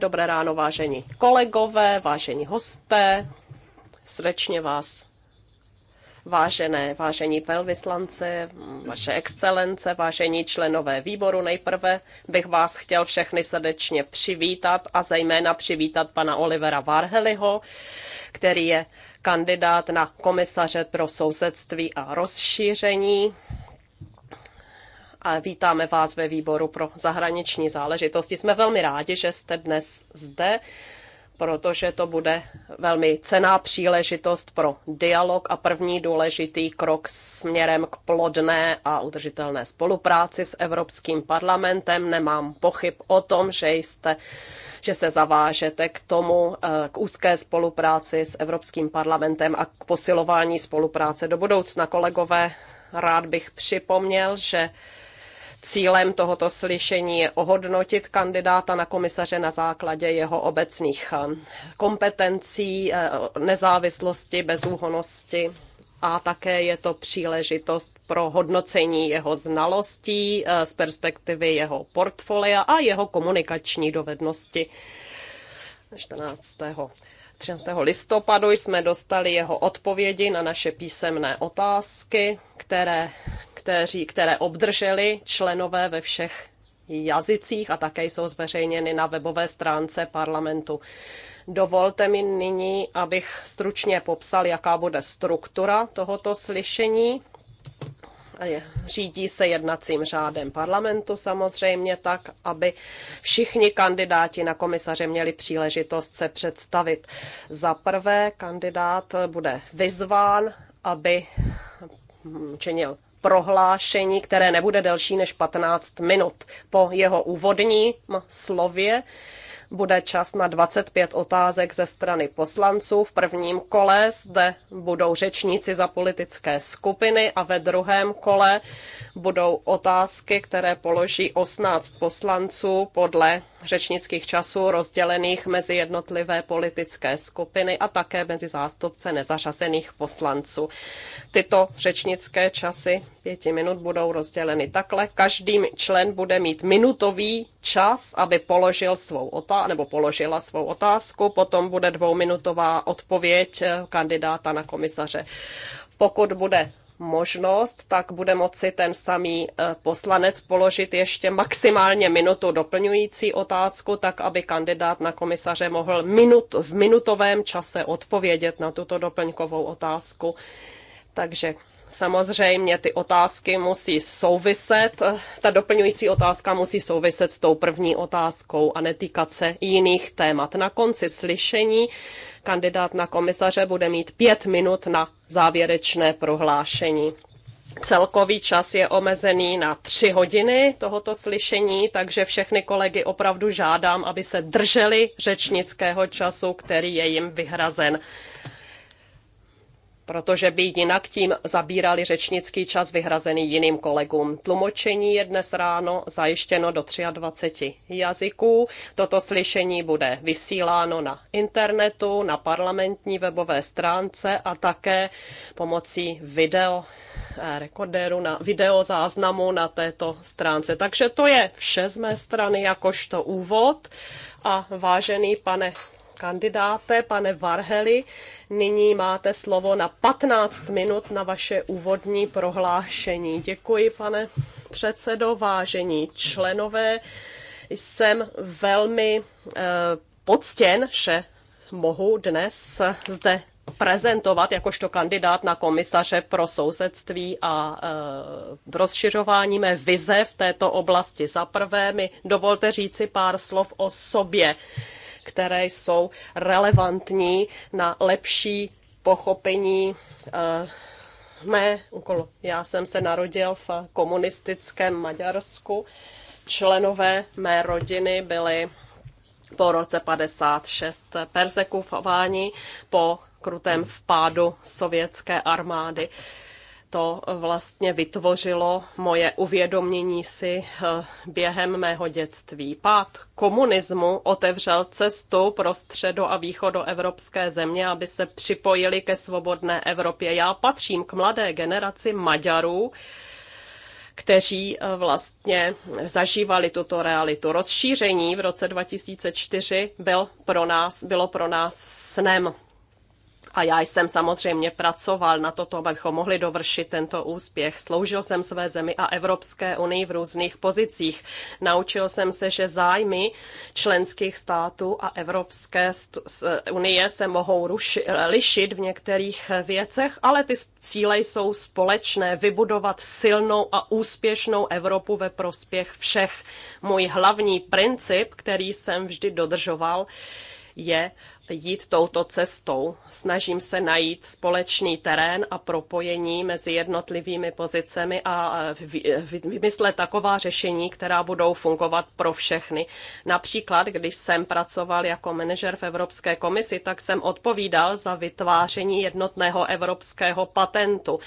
Dobré ráno, vážení kolegové, vážení hosté. Srdečně vás vážené, vážení velvyslance, vaše excelence, vážení členové výboru. Nejprve bych vás chtěl všechny srdečně přivítat a zejména přivítat pana Olivera Varheliho, který je kandidát na komisaře pro sousedství a rozšíření a vítáme vás ve výboru pro zahraniční záležitosti. Jsme velmi rádi, že jste dnes zde, protože to bude velmi cená příležitost pro dialog a první důležitý krok směrem k plodné a udržitelné spolupráci s Evropským parlamentem. Nemám pochyb o tom, že jste že se zavážete k tomu, eh, k úzké spolupráci s Evropským parlamentem a k posilování spolupráce do budoucna. Kolegové, rád bych připomněl, že Cílem tohoto slyšení je ohodnotit kandidáta na komisaře na základě jeho obecných eh, kompetencí, eh, nezávislosti, bezúhonosti a také je to příležitost pro hodnocení jeho znalostí eh, z perspektivy jeho portfolia a jeho komunikační dovednosti. 14. 13. listopadu jsme dostali jeho odpovědi na naše písemné otázky, které kteří, které obdrželi členové ve všech jazycích a také jsou zveřejněny na webové stránce parlamentu. Dovolte mi nyní, abych stručně popsal, jaká bude struktura tohoto slyšení. Řídí se jednacím řádem parlamentu samozřejmě tak, aby všichni kandidáti na komisaře měli příležitost se představit. Za prvé kandidát bude vyzván, aby činil prohlášení, které nebude delší než 15 minut. Po jeho úvodním slově bude čas na 25 otázek ze strany poslanců. V prvním kole zde budou řečníci za politické skupiny a ve druhém kole budou otázky, které položí 18 poslanců podle řečnických časů rozdělených mezi jednotlivé politické skupiny a také mezi zástupce nezařazených poslanců. Tyto řečnické časy pěti minut budou rozděleny takhle. Každý člen bude mít minutový čas, aby položil svou otázku, nebo položila svou otázku, potom bude dvouminutová odpověď eh, kandidáta na komisaře. Pokud bude možnost, tak bude moci ten samý eh, poslanec položit ještě maximálně minutu doplňující otázku, tak aby kandidát na komisaře mohl minut, v minutovém čase odpovědět na tuto doplňkovou otázku. Takže Samozřejmě ty otázky musí souviset, ta doplňující otázka musí souviset s tou první otázkou a netýkat se jiných témat. Na konci slyšení kandidát na komisaře bude mít pět minut na závěrečné prohlášení. Celkový čas je omezený na tři hodiny tohoto slyšení, takže všechny kolegy opravdu žádám, aby se drželi řečnického času, který je jim vyhrazen protože by jinak tím zabírali řečnický čas vyhrazený jiným kolegům. Tlumočení je dnes ráno zajištěno do 23 jazyků. Toto slyšení bude vysíláno na internetu, na parlamentní webové stránce a také pomocí video eh, rekorderu na videozáznamu na této stránce. Takže to je vše z mé strany jakožto úvod a vážený pane kandidáte, pane Varheli. Nyní máte slovo na 15 minut na vaše úvodní prohlášení. Děkuji, pane předsedo, vážení členové. Jsem velmi eh, poctěn, že mohu dnes zde prezentovat jakožto kandidát na komisaře pro sousedství a e, rozšiřování mé vize v této oblasti. Za prvé mi dovolte říci pár slov o sobě které jsou relevantní na lepší pochopení eh, mé úkolu. Já jsem se narodil v komunistickém Maďarsku. Členové mé rodiny byli po roce 56 persekuováni po krutém vpádu sovětské armády to vlastně vytvořilo moje uvědomění si eh, během mého dětství. Pád komunismu otevřel cestu pro středo- a východoevropské země, aby se připojili ke svobodné Evropě. Já patřím k mladé generaci Maďarů, kteří eh, vlastně zažívali tuto realitu. Rozšíření v roce 2004 byl pro nás, bylo pro nás snem a já jsem samozřejmě pracoval na toto, abychom mohli dovršit tento úspěch. Sloužil jsem své zemi a Evropské unii v různých pozicích. Naučil jsem se, že zájmy členských států a Evropské unie se mohou ruši, lišit v některých věcech, ale ty cíle jsou společné. Vybudovat silnou a úspěšnou Evropu ve prospěch všech. Můj hlavní princip, který jsem vždy dodržoval, je jít touto cestou. Snažím se najít společný terén a propojení mezi jednotlivými pozicemi a e, e, vymyslet taková řešení, která budou fungovat pro všechny. Například, když jsem pracoval jako manažer v Evropské komisi, tak jsem odpovídal za vytváření jednotného evropského patentu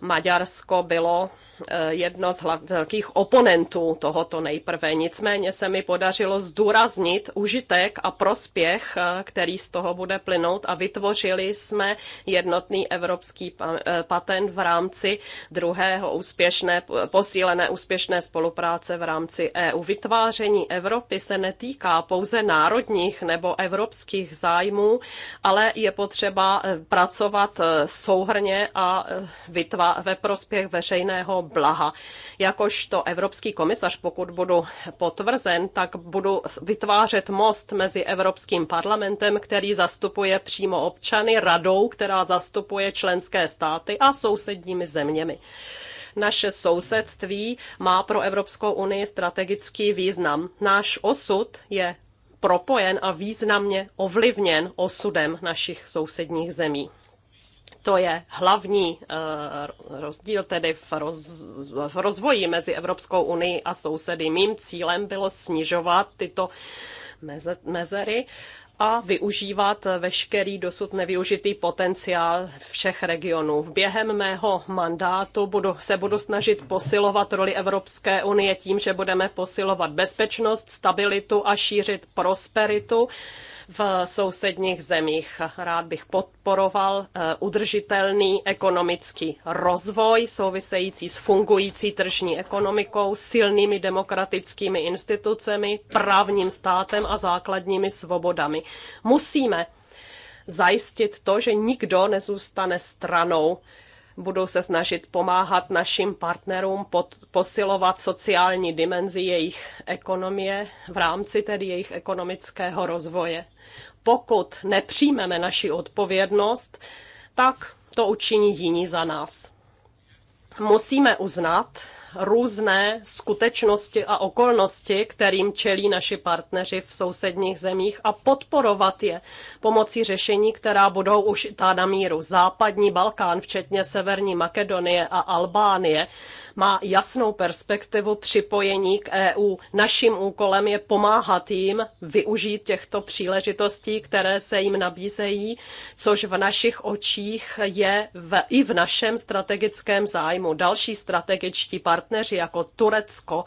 Maďarsko bylo eh, jedno z hlav, velkých oponentů tohoto nejprve. Nicméně se mi podařilo zdůraznit užitek a prospěch, eh, který z toho bude plynout a vytvořili jsme jednotný evropský eh, patent v rámci druhého úspěšné, posílené úspěšné spolupráce v rámci EU. Vytváření Evropy se netýká pouze národních nebo evropských zájmů, ale je potřeba pracovat souhrně a vytvářet ve prospěch veřejného blaha. Jakožto evropský komisař, pokud budu potvrzen, tak budu vytvářet most mezi Evropským parlamentem, který zastupuje přímo občany, radou, která zastupuje členské státy a sousedními zeměmi naše sousedství má pro Evropskou unii strategický význam. Náš osud je propojen a významně ovlivněn osudem našich sousedních zemí. To je hlavní eh, rozdíl tedy v, roz, v rozvoji mezi Evropskou unii a sousedy. Mým cílem bylo snižovat tyto meze, mezery a využívat veškerý dosud nevyužitý potenciál všech regionů. Během mého mandátu budu, se budu snažit posilovat roli Evropské unie tím, že budeme posilovat bezpečnost, stabilitu a šířit prosperitu v sousedních zemích. Rád bych podporoval eh, udržitelný ekonomický rozvoj související s fungující tržní ekonomikou, silnými demokratickými institucemi, právním státem a základními svobodami. Musíme zajistit to, že nikdo nezůstane stranou budou se snažit pomáhat našim partnerům pod, posilovat sociální dimenzi jejich ekonomie v rámci tedy jejich ekonomického rozvoje. Pokud nepřijmeme naši odpovědnost, tak to učiní jiní za nás. Musíme uznat, různé skutečnosti a okolnosti, kterým čelí naši partneři v sousedních zemích a podporovat je pomocí řešení, která budou už ta na míru. Západní Balkán, včetně Severní Makedonie a Albánie, má jasnou perspektivu připojení k EU. Naším úkolem je pomáhat jim využít těchto příležitostí, které se jim nabízejí, což v našich očích je v, i v našem strategickém zájmu. Další strategičtí partneři jako Turecko,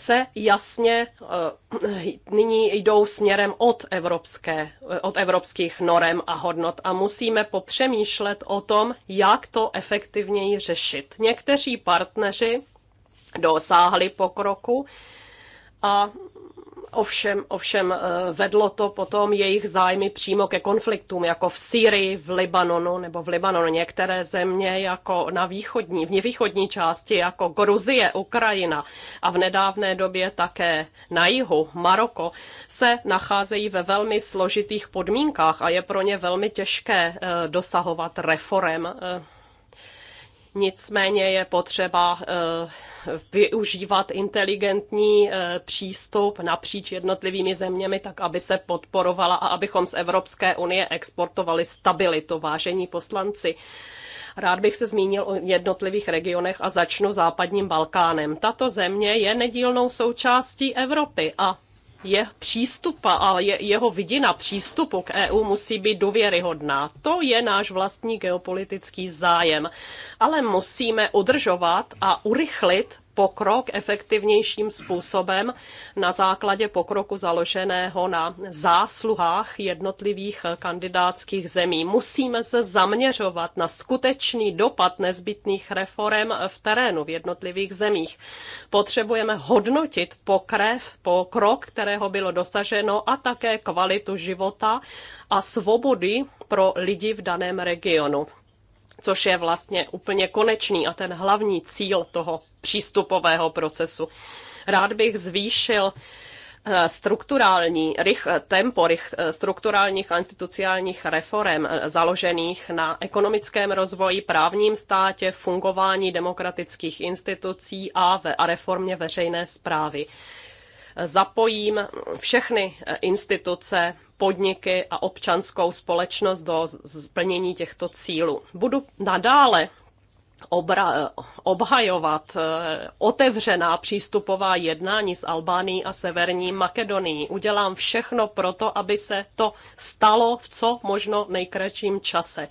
se jasně eh, nyní jdou směrem od, evropské, eh, od evropských norem a hodnot a musíme popřemýšlet o tom, jak to efektivněji řešit. Někteří partneři dosáhli pokroku a Ovšem, ovšem eh, vedlo to potom jejich zájmy přímo ke konfliktům, jako v Sýrii, v Libanonu nebo v Libanonu. Některé země jako na východní, v nevýchodní části, jako Gruzie, Ukrajina a v nedávné době také na jihu, Maroko, se nacházejí ve velmi složitých podmínkách a je pro ně velmi těžké eh, dosahovat reform eh, Nicméně je potřeba eh, využívat inteligentní eh, přístup napříč jednotlivými zeměmi, tak aby se podporovala a abychom z Evropské unie exportovali stabilitu, vážení poslanci. Rád bych se zmínil o jednotlivých regionech a začnu západním Balkánem. Tato země je nedílnou součástí Evropy a je přístupa a je, jeho vidina přístupu k EU musí být důvěryhodná. To je náš vlastní geopolitický zájem. Ale musíme udržovat a urychlit pokrok efektivnějším způsobem na základě pokroku založeného na zásluhách jednotlivých kandidátských zemí. Musíme se zaměřovat na skutečný dopad nezbytných reform v terénu v jednotlivých zemích. Potřebujeme hodnotit pokrev, pokrok, kterého bylo dosaženo a také kvalitu života a svobody pro lidi v daném regionu což je vlastně úplně konečný a ten hlavní cíl toho přístupového procesu. Rád bych zvýšil eh, strukturální rych, tempo rych, eh, strukturálních a institucionálních reform eh, založených na ekonomickém rozvoji, právním státě, fungování demokratických institucí a, ve, a reformě veřejné zprávy. Zapojím všechny instituce, podniky a občanskou společnost do splnění těchto cílů. Budu nadále obra, obhajovat eh, otevřená přístupová jednání s Albánií a Severní Makedonií. Udělám všechno proto, aby se to stalo v co možno nejkratším čase.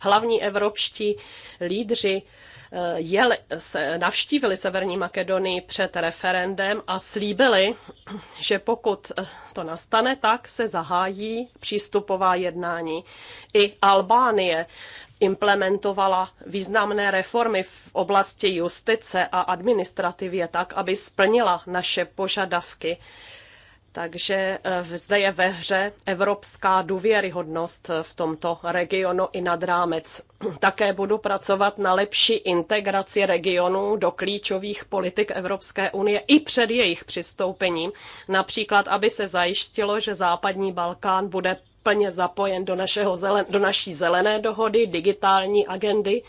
Hlavní evropští lídři eh, jel, se, navštívili Severní Makedonii před referendem a slíbili, že pokud eh, to nastane, tak se zahájí přístupová jednání. I Albánie implementovala významné reformy v oblasti justice a administrativě tak, aby splnila naše požadavky. Takže eh, zde je ve hře evropská důvěryhodnost eh, v tomto regionu i nad rámec. Také budu pracovat na lepší integraci regionů do klíčových politik Evropské unie i před jejich přistoupením, například aby se zajištilo, že západní Balkán bude plně zapojen do, našeho zelen, do naší zelené dohody, digitální agendy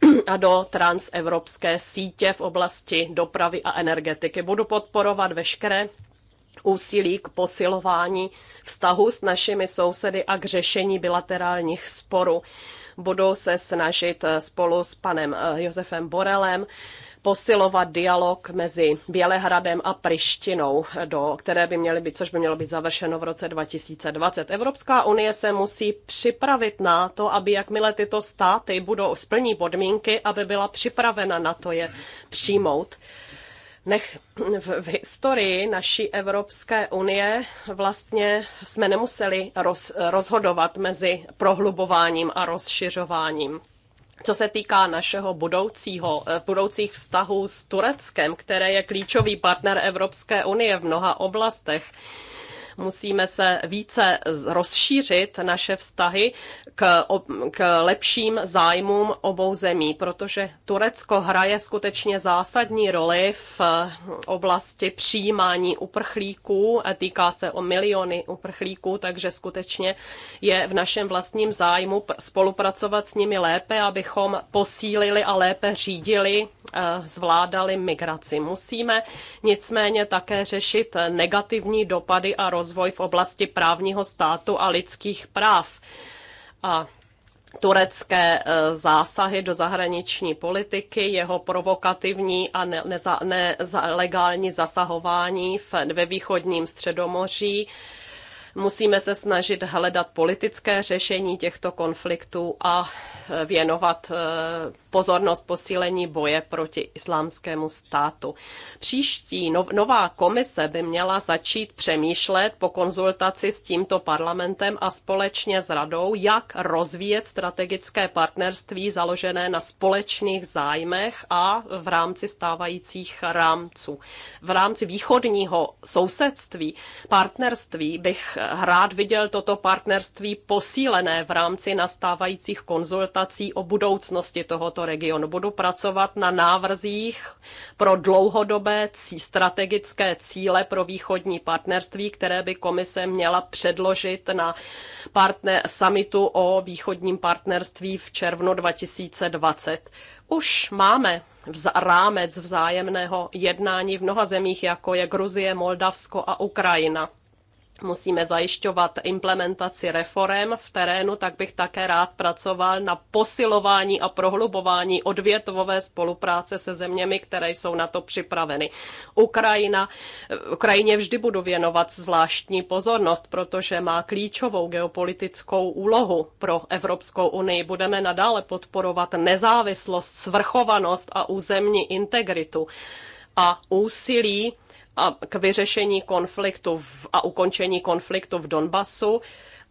a do transevropské sítě v oblasti dopravy a energetiky. Budu podporovat veškeré úsilí k posilování vztahu s našimi sousedy a k řešení bilaterálních sporů. Budou se snažit spolu s panem eh, Josefem Borelem posilovat dialog mezi Bělehradem a Prištinou, do které by měly být, což by mělo být završeno v roce 2020. Evropská unie se musí připravit na to, aby jakmile tyto státy budou splní podmínky, aby byla připravena na to je přijmout nech v, v historii naší Evropské unie vlastně jsme nemuseli roz, rozhodovat mezi prohlubováním a rozšiřováním. Co se týká našeho budoucího, eh, budoucích vztahů s Tureckem, které je klíčový partner Evropské unie v mnoha oblastech, Musíme se více rozšířit naše vztahy k, k lepším zájmům obou zemí, protože Turecko hraje skutečně zásadní roli v eh, oblasti přijímání uprchlíků, a týká se o miliony uprchlíků, takže skutečně je v našem vlastním zájmu spolupracovat s nimi lépe, abychom posílili a lépe řídili Eh, zvládali migraci. Musíme nicméně také řešit negativní dopady a rozvoj v oblasti právního státu a lidských práv. A turecké eh, zásahy do zahraniční politiky, jeho provokativní a nelegální zasahování ve východním středomoří Musíme se snažit hledat politické řešení těchto konfliktů a eh, věnovat eh, pozornost posílení boje proti islámskému státu. Příští nová komise by měla začít přemýšlet po konzultaci s tímto parlamentem a společně s radou, jak rozvíjet strategické partnerství založené na společných zájmech a v rámci stávajících rámců. V rámci východního sousedství, partnerství bych eh, rád viděl toto partnerství posílené v rámci nastávajících konzultací o budoucnosti tohoto regionu. Budu pracovat na návrzích pro dlouhodobé strategické cíle pro východní partnerství, které by komise měla předložit na partner, summitu o východním partnerství v červnu 2020. Už máme v rámec vzájemného jednání v mnoha zemích, jako je Gruzie, Moldavsko a Ukrajina musíme zajišťovat implementaci reform v terénu, tak bych také rád pracoval na posilování a prohlubování odvětvové spolupráce se zeměmi, které jsou na to připraveny. Ukrajina, Ukrajině vždy budu věnovat zvláštní pozornost, protože má klíčovou geopolitickou úlohu pro Evropskou unii. Budeme nadále podporovat nezávislost, svrchovanost a územní integritu a úsilí a k vyřešení konfliktu v, a ukončení konfliktu v Donbasu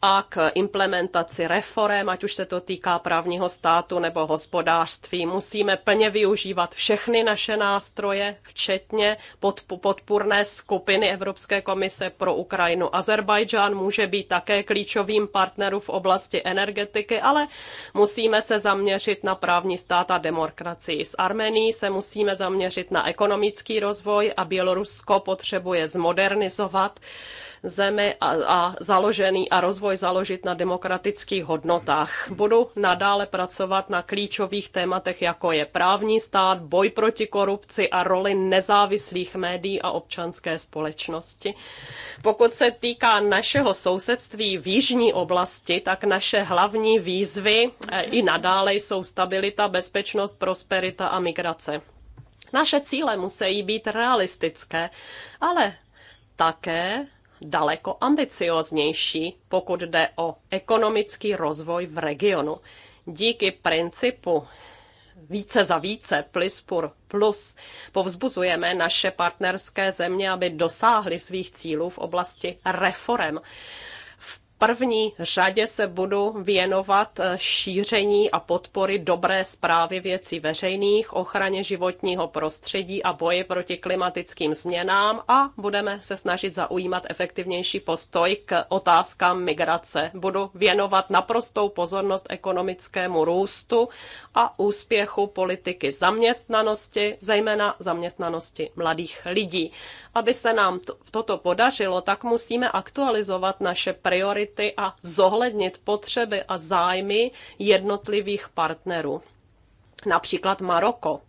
a k implementaci reform, ať už se to týká právního státu nebo hospodářství. Musíme plně využívat všechny naše nástroje, včetně podpůrné skupiny Evropské komise pro Ukrajinu. Azerbajdžán může být také klíčovým partnerem v oblasti energetiky, ale musíme se zaměřit na právní stát a demokracii. S Armenií se musíme zaměřit na ekonomický rozvoj a Bělorusko potřebuje zmodernizovat zemi a, a založený a rozvoj založit na demokratických hodnotách. Budu nadále pracovat na klíčových tématech, jako je právní stát, boj proti korupci a roli nezávislých médií a občanské společnosti. Pokud se týká našeho sousedství v jižní oblasti, tak naše hlavní výzvy eh, i nadále jsou stabilita, bezpečnost, prosperita a migrace. Naše cíle musí být realistické, ale také daleko ambicioznější, pokud jde o ekonomický rozvoj v regionu. Díky principu více za více, plus pur plus, povzbuzujeme naše partnerské země, aby dosáhly svých cílů v oblasti reform první řadě se budu věnovat eh, šíření a podpory dobré zprávy věcí veřejných, ochraně životního prostředí a boji proti klimatickým změnám a budeme se snažit zaujímat efektivnější postoj k otázkám migrace. Budu věnovat naprostou pozornost ekonomickému růstu a úspěchu politiky zaměstnanosti, zejména zaměstnanosti mladých lidí. Aby se nám toto podařilo, tak musíme aktualizovat naše priority priority a zohlednit potřeby a zájmy jednotlivých partnerů. Například Maroko,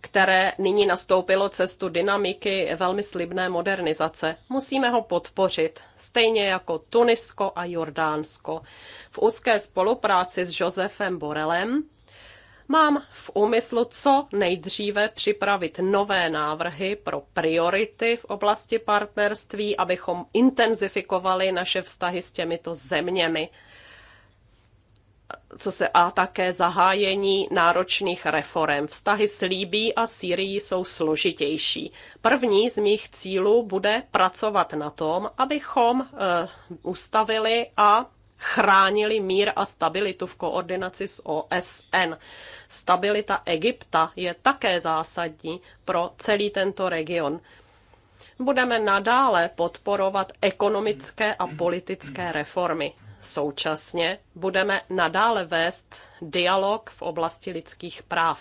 které nyní nastoupilo cestu dynamiky velmi slibné modernizace. Musíme ho podpořit, stejně jako Tunisko a Jordánsko. V úzké spolupráci s Josefem Borelem Mám v úmyslu co nejdříve připravit nové návrhy pro priority v oblasti partnerství, abychom intenzifikovali naše vztahy s těmito zeměmi co se a také zahájení náročných reform. Vztahy s Líbí a Sýrií jsou složitější. První z mých cílů bude pracovat na tom, abychom eh, ustavili a chránili mír a stabilitu v koordinaci s OSN. Stabilita Egypta je také zásadní pro celý tento region. Budeme nadále podporovat ekonomické a politické reformy. Současně budeme nadále vést dialog v oblasti lidských práv.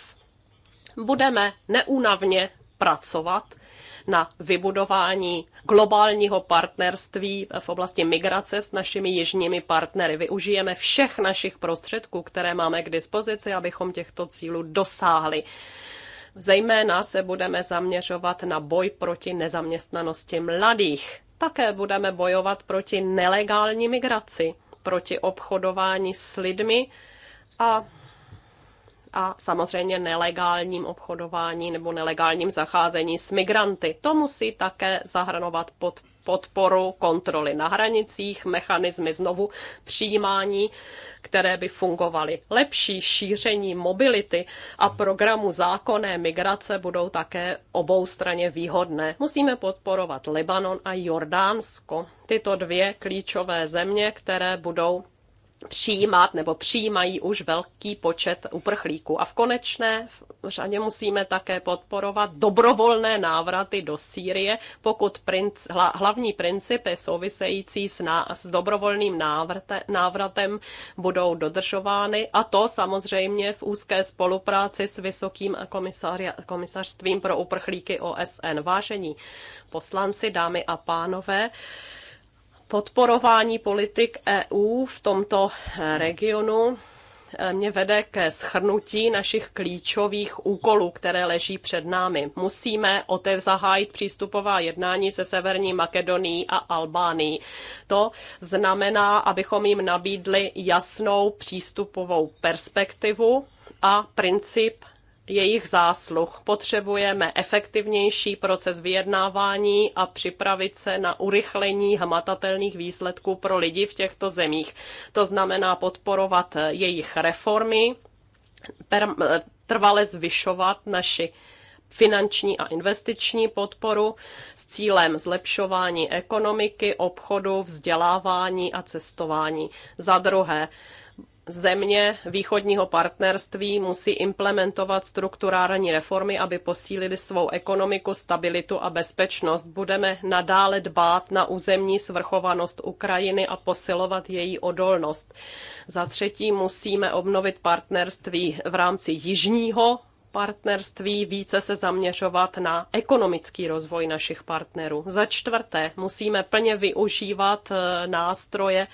Budeme neúnavně pracovat na vybudování globálního partnerství v oblasti migrace s našimi jižními partnery. Využijeme všech našich prostředků, které máme k dispozici, abychom těchto cílů dosáhli. Zejména se budeme zaměřovat na boj proti nezaměstnanosti mladých. Také budeme bojovat proti nelegální migraci, proti obchodování s lidmi a a samozřejmě nelegálním obchodování nebo nelegálním zacházení s migranty. To musí také zahrnovat pod podporu kontroly na hranicích, mechanizmy znovu přijímání, které by fungovaly. Lepší šíření mobility a programu zákonné migrace budou také obou straně výhodné. Musíme podporovat Libanon a Jordánsko, tyto dvě klíčové země, které budou přijímat nebo přijímají už velký počet uprchlíků. A v konečné řadě musíme také podporovat dobrovolné návraty do Sýrie, pokud princ, hla, hlavní principy související s, na, s dobrovolným návrte, návratem budou dodržovány a to samozřejmě v úzké spolupráci s Vysokým komisařstvím pro uprchlíky OSN. Vážení poslanci, dámy a pánové, Podporování politik EU v tomto regionu eh, mě vede ke schrnutí našich klíčových úkolů, které leží před námi. Musíme otev zahájit přístupová jednání se Severní Makedonií a Albánií. To znamená, abychom jim nabídli jasnou přístupovou perspektivu a princip jejich zásluh. Potřebujeme efektivnější proces vyjednávání a připravit se na urychlení hmatatelných výsledků pro lidi v těchto zemích. To znamená podporovat jejich reformy, trvale zvyšovat naši finanční a investiční podporu s cílem zlepšování ekonomiky, obchodu, vzdělávání a cestování. Za druhé, země východního partnerství musí implementovat strukturální reformy, aby posílili svou ekonomiku, stabilitu a bezpečnost. Budeme nadále dbát na územní svrchovanost Ukrajiny a posilovat její odolnost. Za třetí musíme obnovit partnerství v rámci jižního partnerství více se zaměřovat na ekonomický rozvoj našich partnerů. Za čtvrté, musíme plně využívat eh, nástroje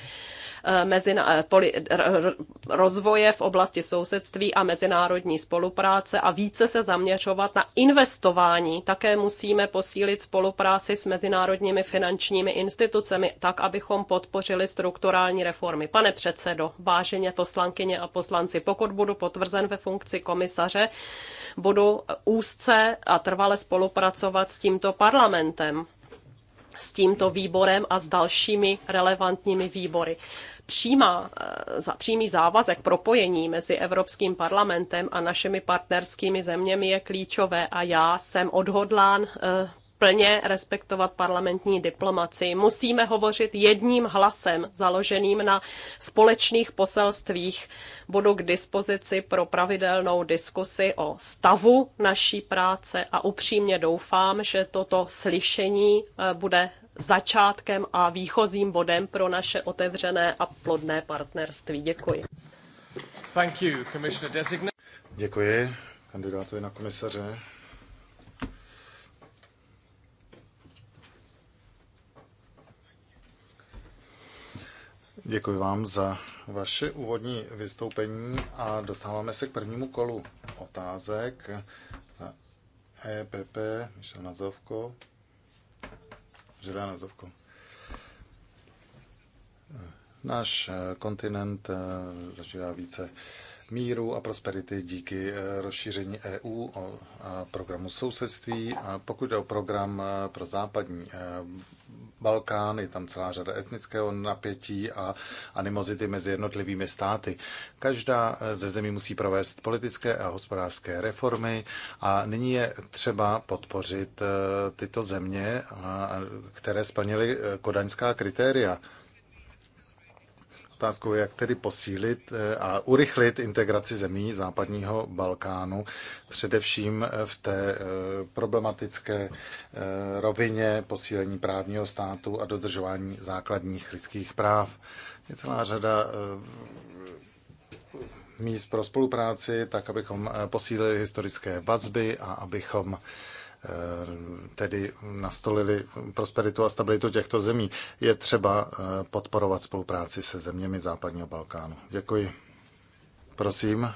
eh, mezi, eh, poli, rozvoje v oblasti sousedství a mezinárodní spolupráce a více se zaměřovat na investování. Také musíme posílit spolupráci s mezinárodními finančními institucemi, tak abychom podpořili strukturální reformy. Pane předsedo, váženě poslankyně a poslanci, pokud budu potvrzen ve funkci komisaře, budu úzce a trvale spolupracovat s tímto parlamentem, s tímto výborem a s dalšími relevantními výbory přímá, eh, za přímý závazek propojení mezi Evropským parlamentem a našimi partnerskými zeměmi je klíčové a já jsem odhodlán eh, plně respektovat parlamentní diplomaci. Musíme hovořit jedním hlasem, založeným na společných poselstvích. Budu k dispozici pro pravidelnou diskusi o stavu naší práce a upřímně doufám, že toto slyšení eh, bude začátkem a výchozím bodem pro naše otevřené a plodné partnerství. Děkuji. Thank you, Děkuji kandidátovi na komisaře. Děkuji vám za vaše úvodní vystoupení a dostáváme se k prvnímu kolu otázek. EPP, Michel Nazovko. Žilá Nazovko. Náš kontinent eh, zažívá více míru a prosperity díky eh, rozšíření EU o programu sousedství. A pokud jde o program eh, pro západní Balkán, je tam celá řada etnického napětí a animozity mezi jednotlivými státy. Každá ze zemí musí provést politické a hospodářské reformy a nyní je třeba podpořit eh, tyto země, které splnily eh, kodaňská kritéria otázkou, jak tedy posílit eh, a urychlit integraci zemí západního Balkánu, především eh, v té eh, problematické rovině posílení právního státu a dodržování základních lidských práv. Je celá řada míst pro spolupráci, tak abychom posílili historické vazby a abychom Eh, tedy nastolili prosperitu a stabilitu těchto zemí. Je třeba eh, podporovat spolupráci se zeměmi západního Balkánu. Děkuji. Prosím, eh,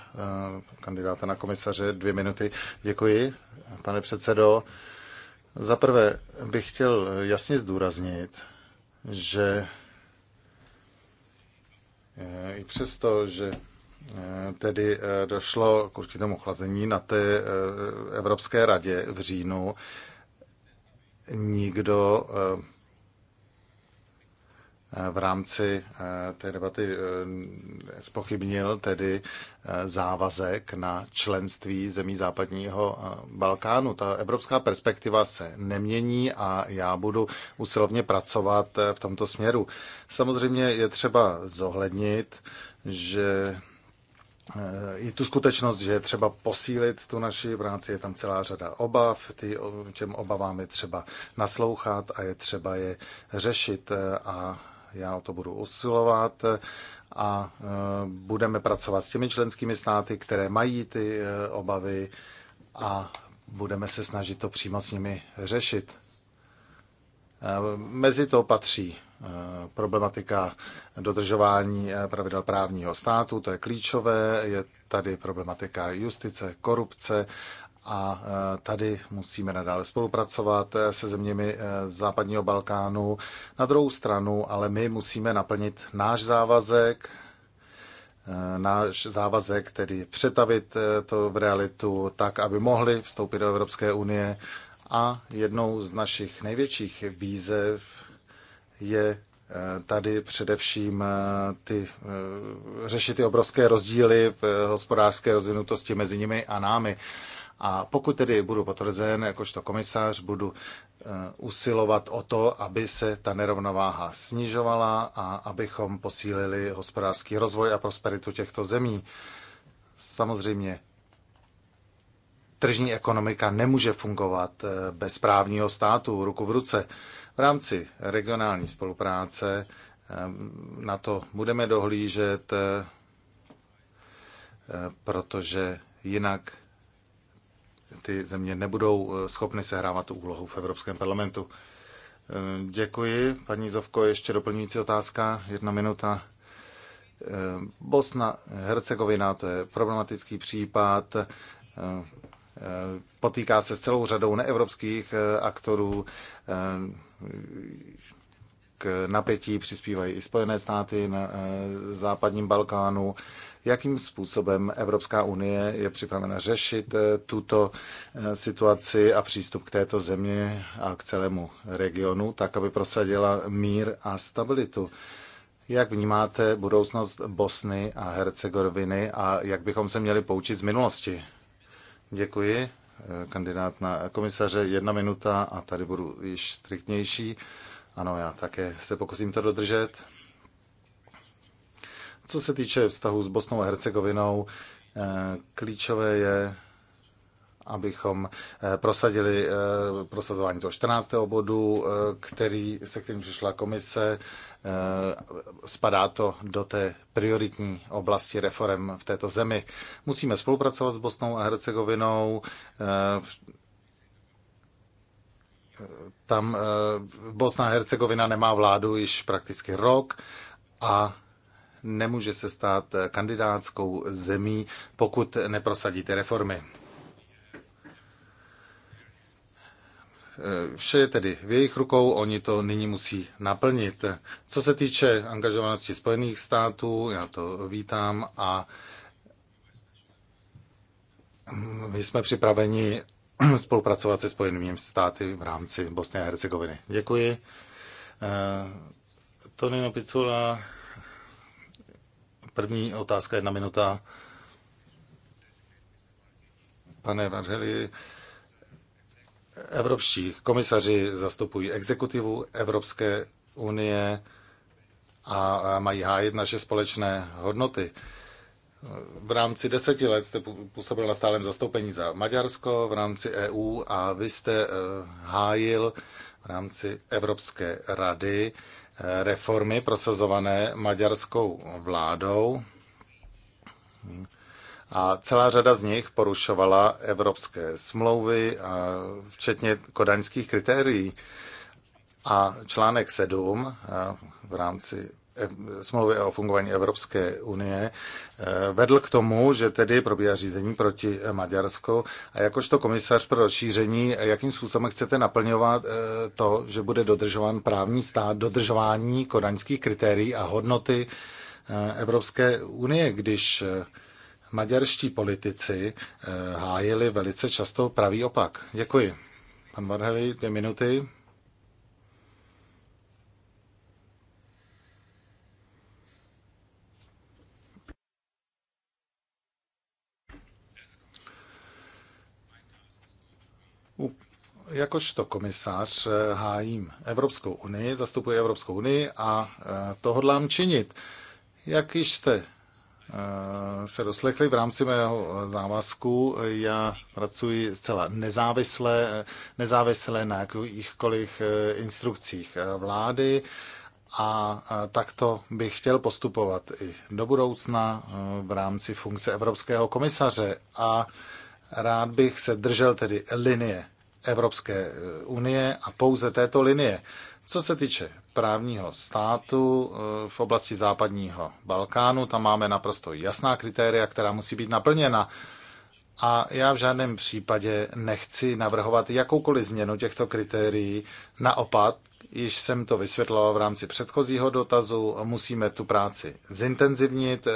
kandidáta na komisaře, dvě minuty. Děkuji, pane předsedo. Za prvé bych chtěl jasně zdůraznit, že i přesto, že Eh, tedy eh, došlo k určitému ochlazení na té eh, Evropské radě v říjnu. Nikdo v rámci té debaty spochybnil tedy závazek na členství zemí západního Balkánu. Ta evropská perspektiva se nemění a já budu usilovně pracovat v tomto směru. Samozřejmě je třeba zohlednit, že je tu skutečnost, že je třeba posílit tu naši práci, je tam celá řada obav, ty, těm obavám je třeba naslouchat a je třeba je řešit a já o to budu usilovat a e, budeme pracovat s těmi členskými státy, které mají ty e, obavy a budeme se snažit to přímo s nimi řešit. E, mezi to patří Eh, problematika dodržování eh, pravidel právního státu, to je klíčové, je tady problematika justice, korupce a eh, tady musíme nadále spolupracovat se zeměmi západního Balkánu. Na druhou stranu, ale my musíme naplnit náš závazek, náš závazek, tedy přetavit to v realitu tak, aby mohli vstoupit do Evropské unie. A jednou z našich největších výzev je eh, tady především eh, ty, eh, řešit ty obrovské rozdíly v hospodářské rozvinutosti mezi nimi a námi. A pokud tedy budu potvrzen jakožto komisář, budu usilovat o to, aby se ta nerovnováha snižovala a abychom posílili hospodářský rozvoj a prosperitu těchto zemí. Samozřejmě tržní ekonomika nemůže fungovat bez právního státu ruku v ruce. V rámci regionální spolupráce eh, na to budeme dohlížet, eh, protože jinak ty země nebudou eh, schopny sehrávat tu úlohu v Evropském parlamentu. Děkuji. Paní Zovko, ještě doplňující otázka. Jedna minuta. Bosna, Hercegovina, to je problematický případ potýká se s celou řadou neevropských eh, aktorů, eh, k napětí přispívají i Spojené státy na eh, západním Balkánu. Jakým způsobem Evropská unie je připravena řešit tuto situaci a přístup k této země a k celému regionu, tak aby prosadila mír a stabilitu? Jak vnímáte budoucnost Bosny a Hercegoviny a jak bychom se měli poučit z minulosti? Děkuji. Kandidát na komisaře, jedna minuta a tady budu již striktnější. Ano, já také se pokusím to dodržet. Co se týče vztahu s Bosnou a Hercegovinou, eh, klíčové je abychom eh, prosadili eh, prosazování toho 14. bodu, eh, který, se kterým přišla komise. Spadá to do té prioritní oblasti reform v této zemi. Musíme spolupracovat s Bosnou a Hercegovinou. Tam Bosna a Hercegovina nemá vládu již prakticky rok a nemůže se stát kandidátskou zemí, pokud neprosadíte reformy. Eh, vše je tedy v jejich rukou, oni to nyní musí naplnit. Co se týče angažovanosti Spojených států, já to vítám a my jsme připraveni spolupracovat se Spojenými státy v rámci Bosny a Hercegoviny. Děkuji. Eh, Tonino Picula, první otázka, jedna minuta. Pane Varheli, Evropští komisaři zastupují exekutivu Evropské unie a mají hájit naše společné hodnoty. V rámci deseti let jste působil na stálem zastoupení za Maďarsko v rámci EU a vy jste eh, hájil v rámci Evropské rady eh, reformy prosazované maďarskou vládou. A celá řada z nich porušovala evropské smlouvy, včetně kodaňských kritérií. A článek 7 v rámci smlouvy o fungování Evropské unie e, vedl k tomu, že tedy probíhá řízení proti Maďarsku. A jakožto komisař pro rozšíření, jakým způsobem chcete naplňovat e, to, že bude dodržován právní stát, dodržování kodaňských kritérií a hodnoty e, Evropské unie, když maďarští politici eh, hájili velice často pravý opak. Děkuji. Pan Varheli, dvě minuty. jakožto komisář eh, hájím Evropskou unii, zastupuji Evropskou unii a eh, to hodlám činit. Jak již jste Eh, se doslechli v rámci mého eh, závazku. Já pracuji zcela nezávisle, eh, nezávisle na jakýchkoliv instrukcích vlády a takto bych chtěl postupovat i do budoucna v rámci funkce Evropského komisaře a rád bych se držel tedy linie Evropské unie a pouze této linie. Co se týče právního státu eh, v oblasti západního Balkánu. Tam máme naprosto jasná kritéria, která musí být naplněna. A já v žádném případě nechci navrhovat jakoukoliv změnu těchto kritérií. Naopak, již jsem to vysvětloval v rámci předchozího dotazu, musíme tu práci zintenzivnit, eh,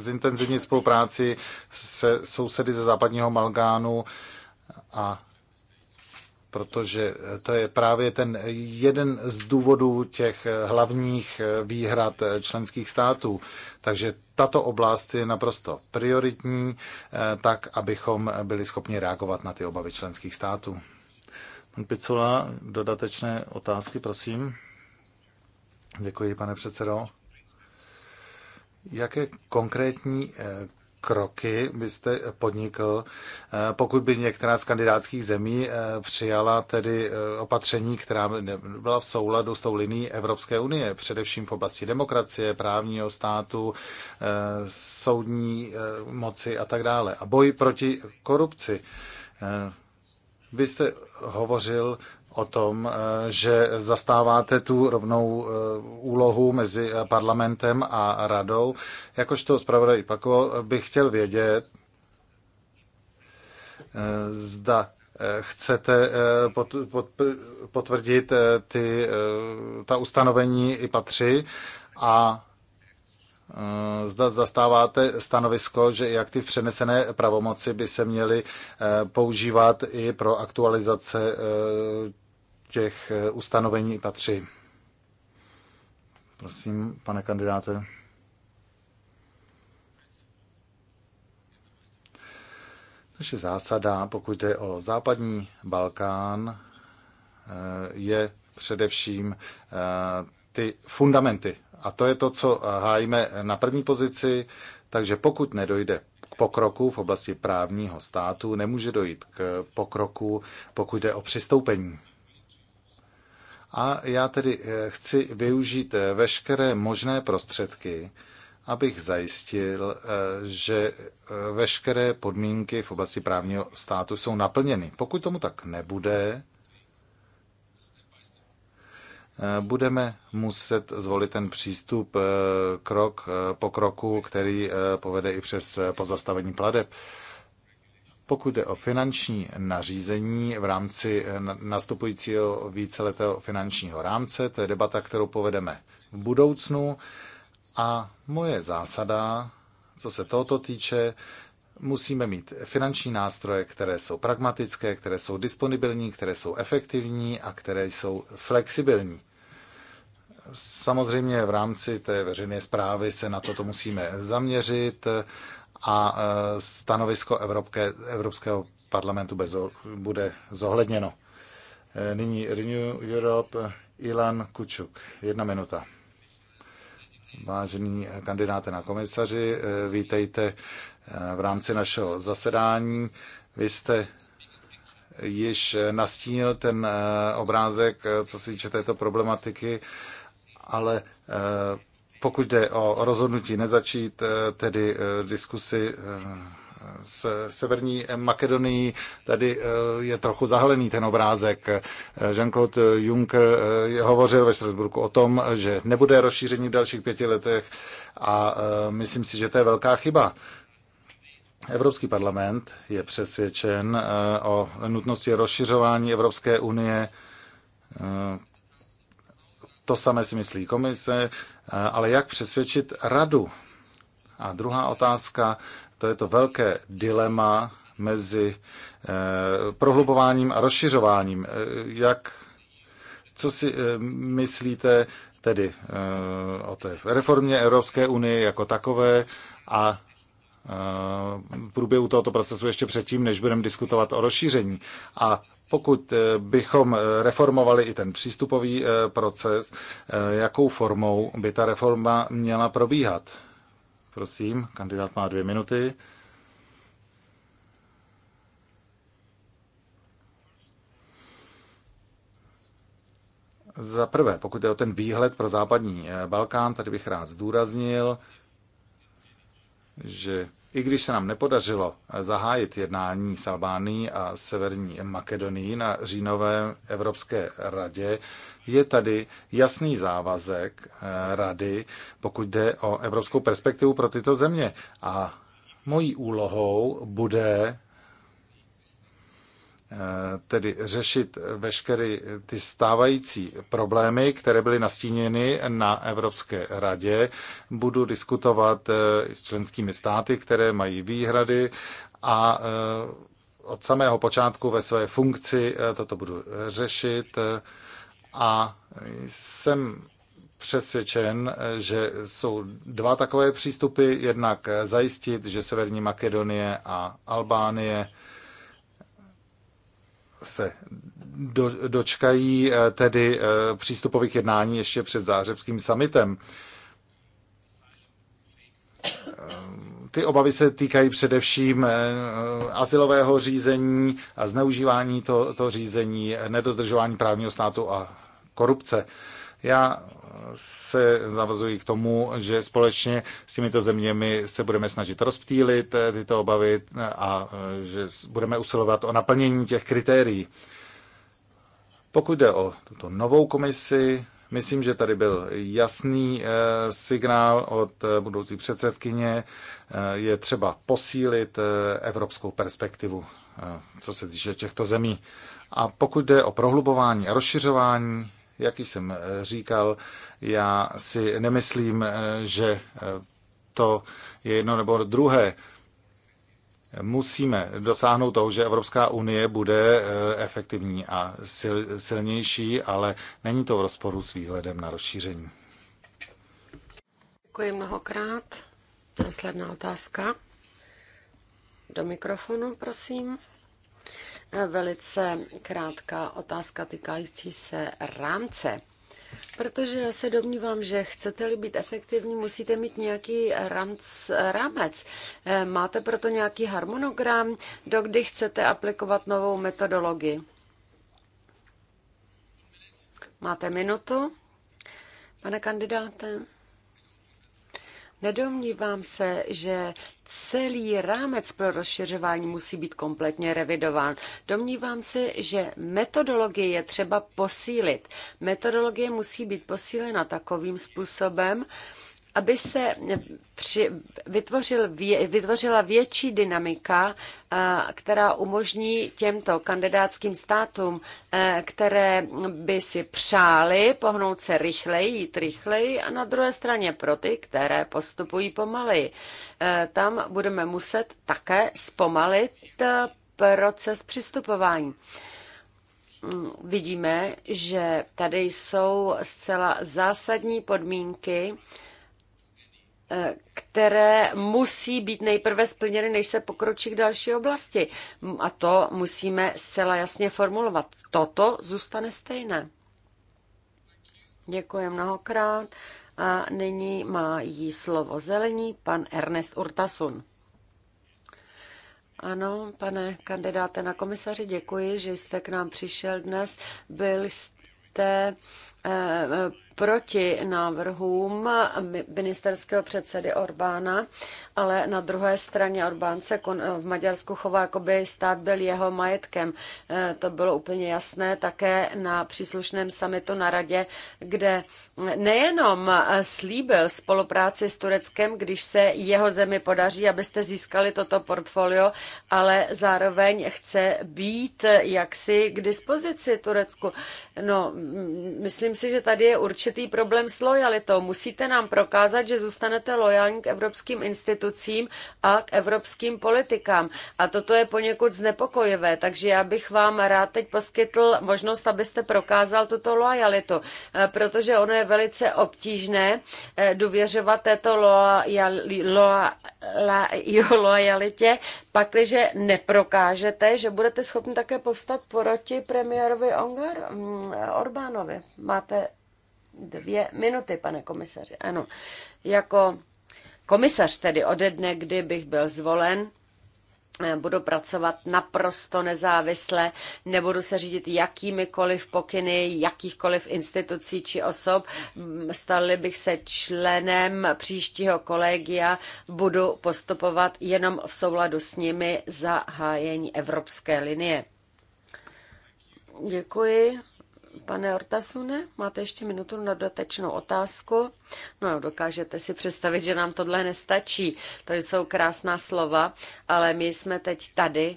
zintenzivnit spolupráci se sousedy ze západního Malgánu a protože to je právě ten jeden z důvodů těch hlavních výhrad členských států. Takže tato oblast je naprosto prioritní, eh, tak abychom byli schopni reagovat na ty obavy členských států. Pan Picula, dodatečné otázky, prosím. Děkuji, pane předsedo. Jaké konkrétní eh, kroky byste podnikl, eh, pokud by některá z kandidátských zemí eh, přijala tedy eh, opatření, která byla v souladu s tou linií Evropské unie, především v oblasti demokracie, právního státu, soudní moci a tak dále. A boj proti korupci. Vy jste hovořil o tom, eh, že zastáváte tu rovnou eh, úlohu mezi eh, parlamentem a radou. Jakožto zpravodaj Pako bych chtěl vědět, zda chcete potvrdit ty, ta ustanovení IPA 3 a Eh, zda zastáváte stanovisko, že i aktiv přenesené pravomoci by se měly eh, používat i pro aktualizace eh, těch ustanovení IPA 3. Prosím, pane kandidáte. Naše zásada, pokud jde o západní Balkán, je především ty fundamenty a to je to, co hájíme na první pozici, takže pokud nedojde k pokroku v oblasti právního státu, nemůže dojít k pokroku, pokud jde o přistoupení. A já tedy eh, chci využít eh, veškeré možné prostředky, abych zajistil, eh, že veškeré podmínky v oblasti právního státu jsou naplněny. Pokud tomu tak nebude, Eh, budeme muset zvolit ten přístup eh, krok eh, po kroku, který povede i přes pozastavení pladeb. Pokud jde o finanční nařízení v rámci nastupujícího víceletého finančního rámce, to je debata, kterou povedeme v budoucnu. A moje zásada, co se tohoto týče, musíme mít finanční nástroje, které jsou pragmatické, které jsou disponibilní, které jsou efektivní a které jsou flexibilní. Samozřejmě v rámci té veřejné zprávy se na toto musíme zaměřit a e, stanovisko Evropské, Evropského parlamentu bez, bude zohledněno. E, nyní Renew Europe, Ilan Kučuk. Jedna minuta. Vážení kandidáte na komisaři, e, vítejte v rámci našeho zasedání. Vy jste již nastínil ten obrázek, co se týče této problematiky ale eh, pokud jde o rozhodnutí nezačít eh, tedy eh, diskusi s Severní Makedonií. Tady je trochu zahalený ten obrázek. Jean-Claude Juncker hovořil ve Strasburku o tom, že nebude rozšíření v dalších pěti letech a myslím si, že to je velká chyba. Evropský parlament je přesvědčen o nutnosti rozšiřování Evropské unie to samé si myslí komise, eh, ale jak přesvědčit radu? A druhá otázka, to je to velké dilema mezi eh, prohlubováním a rozšiřováním. Eh, jak, co si myslíte tedy o té reformě Evropské unie jako takové a v průběhu tohoto procesu ještě předtím, než budeme diskutovat o rozšíření. A pokud eh, bychom eh, reformovali i ten přístupový eh, proces, jakou formou by ta reforma měla probíhat? Prosím, kandidát má dvě minuty. Za prvé, pokud je o ten výhled pro západní Balkán, tady bych rád zdůraznil, že i když se nám nepodařilo zahájit jednání s Albánií a Severní Makedonií na říjnové Evropské radě, je tady jasný závazek eh, rady, pokud jde o evropskou perspektivu pro tyto země. A mojí úlohou bude Eh, tedy řešit veškeré ty stávající problémy, které byly nastíněny na Evropské radě. Budu diskutovat eh, s členskými státy, které mají výhrady a eh, od samého počátku ve své funkci toto budu řešit a jsem přesvědčen, že jsou dva takové přístupy. Jednak zajistit, že Severní Makedonie a Albánie se do, dočkají eh, tedy eh, přístupových jednání ještě před zářebským summitem. Eh, ty obavy se týkají především asilového řízení a zneužívání toho to řízení, nedodržování právního státu a korupce. Já se zavazují k tomu, že společně s těmito zeměmi se budeme snažit rozptýlit eh, tyto obavy eh, a eh, že budeme usilovat o naplnění těch kritérií. Pokud jde o tuto novou komisi, myslím, že tady byl jasný signál od budoucí předsedkyně. Je třeba posílit evropskou perspektivu, co se týče těchto zemí. A pokud jde o prohlubování a rozšiřování, jak již jsem eh, říkal, já si nemyslím, eh, že eh, to je jedno nebo druhé. Musíme dosáhnout toho, že Evropská unie bude efektivní a sil, silnější, ale není to v rozporu s výhledem na rozšíření. Děkuji mnohokrát. Následná otázka. Do mikrofonu, prosím velice krátká otázka týkající se rámce. Protože já se domnívám, že chcete-li být efektivní, musíte mít nějaký rámc, rámec. Eh, máte proto nějaký harmonogram, dokdy chcete aplikovat novou metodologii? Máte minutu, pane kandidáte? Nedomnívám se, že celý rámec pro rozšiřování musí být kompletně revidován. Domnívám se, že metodologie je třeba posílit. Metodologie musí být posílena takovým způsobem, aby se při, vytvořil, vě, vytvořila větší dynamika, která umožní těmto kandidátským státům, které by si přáli pohnout se rychleji, jít rychleji a na druhé straně pro ty, které postupují pomaleji. Tam budeme muset také zpomalit proces přistupování vidíme, že tady jsou zcela zásadní podmínky které musí být nejprve splněny, než se pokročí k další oblasti. A to musíme zcela jasně formulovat. Toto zůstane stejné. Děkuji mnohokrát. A nyní má jí slovo zelení pan Ernest Urtasun. Ano, pane kandidáte na komisaři, děkuji, že jste k nám přišel dnes. Byl jste jste eh, proti návrhům ministerského předsedy Orbána, ale na druhé straně Orbán se v Maďarsku chová, jako by stát byl jeho majetkem. Eh, to bylo úplně jasné také na příslušném samitu na radě, kde nejenom eh, slíbil spolupráci s Tureckem, když se jeho zemi podaří, abyste získali toto portfolio, ale zároveň chce být jaksi k dispozici Turecku. No, myslím si, že tady je určitě určitý problém s lojalitou. Musíte nám prokázat, že zůstanete lojální k evropským institucím a k evropským politikám. A toto je poněkud znepokojivé, takže já bych vám rád teď poskytl možnost, abyste prokázal tuto lojalitu, eh, protože ono je velice obtížné eh, důvěřovat této lojalitě, pakliže neprokážete, že budete schopni také povstat proti premiérovi Ongar, mm, Orbánovi. Máte dvě minuty, pane komisaři. Ano, jako komisař tedy ode dne, kdy bych byl zvolen, eh, budu pracovat naprosto nezávisle, nebudu se řídit jakýmikoliv pokyny, jakýchkoliv institucí či osob. Stali bych se členem příštího kolegia, budu postupovat jenom v souladu s nimi za hájení evropské linie. Děkuji. Pane Ortasune, máte ještě minutu na dotečnou otázku. No, dokážete si představit, že nám tohle nestačí. To jsou krásná slova, ale my jsme teď tady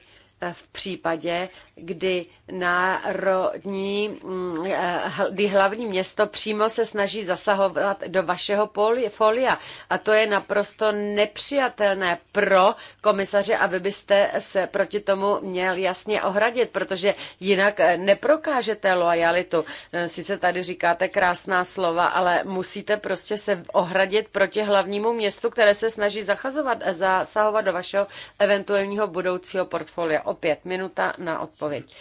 v případě, kdy národní, mm, eh, kdy hlavní město přímo se snaží zasahovat do vašeho folia. A to je naprosto nepřijatelné pro komisaře a vy byste se proti tomu měl jasně ohradit, protože jinak eh, neprokážete lojalitu. Eh, sice tady říkáte krásná slova, ale musíte prostě se ohradit proti hlavnímu městu, které se snaží zachazovat, zasahovat do vašeho eventuálního budoucího portfolia opět minuta na odpověď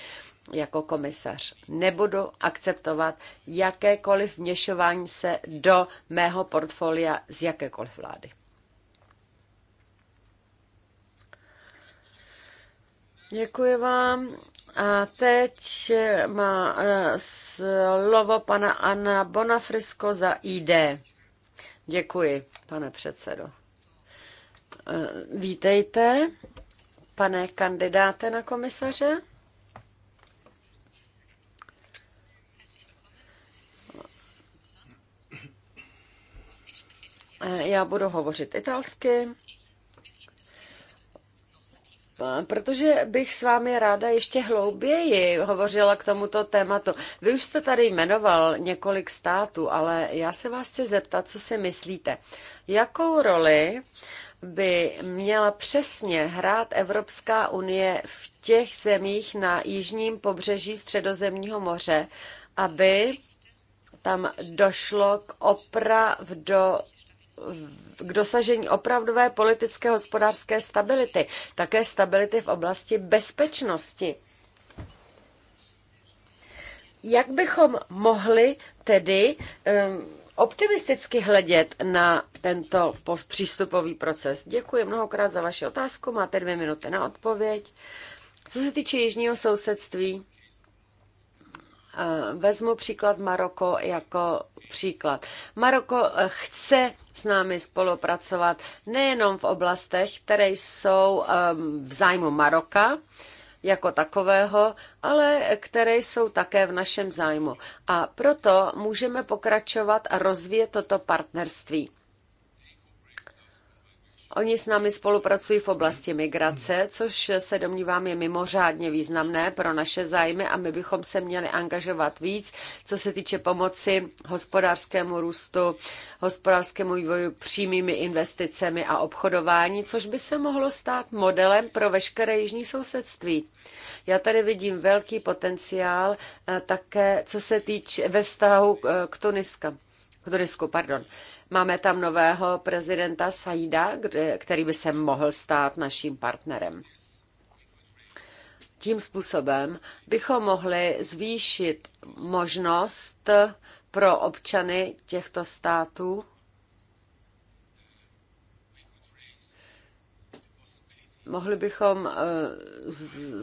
jako komisař. Nebudu akceptovat jakékoliv vměšování se do mého portfolia z jakékoliv vlády. Děkuji vám. A teď má eh, slovo pana Anna Bonafrisko za ID. Děkuji, pane předsedo. Eh, vítejte Pane kandidáte na komisaře? Já budu hovořit italsky, protože bych s vámi ráda ještě hlouběji hovořila k tomuto tématu. Vy už jste tady jmenoval několik států, ale já se vás chci zeptat, co si myslíte. Jakou roli by měla přesně hrát Evropská unie v těch zemích na jižním pobřeží Středozemního moře, aby tam došlo k do, k dosažení opravdové politické hospodářské stability, také stability v oblasti bezpečnosti. Jak bychom mohli tedy um, optimisticky hledět na tento přístupový proces. Děkuji mnohokrát za vaši otázku, máte dvě minuty na odpověď. Co se týče jižního sousedství, eh, Vezmu příklad Maroko jako příklad. Maroko eh, chce s námi spolupracovat nejenom v oblastech, které jsou ehm, v zájmu Maroka, jako takového, ale které jsou také v našem zájmu. A proto můžeme pokračovat a rozvíjet toto partnerství. Oni s námi spolupracují v oblasti migrace, což se domnívám je mimořádně významné pro naše zájmy a my bychom se měli angažovat víc, co se týče pomoci hospodářskému růstu, hospodářskému vývoju přímými investicemi a obchodování, což by se mohlo stát modelem pro veškeré jižní sousedství. Já tady vidím velký potenciál eh, také, co se týče ve vztahu eh, k Tuniska. K Tunisku, pardon. Máme tam nového prezidenta Saida, který by se mohl stát naším partnerem. Tím způsobem bychom mohli zvýšit možnost pro občany těchto států mohli bychom eh,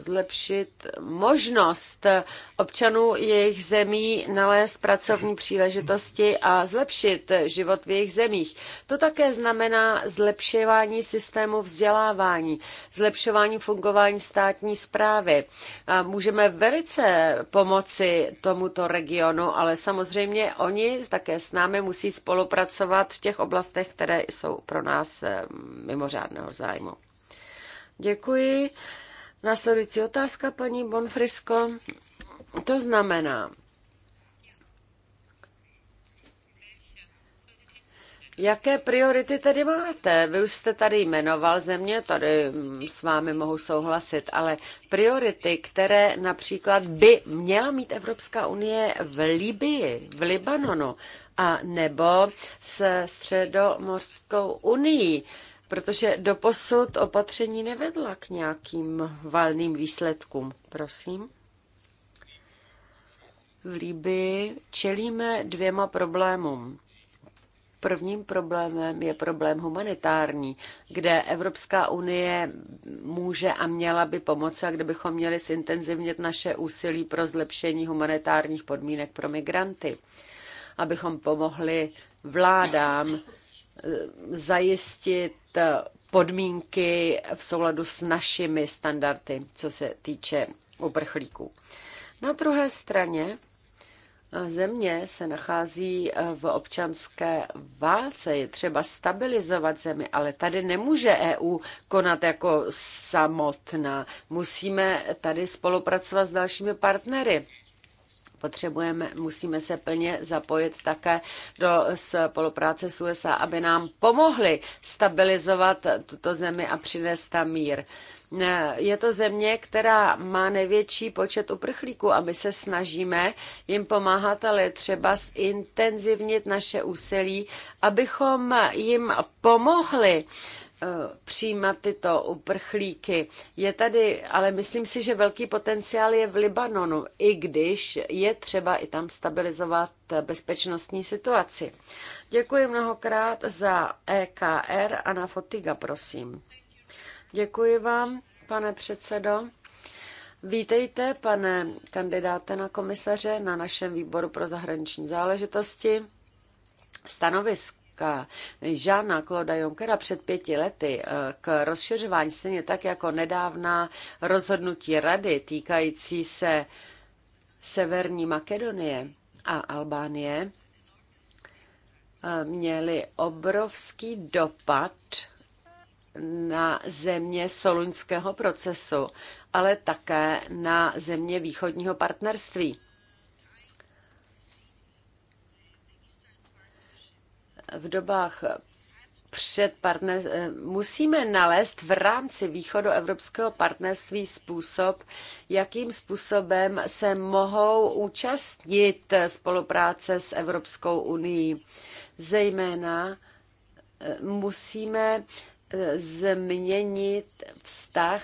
zlepšit možnost občanů jejich zemí nalézt pracovní příležitosti a zlepšit život v jejich zemích. To také znamená zlepšování systému vzdělávání, zlepšování fungování státní zprávy. A můžeme velice pomoci tomuto regionu, ale samozřejmě oni také s námi musí spolupracovat v těch oblastech, které jsou pro nás eh, mimořádného zájmu. Děkuji. Následující otázka, paní Bonfrisko. To znamená, Jaké priority tedy máte? Vy už jste tady jmenoval země, tady s vámi mohu souhlasit, ale priority, které například by měla mít Evropská unie v Libii, v Libanonu, a nebo s Středomorskou unii protože doposud opatření nevedla k nějakým valným výsledkům. Prosím. V Líbii čelíme dvěma problémům. Prvním problémem je problém humanitární, kde Evropská unie může a měla by pomoci, a kde bychom měli zintenzivnit naše úsilí pro zlepšení humanitárních podmínek pro migranty, abychom pomohli vládám zajistit eh, podmínky v souladu s našimi standardy, co se týče uprchlíků. Na druhé straně eh, země se nachází eh, v občanské válce. Je třeba stabilizovat zemi, ale tady nemůže EU konat jako samotná. Musíme tady spolupracovat s dalšími partnery potřebujeme, musíme se plně zapojit také do spolupráce s USA, aby nám pomohli stabilizovat tuto zemi a přinést tam mír. Je to země, která má největší počet uprchlíků a my se snažíme jim pomáhat, ale je třeba zintenzivnit naše úsilí, abychom jim pomohli Eh, přijímat tyto uprchlíky. Je tady, ale myslím si, že velký potenciál je v Libanonu, i když je třeba i tam stabilizovat bezpečnostní situaci. Děkuji mnohokrát za EKR a na Fotiga, prosím. Děkuji vám, pane předsedo. Vítejte, pane kandidáte na komisaře, na našem výboru pro zahraniční záležitosti. Stanovisko stanoviska Žána Kloda Junckera před pěti lety eh, k rozšiřování, stejně tak jako nedávná rozhodnutí rady týkající se Severní Makedonie a Albánie, eh, měly obrovský dopad na země soluňského procesu, ale také na země východního partnerství. v dobách před partner, eh, musíme nalézt v rámci východu evropského partnerství způsob, jakým způsobem se mohou účastnit spolupráce s Evropskou unii. Zejména eh, musíme eh, změnit vztah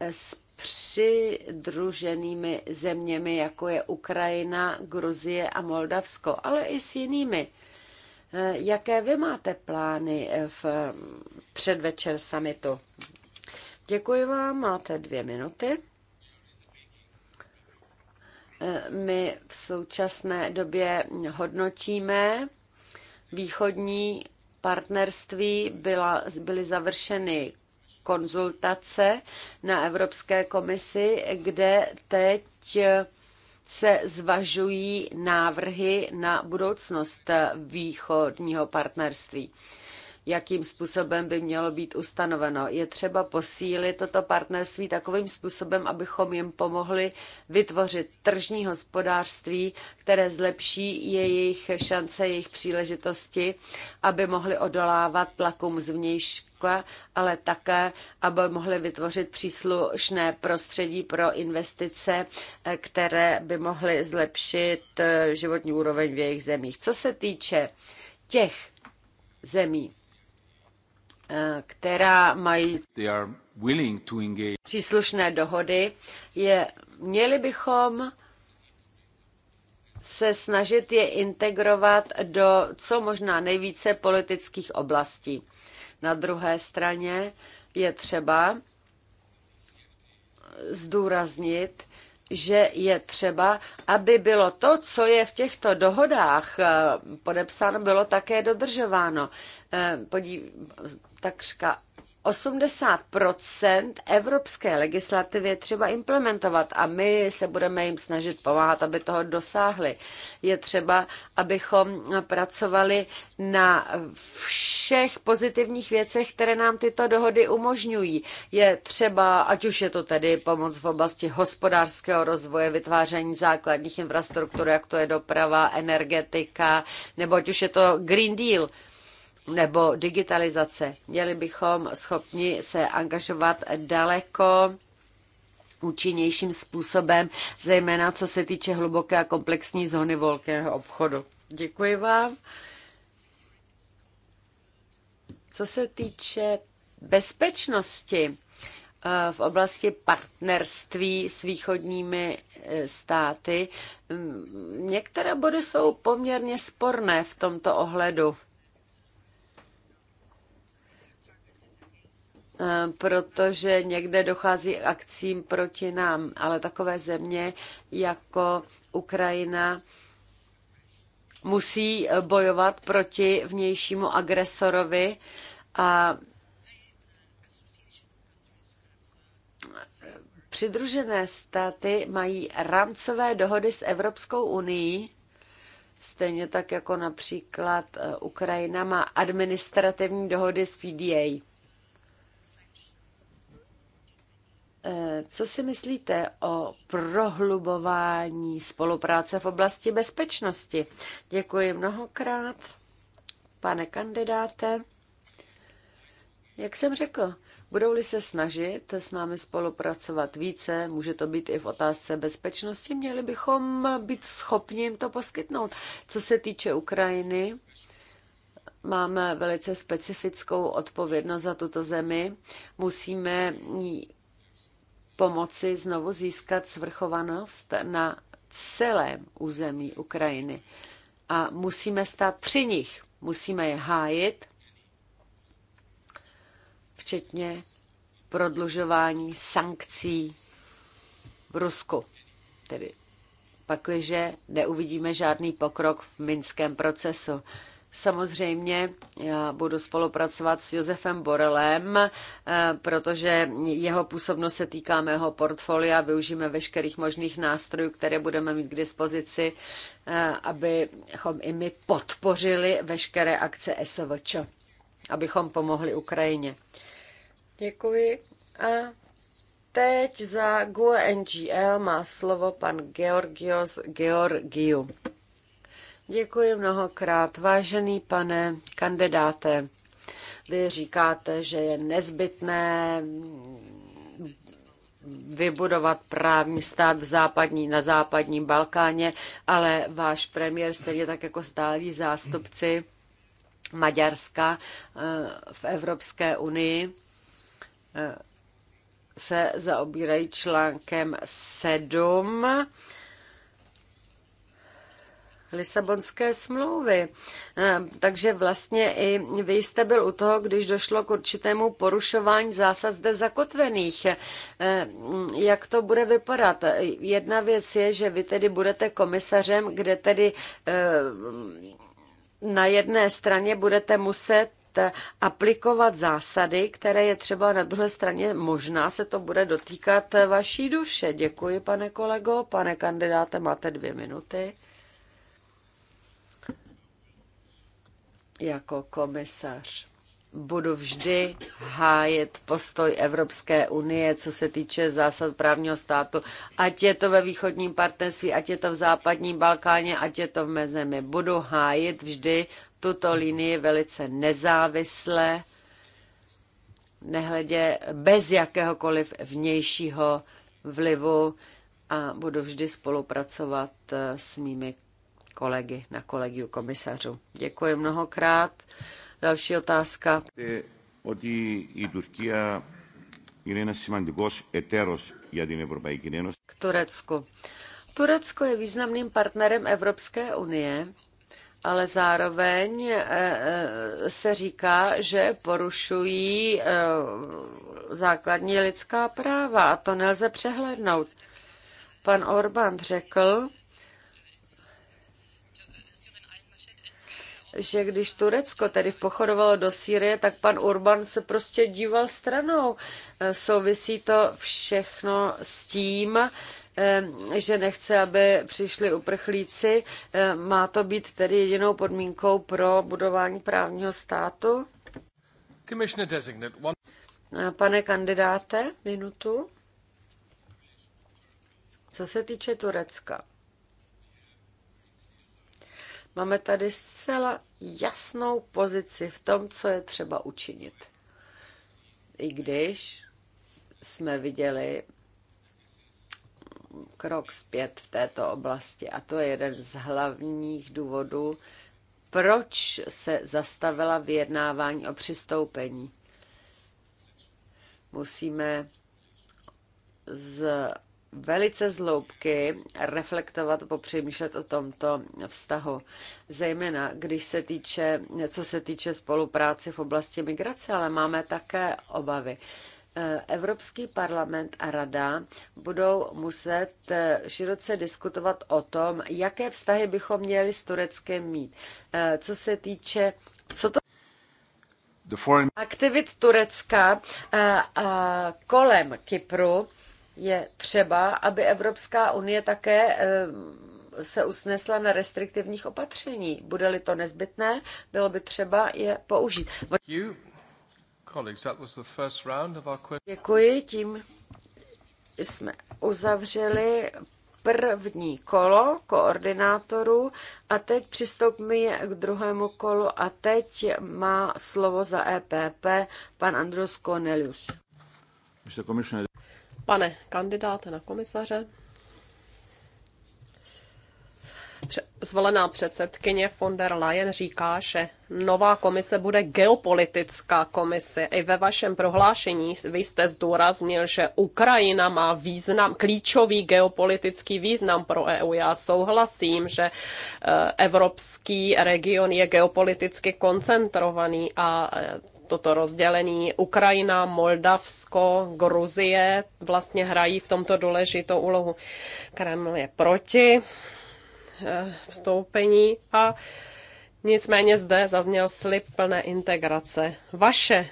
s přidruženými zeměmi, jako je Ukrajina, Gruzie a Moldavsko, ale i s jinými Eh, jaké vy máte plány eh, v eh, předvečer samitu? Děkuji vám, máte dvě minuty. My v současné době hodnotíme východní partnerství, byla, byly završeny konzultace na Evropské komisi, kde teď se zvažují návrhy na budoucnost východního partnerství jakým způsobem by mělo být ustanoveno. Je třeba posílit toto partnerství takovým způsobem, abychom jim pomohli vytvořit tržní hospodářství, které zlepší jejich šance, jejich příležitosti, aby mohli odolávat tlakům zvnějšku ale také, aby mohly vytvořit příslušné prostředí pro investice, eh, které by mohly zlepšit eh, životní úroveň v jejich zemích. Co se týče těch zemí, eh, která mají příslušné dohody, je, měli bychom se snažit je integrovat do co možná nejvíce politických oblastí. Na druhé straně je třeba zdůraznit, že je třeba, aby bylo to, co je v těchto dohodách eh, podepsáno, bylo také dodržováno. Eh, podí, takřka 80 evropské legislativy je třeba implementovat a my se budeme jim snažit pomáhat, aby toho dosáhli. Je třeba, abychom pracovali na všech pozitivních věcech, které nám tyto dohody umožňují. Je třeba, ať už je to tedy pomoc v oblasti hospodářského rozvoje, vytváření základních infrastruktur, jak to je doprava, energetika, nebo ať už je to Green Deal – nebo digitalizace. Měli bychom schopni se angažovat daleko účinnějším způsobem, zejména co se týče hluboké a komplexní zóny volného obchodu. Děkuji vám. Co se týče bezpečnosti eh, v oblasti partnerství s východními eh, státy, mm, některé body jsou poměrně sporné v tomto ohledu. Eh, protože někde dochází akcím proti nám, ale takové země jako Ukrajina musí bojovat proti vnějšímu agresorovi a Přidružené státy mají rámcové dohody s Evropskou unii, stejně tak jako například eh, Ukrajina má administrativní dohody s PDA. Eh, co si myslíte o prohlubování spolupráce v oblasti bezpečnosti? Děkuji mnohokrát, pane kandidáte. Jak jsem řekl, budou-li se snažit s námi spolupracovat více, může to být i v otázce bezpečnosti, měli bychom být schopni jim to poskytnout. Co se týče Ukrajiny, máme velice specifickou odpovědnost za tuto zemi. Musíme pomoci znovu získat svrchovanost na celém území Ukrajiny. A musíme stát při nich, musíme je hájit, včetně prodlužování sankcí v Rusku. Tedy pakliže neuvidíme žádný pokrok v minském procesu. Samozřejmě já budu spolupracovat s Josefem Borelem, eh, protože jeho působnost se týká mého portfolia. Využijeme veškerých možných nástrojů, které budeme mít k dispozici, eh, abychom i my podpořili veškeré akce SVČ, abychom pomohli Ukrajině. Děkuji. A teď za GUE NGL má slovo pan Georgios Georgiou. Děkuji mnohokrát. Vážený pane kandidáte, vy říkáte, že je nezbytné vybudovat právní stát v západní, na západním Balkáně, ale váš premiér, stejně tak jako stálí zástupci Maďarska eh, v Evropské unii, eh, se zaobírají článkem 7 Lisabonské smlouvy. Eh, takže vlastně i vy jste byl u toho, když došlo k určitému porušování zásad zde zakotvených. Eh, jak to bude vypadat? Jedna věc je, že vy tedy budete komisařem, kde tedy eh, na jedné straně budete muset aplikovat zásady, které je třeba na druhé straně, možná se to bude dotýkat vaší duše. Děkuji, pane kolego. Pane kandidáte, máte dvě minuty. jako komisař budu vždy hájet postoj Evropské unie, co se týče zásad právního státu. Ať je to ve východním partnerství, ať je to v západním Balkáně, ať je to v mé zemi. Budu hájet vždy tuto linii velice nezávisle, nehledě bez jakéhokoliv vnějšího vlivu a budu vždy spolupracovat eh, s mými kolegy na kolegiu komisařů. Děkuji mnohokrát. Další otázka. K Turecku. Turecko je významným partnerem Evropské unie, ale zároveň e, e, se říká, že porušují e, základní lidská práva a to nelze přehlédnout. Pan Orbán řekl, že když Turecko tedy pochodovalo do Sýrie, tak pan Urban se prostě díval stranou. Eh, souvisí to všechno s tím, eh, že nechce, aby přišli uprchlíci. Eh, má to být tedy jedinou podmínkou pro budování právního státu? Pane kandidáte, minutu. Co se týče Turecka. Máme tady zcela jasnou pozici v tom, co je třeba učinit. I když jsme viděli krok zpět v této oblasti. A to je jeden z hlavních důvodů, proč se zastavila vyjednávání o přistoupení. Musíme z velice zloubky reflektovat, popřemýšlet o tomto vztahu. Zejména, když se týče, co se týče spolupráce v oblasti migrace, ale máme také obavy. Eh, Evropský parlament a rada budou muset eh, široce diskutovat o tom, jaké vztahy bychom měli s Tureckem mít. Eh, co se týče, co to Aktivit Turecka kolem Kypru je třeba, aby Evropská unie také eh, se usnesla na restriktivních opatření. Bude-li to nezbytné, bylo by třeba je použít. Děkuji, tím jsme uzavřeli první kolo koordinátorů a teď přistoupíme k druhému kolu a teď má slovo za EPP pan Andros Cornelius. Pane kandidáte na komisaře, zvolená předsedkyně von der Leyen říká, že nová komise bude geopolitická komise. I ve vašem prohlášení vy jste zdůraznil, že Ukrajina má význam, klíčový geopolitický význam pro EU. Já souhlasím, že eh, evropský region je geopoliticky koncentrovaný a eh, toto rozdělení. Ukrajina, Moldavsko, Gruzie vlastně hrají v tomto důležitou úlohu. Kreml je proti eh, vstoupení a nicméně zde zazněl slib plné integrace. Vaše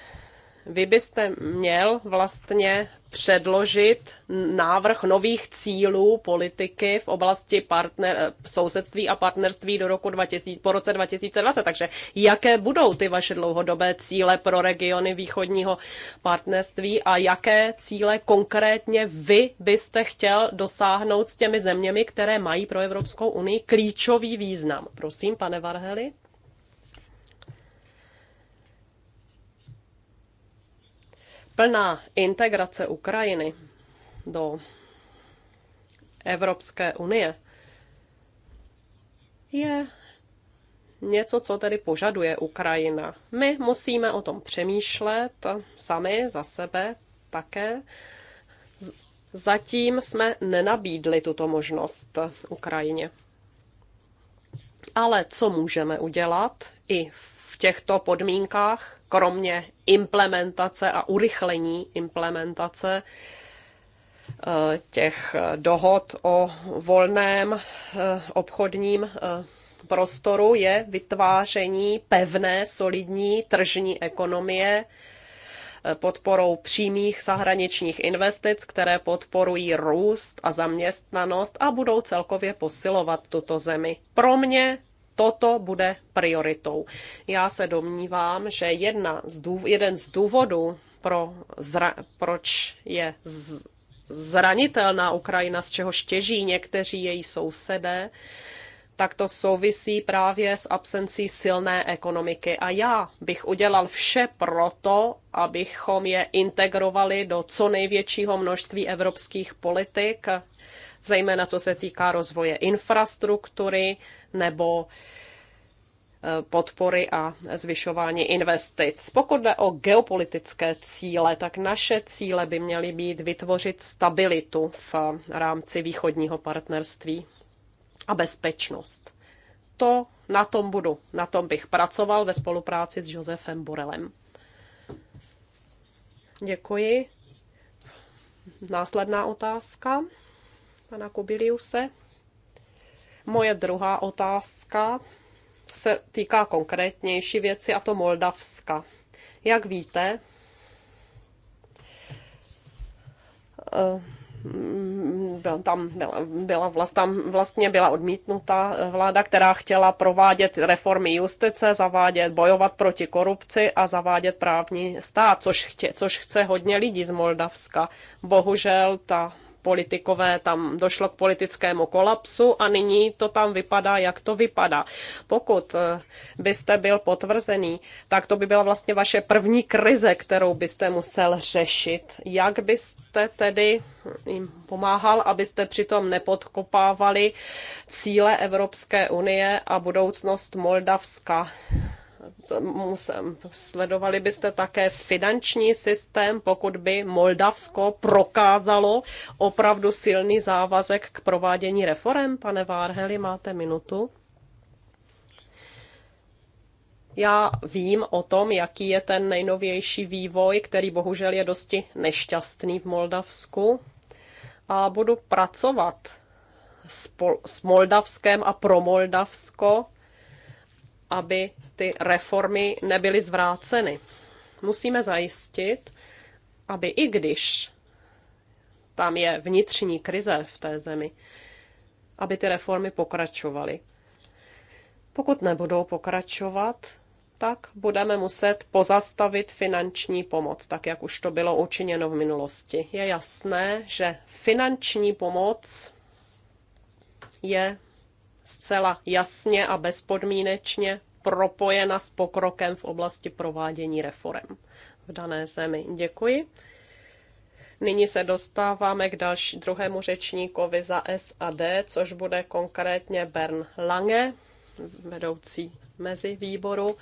vy byste měl vlastně předložit návrh nových cílů politiky v oblasti partner, sousedství a partnerství do roku 2000, po roce 2020. Takže jaké budou ty vaše dlouhodobé cíle pro regiony východního partnerství a jaké cíle konkrétně vy byste chtěl dosáhnout s těmi zeměmi, které mají pro Evropskou unii klíčový význam? Prosím, pane Varheli. Plná integrace Ukrajiny do Evropské unie je něco, co tedy požaduje Ukrajina. My musíme o tom přemýšlet sami za sebe také. Zatím jsme nenabídli tuto možnost Ukrajině. Ale co můžeme udělat i v těchto podmínkách kromě implementace a urychlení implementace eh, těch eh, dohod o volném eh, obchodním prostoru je vytváření pevné, solidní tržní ekonomie podporou přímých zahraničních investic, které podporují růst a zaměstnanost a budou celkově posilovat tuto zemi. Pro mě toto bude prioritou. Já se domnívám, že jedna z dův, jeden z důvodů, pro zra, proč je z, zranitelná Ukrajina, z čeho štěží někteří její sousedé, tak to souvisí právě s absencí silné ekonomiky. A já bych udělal vše proto, abychom je integrovali do co největšího množství evropských politik, zejména co se týká rozvoje infrastruktury nebo eh, podpory a zvyšování investic. Pokud jde o geopolitické cíle, tak naše cíle by měly být vytvořit stabilitu v rámci východního partnerství a bezpečnost. To na tom budu, na tom bych pracoval ve spolupráci s Josefem Borelem. Děkuji. Následná otázka pana Kubiliuse. Moje druhá otázka se týká konkrétnější věci, a to Moldavska. Jak víte, eh, byl tam, byla, byla vlast, tam vlastně byla odmítnuta vláda, která chtěla provádět reformy justice, zavádět, bojovat proti korupci a zavádět právní stát, což, chtě, což chce hodně lidí z Moldavska. Bohužel ta politikové, tam došlo k politickému kolapsu a nyní to tam vypadá, jak to vypadá. Pokud eh, byste byl potvrzený, tak to by byla vlastně vaše první krize, kterou byste musel řešit. Jak byste tedy jim pomáhal, abyste přitom nepodkopávali cíle Evropské unie a budoucnost Moldavska? musím, sledovali byste také finanční systém, pokud by Moldavsko prokázalo opravdu silný závazek k provádění reform? Pane Várheli, máte minutu. Já vím o tom, jaký je ten nejnovější vývoj, který bohužel je dosti nešťastný v Moldavsku. A budu pracovat s Moldavskem a pro Moldavsko aby ty reformy nebyly zvráceny. Musíme zajistit, aby i když tam je vnitřní krize v té zemi, aby ty reformy pokračovaly. Pokud nebudou pokračovat, tak budeme muset pozastavit finanční pomoc, tak jak už to bylo učiněno v minulosti. Je jasné, že finanční pomoc je zcela jasně a bezpodmínečně propojena s pokrokem v oblasti provádění reform v dané zemi. Děkuji. Nyní se dostáváme k další, druhému řečníkovi za SAD, což bude konkrétně Bern Lange, vedoucí mezi výboru.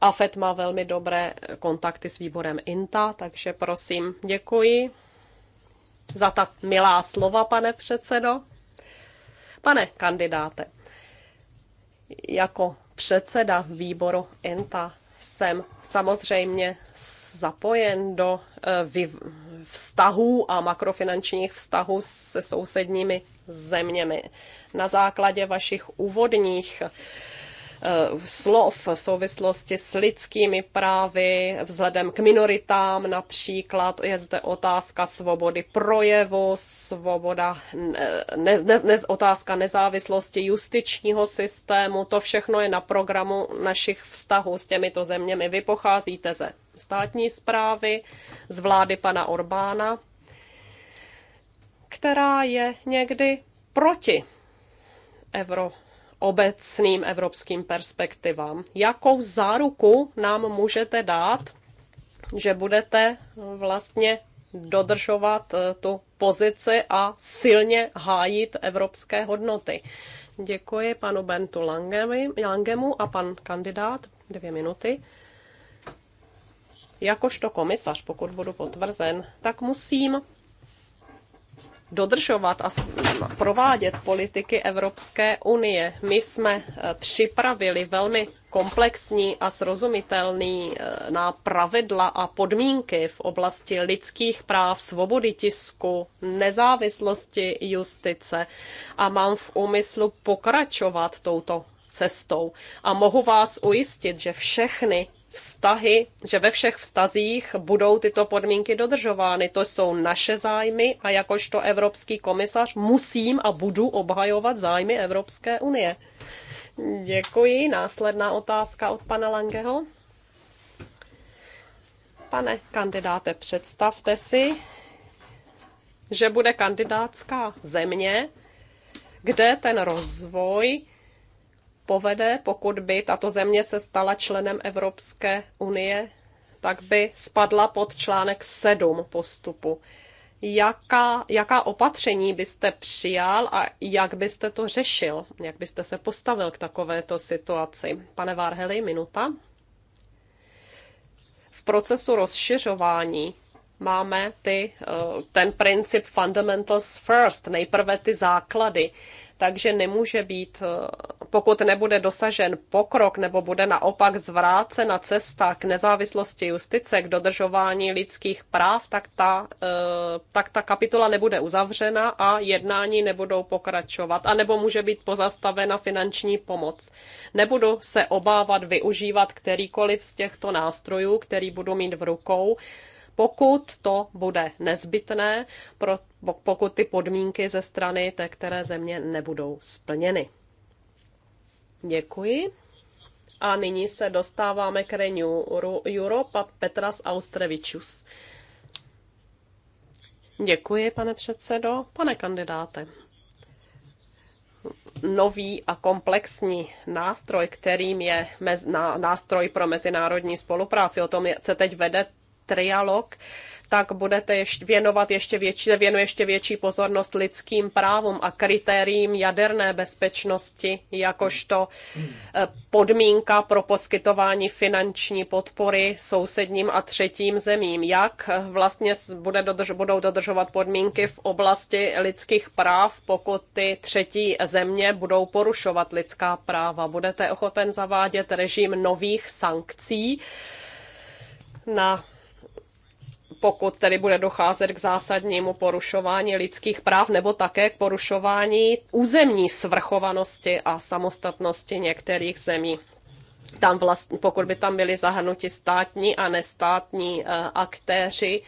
AFET má velmi dobré kontakty s výborem INTA, takže prosím, děkuji za ta milá slova, pane předsedo. Pane kandidáte, jako předseda výboru ENTA jsem samozřejmě zapojen do eh, vztahů a makrofinančních vztahů se sousedními zeměmi. Na základě vašich úvodních Eh, slov v souvislosti s lidskými právy, vzhledem k minoritám například. Je zde otázka svobody projevu, svoboda, ne, ne, ne, otázka nezávislosti justičního systému. To všechno je na programu našich vztahů s těmito zeměmi. Vy pocházíte ze státní zprávy, z vlády pana Orbána, která je někdy proti euro obecným evropským perspektivám. Jakou záruku nám můžete dát, že budete vlastně dodržovat eh, tu pozici a silně hájit evropské hodnoty? Děkuji panu Bentu Langemu a pan kandidát, dvě minuty. Jakožto komisař, pokud budu potvrzen, tak musím dodržovat a provádět politiky Evropské unie. My jsme eh, připravili velmi komplexní a srozumitelný eh, na pravidla a podmínky v oblasti lidských práv, svobody tisku, nezávislosti justice a mám v úmyslu pokračovat touto cestou. A mohu vás ujistit, že všechny vztahy, že ve všech vztazích budou tyto podmínky dodržovány. To jsou naše zájmy a jakožto evropský komisař musím a budu obhajovat zájmy Evropské unie. Děkuji. Následná otázka od pana Langeho. Pane kandidáte, představte si, že bude kandidátská země, kde ten rozvoj povede, pokud by tato země se stala členem Evropské unie, tak by spadla pod článek 7 postupu. Jaká, jaká opatření byste přijal a jak byste to řešil? Jak byste se postavil k takovéto situaci? Pane Várheli, minuta. V procesu rozšiřování máme ty, eh, ten princip fundamentals first, nejprve ty základy takže nemůže být, eh, pokud nebude dosažen pokrok nebo bude naopak zvrácena cesta k nezávislosti justice, k dodržování lidských práv, tak ta, eh, tak ta kapitola nebude uzavřena a jednání nebudou pokračovat, a nebo může být pozastavena finanční pomoc. Nebudu se obávat využívat kterýkoliv z těchto nástrojů, který budu mít v rukou, pokud to bude nezbytné, pro, pokud ty podmínky ze strany té které země nebudou splněny. Děkuji. A nyní se dostáváme k Renew Europe a Petras Austrevičus. Děkuji, pane předsedo. Pane kandidáte, nový a komplexní nástroj, kterým je mez, na, nástroj pro mezinárodní spolupráci. O tom je, se teď vede trialog, tak budete ještě věnovat ještě větší, věnu ještě větší pozornost lidským právům a kritériím jaderné bezpečnosti jakožto eh, podmínka pro poskytování finanční podpory sousedním a třetím zemím. Jak eh, vlastně bude dodrž, budou dodržovat podmínky v oblasti lidských práv, pokud ty třetí země budou porušovat lidská práva? Budete ochoten zavádět režim nových sankcí na pokud tedy bude docházet k zásadnímu porušování lidských práv nebo také k porušování územní svrchovanosti a samostatnosti některých zemí. Tam vlastně, pokud by tam byli zahrnuti státní a nestátní eh, aktéři,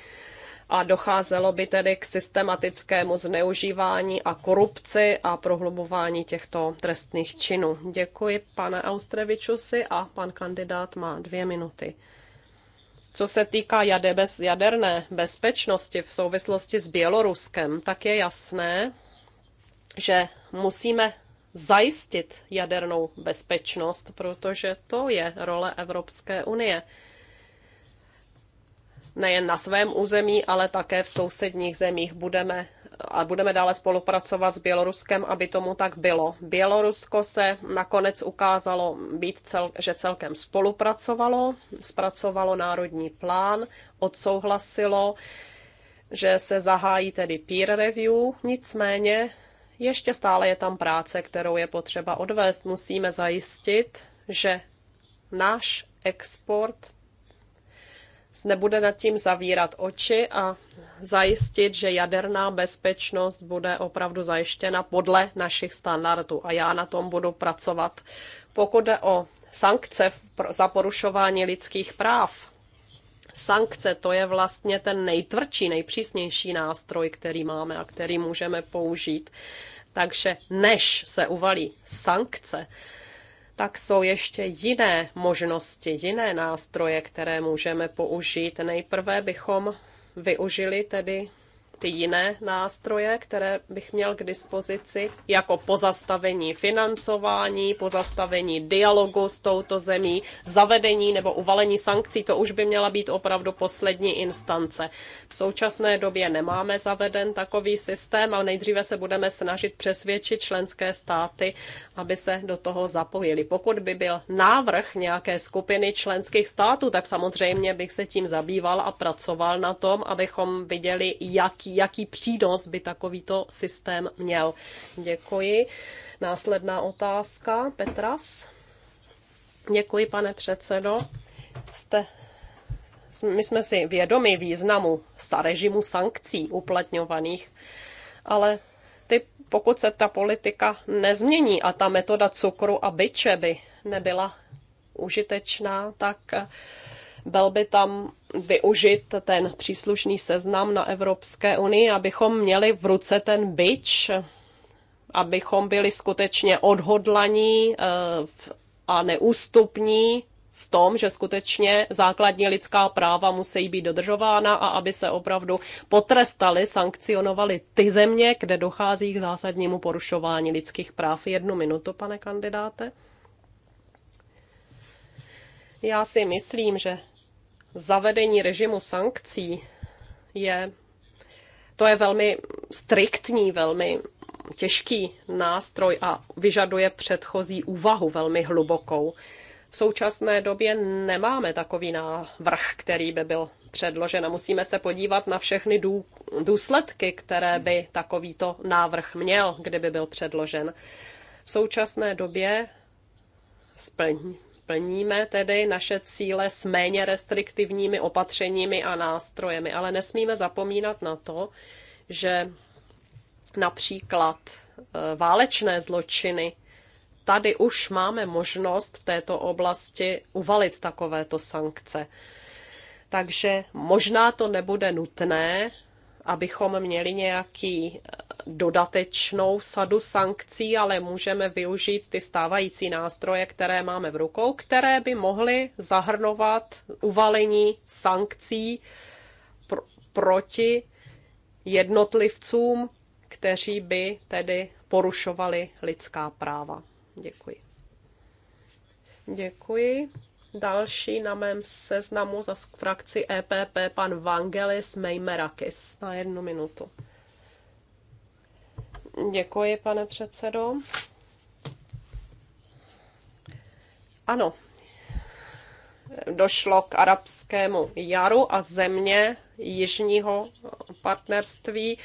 a docházelo by tedy k systematickému zneužívání a korupci a prohlubování těchto trestných činů. Děkuji, pane Austrevičusi, a pan kandidát má dvě minuty. Co se týká jade bez, jaderné bezpečnosti v souvislosti s Běloruskem, tak je jasné, že musíme zajistit jadernou bezpečnost, protože to je role Evropské unie. Nejen na svém území, ale také v sousedních zemích budeme a budeme dále spolupracovat s Běloruskem, aby tomu tak bylo. Bělorusko se nakonec ukázalo být, cel, že celkem spolupracovalo, zpracovalo národní plán, odsouhlasilo, že se zahájí tedy peer review, nicméně ještě stále je tam práce, kterou je potřeba odvést. Musíme zajistit, že náš export nebude nad tím zavírat oči a zajistit, že jaderná bezpečnost bude opravdu zajištěna podle našich standardů a já na tom budu pracovat. Pokud jde o sankce za porušování lidských práv, sankce to je vlastně ten nejtvrdší, nejpřísnější nástroj, který máme a který můžeme použít. Takže než se uvalí sankce, tak jsou ještě jiné možnosti, jiné nástroje, které můžeme použít. Nejprve bychom využili tedy ty jiné nástroje, které bych měl k dispozici, jako pozastavení financování, pozastavení dialogu s touto zemí, zavedení nebo uvalení sankcí, to už by měla být opravdu poslední instance. V současné době nemáme zaveden takový systém a nejdříve se budeme snažit přesvědčit členské státy, aby se do toho zapojili. Pokud by byl návrh nějaké skupiny členských států, tak samozřejmě bych se tím zabýval a pracoval na tom, abychom viděli, jaký jaký, jaký přínos by takovýto systém měl. Děkuji. Následná otázka. Petras. Děkuji, pane předsedo. Jste my jsme si vědomi významu sa režimu sankcí uplatňovaných, ale ty, pokud se ta politika nezmění a ta metoda cukru a byče by nebyla užitečná, tak byl by tam využit ten příslušný seznam na Evropské unii, abychom měli v ruce ten byč, abychom byli skutečně odhodlaní eh, a neústupní v tom, že skutečně základní lidská práva musí být dodržována a aby se opravdu potrestali, sankcionovali ty země, kde dochází k zásadnímu porušování lidských práv. Jednu minutu, pane kandidáte. Já si myslím, že zavedení režimu sankcí je, to je velmi striktní, velmi těžký nástroj a vyžaduje předchozí úvahu velmi hlubokou. V současné době nemáme takový návrh, který by byl předložen a musíme se podívat na všechny dů, důsledky, které by takovýto návrh měl, kdyby byl předložen. V současné době splň, splníme tedy naše cíle s méně restriktivními opatřeními a nástrojemi, ale nesmíme zapomínat na to, že například eh, válečné zločiny, tady už máme možnost v této oblasti uvalit takovéto sankce. Takže možná to nebude nutné, abychom měli nějaký eh, dodatečnou sadu sankcí, ale můžeme využít ty stávající nástroje, které máme v rukou, které by mohly zahrnovat uvalení sankcí pr- proti jednotlivcům, kteří by tedy porušovali lidská práva. Děkuji. Děkuji. Další na mém seznamu za frakci EPP pan Vangelis Mejmerakis na jednu minutu. Děkuji, pane předsedo. Ano, došlo k arabskému jaru a země Jižního partnerství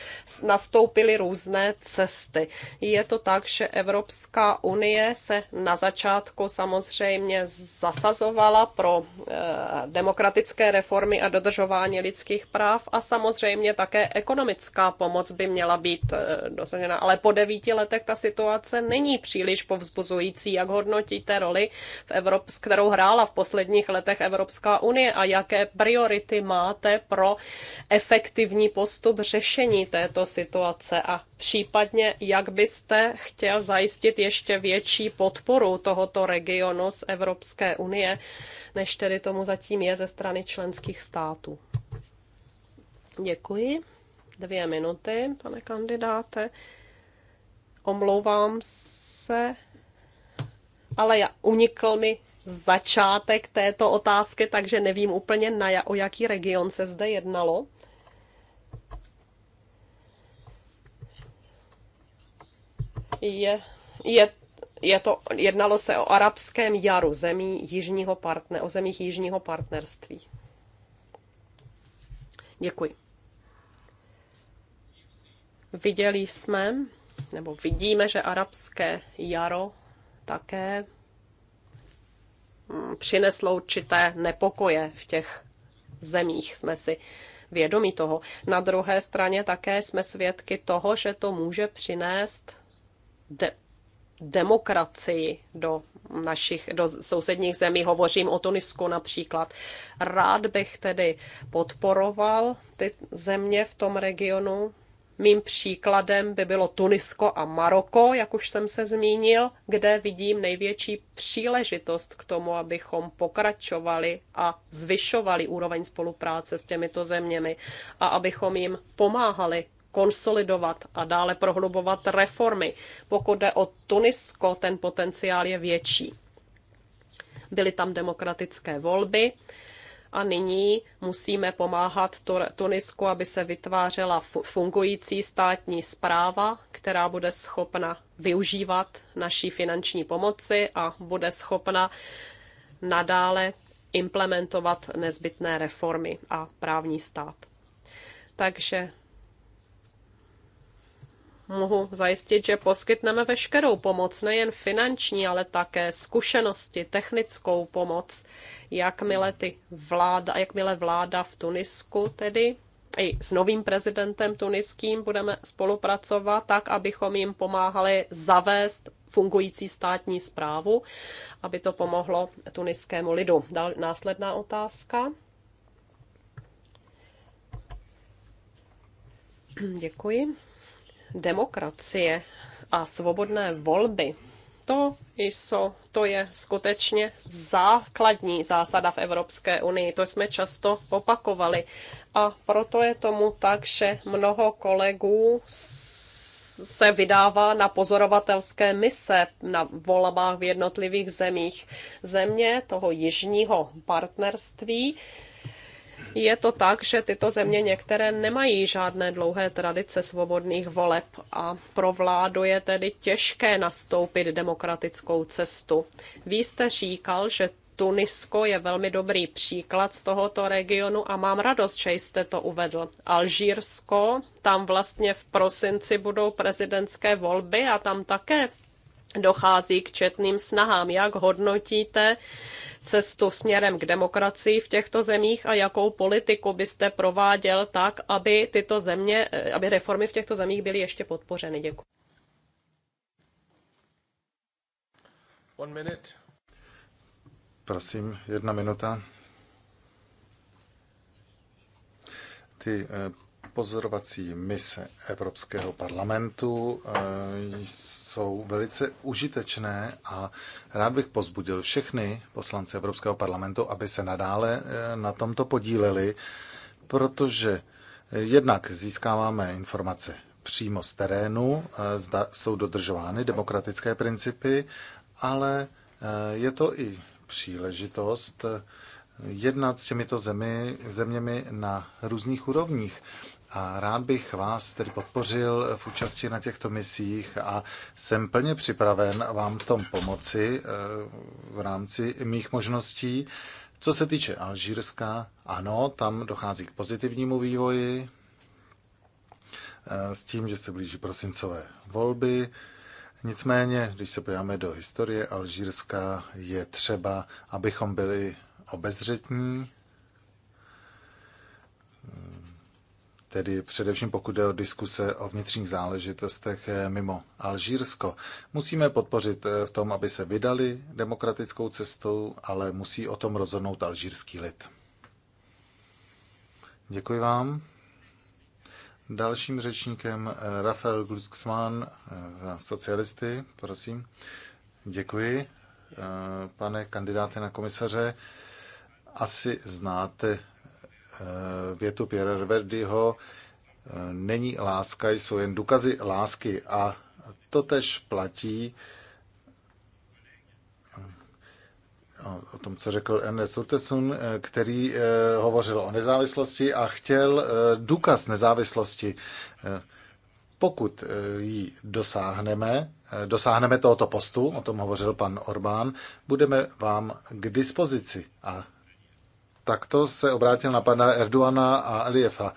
nastoupily různé cesty. Je to tak, že Evropská unie se na začátku samozřejmě zasazovala pro eh, demokratické reformy a dodržování lidských práv a samozřejmě také ekonomická pomoc by měla být eh, dosažena. Ale po devíti letech ta situace není příliš povzbuzující, jak hodnotíte roli, v Evrop, kterou hrála v posledních letech Evropská unie a jaké priority máte pro efektivní postup postup řešení této situace a případně jak byste chtěl zajistit ještě větší podporu tohoto regionu z Evropské unie, než tedy tomu zatím je ze strany členských států. Děkuji. Dvě minuty, pane kandidáte. Omlouvám se, ale já, unikl mi začátek této otázky, takže nevím úplně, na, o jaký region se zde jednalo. je, je je to, jednalo se o arabském jaru zemí jižního partner, o zemích jižního partnerství. Děkuji. Viděli jsme, nebo vidíme, že arabské jaro také mm, přineslo určité nepokoje v těch zemích. Jsme si vědomi toho. Na druhé straně také jsme svědky toho, že to může přinést de- demokracii do našich do sousedních zemí. Hovořím o Tunisku například. Rád bych tedy podporoval ty země v tom regionu. Mým příkladem by bylo Tunisko a Maroko, jak už jsem se zmínil, kde vidím největší příležitost k tomu, abychom pokračovali a zvyšovali úroveň spolupráce s těmito zeměmi a abychom jim pomáhali konsolidovat a dále prohlubovat reformy. Pokud jde o Tunisko, ten potenciál je větší. Byly tam demokratické volby a nyní musíme pomáhat Tunisku, aby se vytvářela fungující státní zpráva, která bude schopna využívat naší finanční pomoci a bude schopna nadále implementovat nezbytné reformy a právní stát. Takže mohu zajistit, že poskytneme veškerou pomoc, nejen finanční, ale také zkušenosti, technickou pomoc, jakmile, ty vláda, jakmile vláda v Tunisku tedy i s novým prezidentem tuniským budeme spolupracovat tak, abychom jim pomáhali zavést fungující státní zprávu, aby to pomohlo tuniskému lidu. Dal, následná otázka. Děkuji demokracie a svobodné volby, to, jsou, to je skutečně základní zásada v Evropské unii. To jsme často opakovali. A proto je tomu tak, že mnoho kolegů se vydává na pozorovatelské mise na volbách v jednotlivých zemích. Země toho jižního partnerství je to tak, že tyto země některé nemají žádné dlouhé tradice svobodných voleb a pro vládu je tedy těžké nastoupit demokratickou cestu. Vy jste říkal, že Tunisko je velmi dobrý příklad z tohoto regionu a mám radost, že jste to uvedl. Alžírsko, tam vlastně v prosinci budou prezidentské volby a tam také dochází k četným snahám. Jak hodnotíte cestu směrem k demokracii v těchto zemích a jakou politiku byste prováděl tak, aby tyto země, eh, aby reformy v těchto zemích byly ještě podpořeny? Děkuji. One minute. Prosím, jedna minuta. Ty eh, pozorovací mise Evropského parlamentu eh, jsou jsou velice užitečné a rád bych pozbudil všechny poslance Evropského parlamentu, aby se nadále eh, na tomto podíleli, protože jednak získáváme informace přímo z terénu, eh, zda jsou dodržovány demokratické principy, ale eh, je to i příležitost jednat s těmito zemi, zeměmi na různých úrovních. A rád bych vás tedy podpořil v účasti na těchto misích a jsem plně připraven vám v tom pomoci eh, v rámci mých možností. Co se týče Alžírska, ano, tam dochází k pozitivnímu vývoji eh, s tím, že se blíží prosincové volby. Nicméně, když se podíváme do historie Alžírska, je třeba, abychom byli obezřetní tedy především pokud jde o diskuse o vnitřních záležitostech eh, mimo Alžírsko. Musíme podpořit eh, v tom, aby se vydali demokratickou cestou, ale musí o tom rozhodnout alžírský lid. Děkuji vám. Dalším řečníkem eh, Rafael Glucksmann za socialisty, prosím. Děkuji, pane kandidáte na komisaře. Asi znáte Eh, větu Pierre Verdiho, eh, není láska, jsou jen důkazy lásky. A to tež platí eh, o tom, co řekl Ernest Urtesun, který hovořil o nezávislosti a chtěl důkaz nezávislosti. Pokud ji dosáhneme, dosáhneme tohoto postu, o tom hovořil pan Orbán, budeme vám k dispozici a takto se obrátil na pana Erdoana a Alijefa.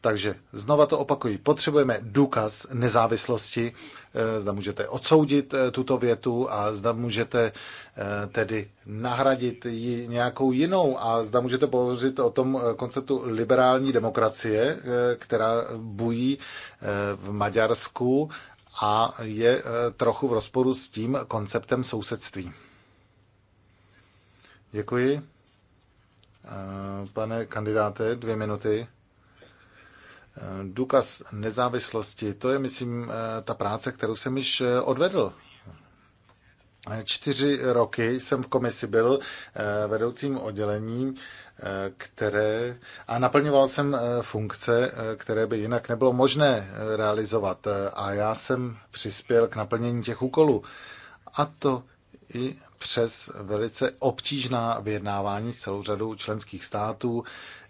Takže znova to opakuji, potřebujeme důkaz nezávislosti, eh, zda můžete odsoudit eh, tuto větu a zda můžete eh, tedy nahradit ji nějakou jinou a zda můžete pohořit o tom konceptu liberální demokracie, která bují v Maďarsku a je trochu v rozporu s tím konceptem sousedství. Děkuji. Eh, pane kandidáte, dvě minuty. Eh, důkaz nezávislosti, to je, myslím, eh, ta práce, kterou jsem již odvedl. Čtyři roky jsem v komisi byl vedoucím oddělením, které a naplňoval jsem funkce, které by jinak nebylo možné realizovat. A já jsem přispěl k naplnění těch úkolů. A to i přes velice obtížná vyjednávání s celou řadou členských států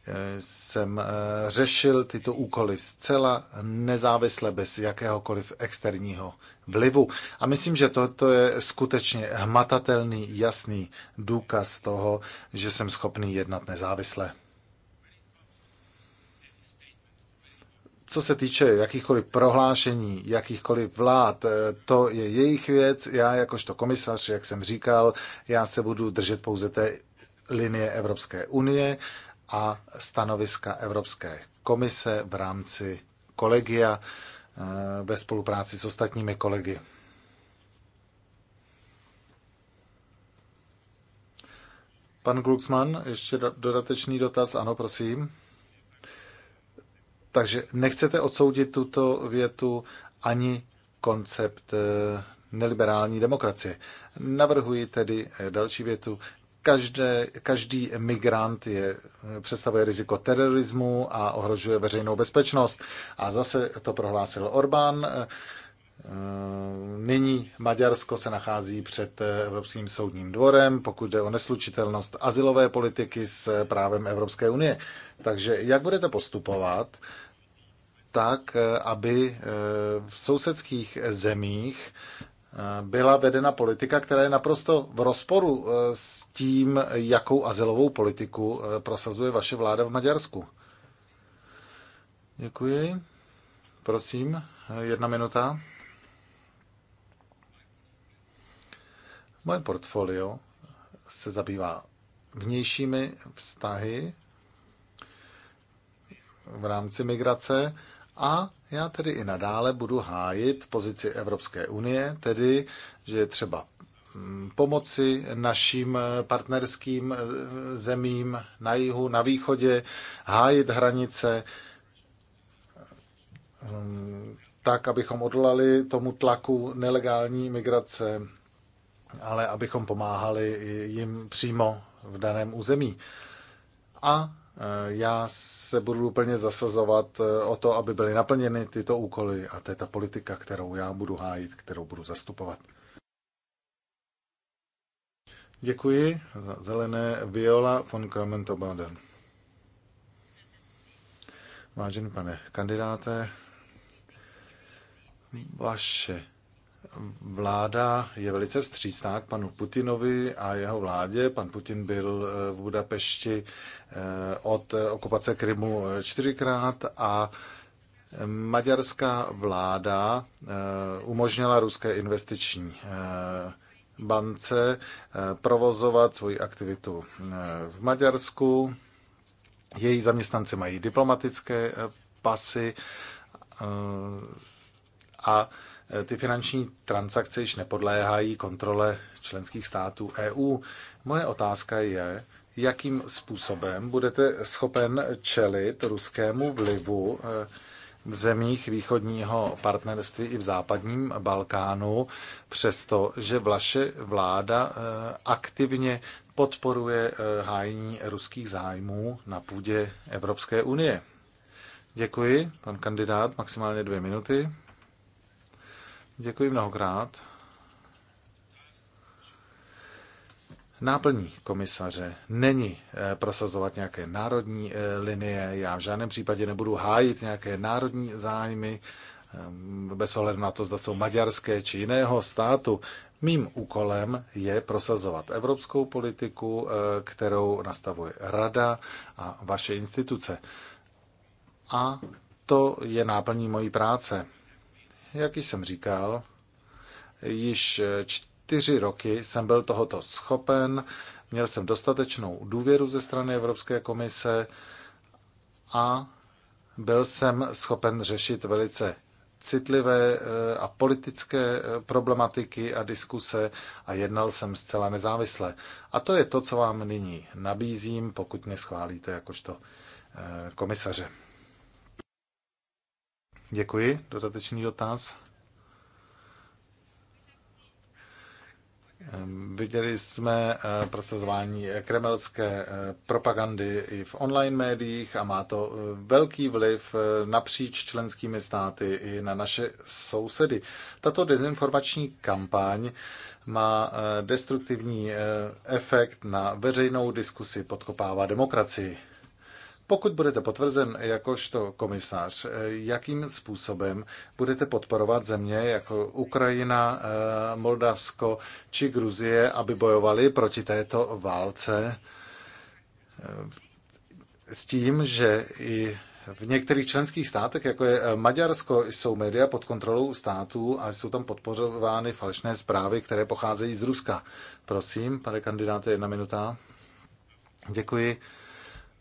e, jsem e, řešil tyto úkoly zcela nezávisle, bez jakéhokoliv externího vlivu. A myslím, že toto je skutečně hmatatelný, jasný důkaz toho, že jsem schopný jednat nezávisle. Co se týče jakýchkoliv prohlášení, jakýchkoliv vlád, eh, to je jejich věc. Já jakožto komisař, jak jsem říkal, já se budu držet pouze té linie Evropské unie a stanoviska Evropské komise v rámci kolegia eh, ve spolupráci s ostatními kolegy. Pan Glucksmann, ještě dodatečný dotaz, ano, prosím. Takže nechcete odsoudit tuto větu ani koncept eh, neliberální demokracie. Navrhuji tedy eh, další větu. Každé, každý migrant je, eh, představuje riziko terorismu a ohrožuje veřejnou bezpečnost. A zase to prohlásil Orbán. Nyní Maďarsko se nachází před Evropským soudním dvorem, pokud jde o neslučitelnost asilové politiky s právem Evropské unie. Takže jak budete postupovat? tak, eh, aby eh, v sousedských zemích eh, byla vedena politika, která je naprosto v rozporu s tím, jakou azylovou politiku prosazuje vaše vláda v Maďarsku. Děkuji. Prosím, jedna minuta. Moje portfolio se zabývá vnějšími vztahy v rámci migrace a já tedy i nadále budu hájit pozici Evropské unie, tedy, že je třeba mm, pomoci našim partnerským eh, zemím na jihu, na východě, hájit hranice, mm, tak, abychom odolali tomu tlaku nelegální migrace, ale abychom pomáhali jim přímo v daném území. A Eh, já se budu úplně zasazovat eh, o to, aby byly naplněny tyto úkoly a to je ta politika, kterou já budu hájit, kterou budu zastupovat. Děkuji. Za zelené Viola von Kramento Baden. Vážený pane kandidáte, vaše vláda je velice vstřícná k panu Putinovi a jeho vládě. Pan Putin byl eh, v Budapešti eh, od okupace Krymu eh, čtyřikrát a maďarská vláda umožnila ruské investiční bance provozovat svoji aktivitu v Maďarsku. Její zaměstnanci mají diplomatické pasy a Eh, ty finanční transakce již nepodléhají kontrole členských států EU. Moje otázka je, jakým způsobem budete schopen čelit ruskému vlivu eh, v zemích východního partnerství i v západním Balkánu, přestože vaše vláda eh, aktivně podporuje hájení ruských zájmů na půdě Evropské unie. Děkuji, pan kandidát, maximálně dvě minuty. Děkuji mnohokrát. Náplní komisaře není eh, prosazovat nějaké národní eh, linie. Já v žádném případě nebudu hájit nějaké národní zájmy eh, bez ohledu na to, zda jsou maďarské či jiného státu. Mým úkolem je prosazovat evropskou politiku, kterou nastavuje Rada a vaše instituce. A to je náplní mojí práce. Jak jsem říkal, již eh, čtyři roky jsem byl tohoto schopen, měl jsem dostatečnou důvěru ze strany Evropské komise a byl jsem schopen řešit velice citlivé eh, a politické eh, problematiky a diskuse a jednal jsem zcela nezávisle. A to je to, co vám nyní nabízím, pokud mě schválíte jakožto komisaře. Děkuji. Dodatečný dotaz. Ehm, viděli jsme eh, prosazování eh, kremelské eh, propagandy i v online médiích a má to velký vliv napříč členskými státy i na naše sousedy. Tato dezinformační kampaň má destruktivní efekt na veřejnou diskusi, podkopává demokracii. Pokud budete potvrzen jakožto komisař, eh, jakým způsobem budete podporovat země jako Ukrajina, eh, Moldavsko či Gruzie, aby bojovali proti této válce eh, s tím, že i v některých členských státech, jako je Maďarsko, jsou média pod kontrolou států a jsou tam podporovány falešné zprávy, které pocházejí z Ruska. Prosím, pane kandidáte, jedna minuta. Děkuji.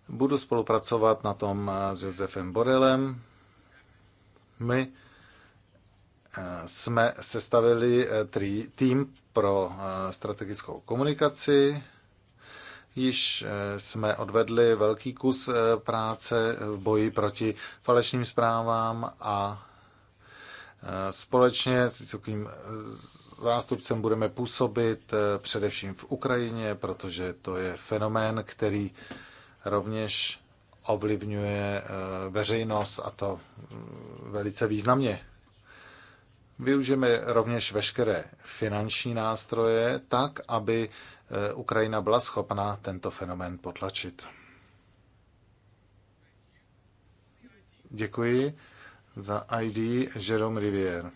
Budu spolupracovat na tom eh, s Josefem Borelem. My eh, jsme sestavili eh, tým pro strategickou komunikaci. Již jsme odvedli velký kus práce v boji proti falešným zprávám a společně s vysokým zástupcem budeme působit především v Ukrajině, protože to je fenomén, který rovněž ovlivňuje eh, veřejnost a to mm, velice významně. Využijeme rovněž veškeré finanční nástroje tak, aby eh, Ukrajina byla schopna tento fenomén potlačit. Děkuji za ID Jerome Rivière.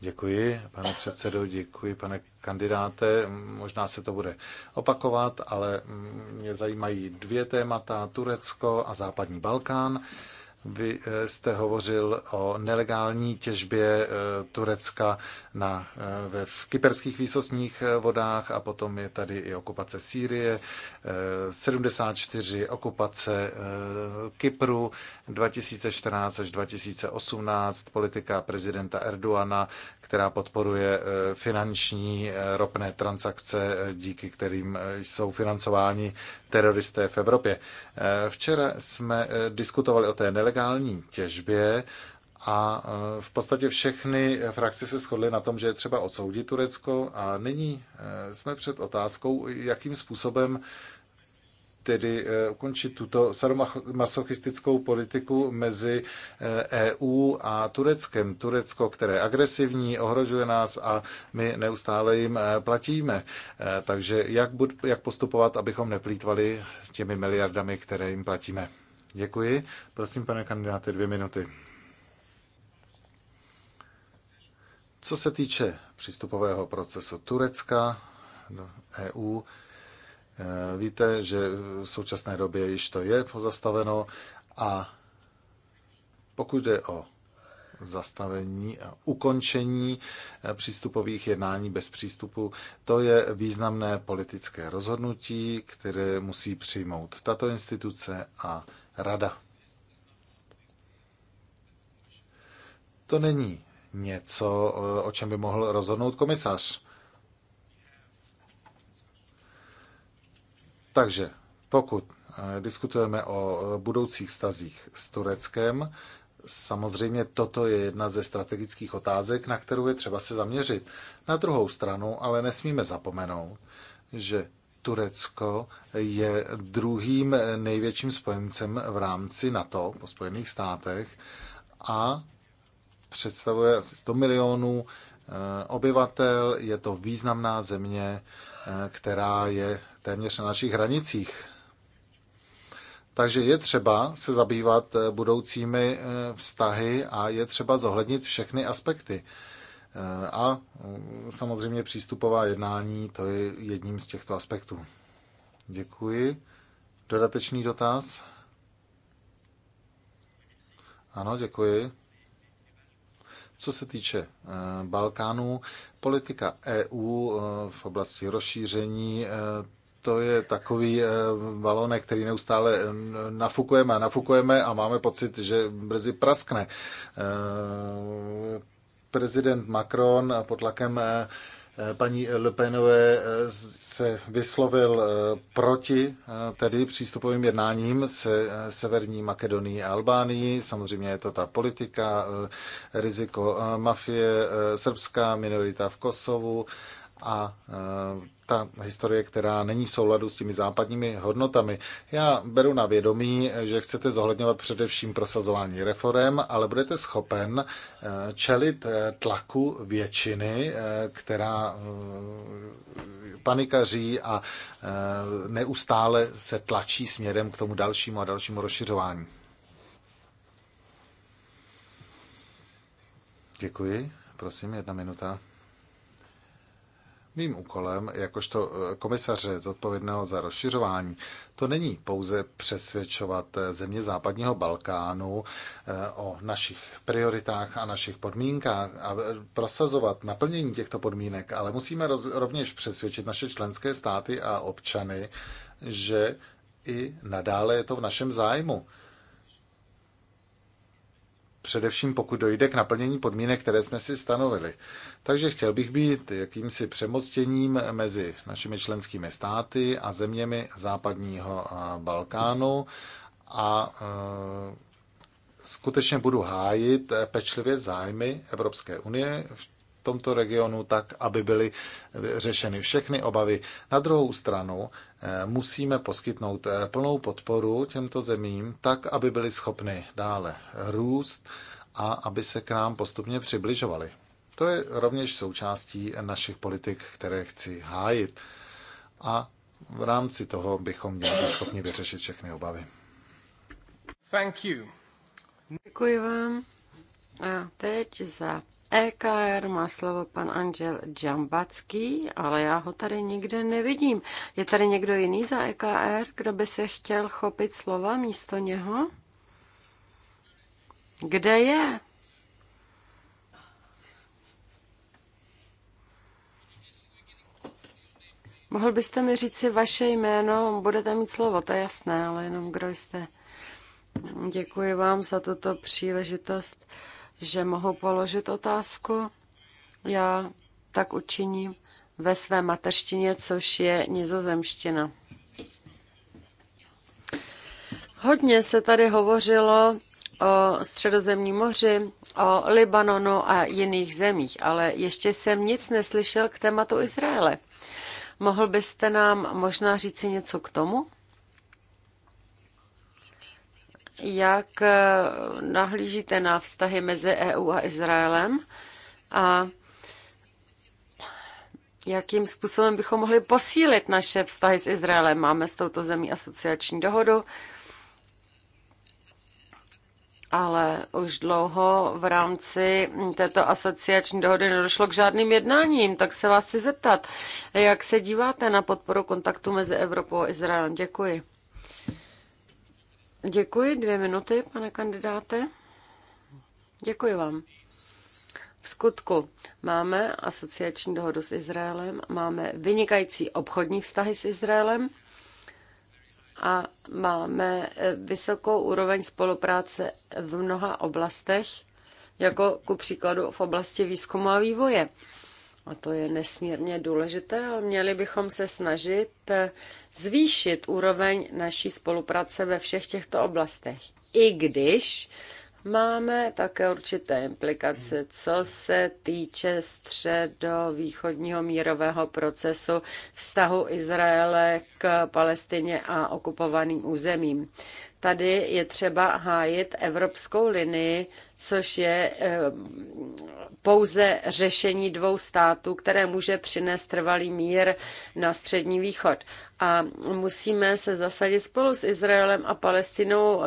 Děkuji, pane předsedo, děkuji, pane kandidáte. Možná se to bude opakovat, ale mě zajímají dvě témata, Turecko a západní Balkán. Vy eh, jste hovořil o nelegální těžbě eh, Turecka na, eh, ve, v kyperských výsostních vodách a potom je tady i okupace Sýrie, 74 okupace Kypru 2014 až 2018, politika prezidenta Erdoana, která podporuje eh, finanční eh, ropné transakce, eh, díky kterým jsou financováni teroristé v Evropě. Včera jsme diskutovali o té nelegální těžbě a v podstatě všechny frakce se shodly na tom, že je třeba odsoudit Turecko a nyní jsme před otázkou, jakým způsobem tedy eh, ukončit tuto sadomasochistickou politiku mezi EU eh, e a Tureckem. Turecko, které je agresivní, ohrožuje nás a my neustále jim eh, platíme. Takže jak, bud, jak postupovat, abychom neplýtvali těmi miliardami, které jim platíme? Děkuji. Prosím, pane kandidáte, dvě minuty. Co se týče přístupového procesu Turecka do EU, Eh, víte, že v současné době již to je pozastaveno a pokud jde o zastavení a ukončení eh, přístupových jednání bez přístupu. To je významné politické rozhodnutí, které musí přijmout tato instituce a rada. To není něco, eh, o čem by mohl rozhodnout komisař. Takže pokud eh, diskutujeme o eh, budoucích stazích s Tureckem, samozřejmě toto je jedna ze strategických otázek, na kterou je třeba se zaměřit. Na druhou stranu ale nesmíme zapomenout, že Turecko je druhým největším spojencem v rámci NATO po Spojených státech a představuje asi 100 milionů eh, obyvatel. Je to významná země, která je téměř na našich hranicích. Takže je třeba se zabývat eh, budoucími eh, vztahy a je třeba zohlednit všechny aspekty. Eh, a mm, samozřejmě přístupová jednání, to je jedním z těchto aspektů. Děkuji. Dodatečný dotaz? Ano, děkuji. Co se týče Balkánu, politika EU v oblasti rozšíření, to je takový eh, balonek, který neustále eh, nafukujeme a nafukujeme a máme pocit, že brzy praskne. Eh, prezident Macron pod tlakem paní Le Penové se vyslovil proti tedy přístupovým jednáním se Severní Makedonii a Albánii. Samozřejmě je to ta politika, riziko mafie, srbská minorita v Kosovu a ta historie, která není v souladu s těmi západními hodnotami. Já beru na vědomí, že chcete zohledňovat především prosazování reform, ale budete schopen eh, čelit eh, tlaku většiny, eh, která panikaří a neustále se tlačí směrem k tomu dalšímu a dalšímu rozšiřování. Děkuji. Prosím, jedna minuta. Mým úkolem, jakožto eh, komisaře zodpovědného za rozšiřování, to není pouze přesvědčovat eh, země západního Balkánu eh, o našich prioritách a našich podmínkách a prosazovat naplnění těchto podmínek, ale musíme rovněž přesvědčit naše členské státy a občany, že i nadále je to v našem zájmu především pokud dojde k naplnění podmínek, které jsme si stanovili. Takže chtěl bych být jakýmsi přemostěním mezi našimi členskými státy a zeměmi západního eh, Balkánu a eh, skutečně budu hájit eh, pečlivě zájmy Evropské unie, tomto regionu tak, aby byly řešeny všechny obavy. Na druhou stranu eh, musíme poskytnout eh, plnou podporu těmto zemím tak, aby byly schopny dále růst a aby se k nám postupně přibližovaly. To je rovněž součástí našich politik, které chci hájit. A v rámci toho bychom měli být schopni vyřešit všechny obavy. Thank you. Děkuji vám. A teď za EKR má slovo pan Angel Džambacký, ale já ho tady nikde nevidím. Je tady někdo jiný za EKR, kdo by se chtěl chopit slova místo něho? Kde je? Mohl byste mi říct si vaše jméno, budete mít slovo, to je jasné, ale jenom kdo jste. Děkuji vám za tuto příležitost že mohu položit otázku. Já tak učiním ve své mateřštině, což je nizozemština. Hodně se tady hovořilo o Středozemním moři, o Libanonu a jiných zemích, ale ještě jsem nic neslyšel k tématu Izraele. Mohl byste nám možná říci něco k tomu? Jak eh, nahlížíte na vztahy mezi EU a Izraelem a jakým způsobem bychom mohli posílit naše vztahy s Izraelem? Máme s touto zemí asociační dohodu, ale už dlouho v rámci této asociační dohody nedošlo k žádným jednáním, tak se vás chci zeptat, jak se díváte na podporu kontaktu mezi Evropou a Izraelem? Děkuji. Děkuji, dvě minuty, pane kandidáte. Děkuji vám. V skutku máme asociační dohodu s Izraelem, máme vynikající obchodní vztahy s Izraelem a máme eh, vysokou úroveň spolupráce v mnoha oblastech, jako ku příkladu v oblasti výzkumu a vývoje. A to je nesmírně důležité měli bychom se snažit eh, zvýšit úroveň naší spolupráce ve všech těchto oblastech. I když máme také určité implikace, co se týče středovýchodního mírového procesu vztahu Izraele k Palestině a okupovaným územím. Tady je třeba hájit evropskou linii, což je eh, pouze řešení dvou států, které může přinést trvalý mír na Střední východ. A musíme se zasadit spolu s Izraelem a Palestinou,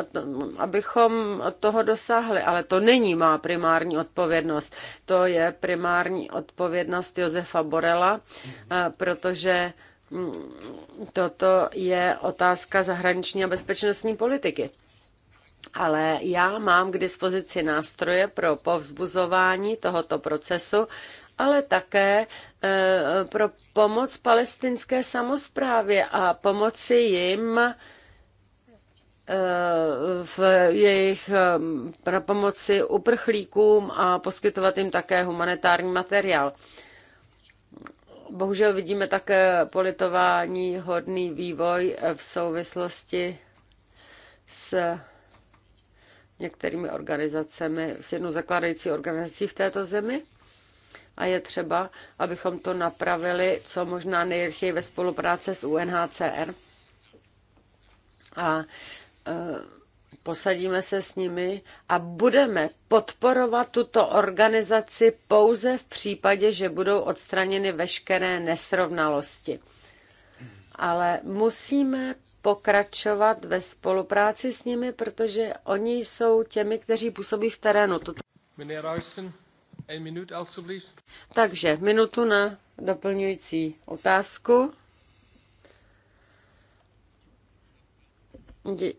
abychom toho dosáhli. Ale to není má primární odpovědnost. To je primární odpovědnost Josefa Borela, eh, protože Mm, toto je otázka zahraniční a bezpečnostní politiky. Ale já mám k dispozici nástroje pro povzbuzování tohoto procesu, ale také e, pro pomoc palestinské samozprávě a pomoci jim e, v jejich e, pomoci uprchlíkům a poskytovat jim také humanitární materiál. Bohužel vidíme také politování hodný vývoj v souvislosti s některými organizacemi, s jednou zakladající organizací v této zemi. A je třeba, abychom to napravili co možná nejrychleji ve spolupráci s UNHCR. A e, posadíme se s nimi a budeme podporovat tuto organizaci pouze v případě, že budou odstraněny veškeré nesrovnalosti. Ale musíme pokračovat ve spolupráci s nimi, protože oni jsou těmi, kteří působí v terénu. Toto... Takže minutu na doplňující otázku. Dě-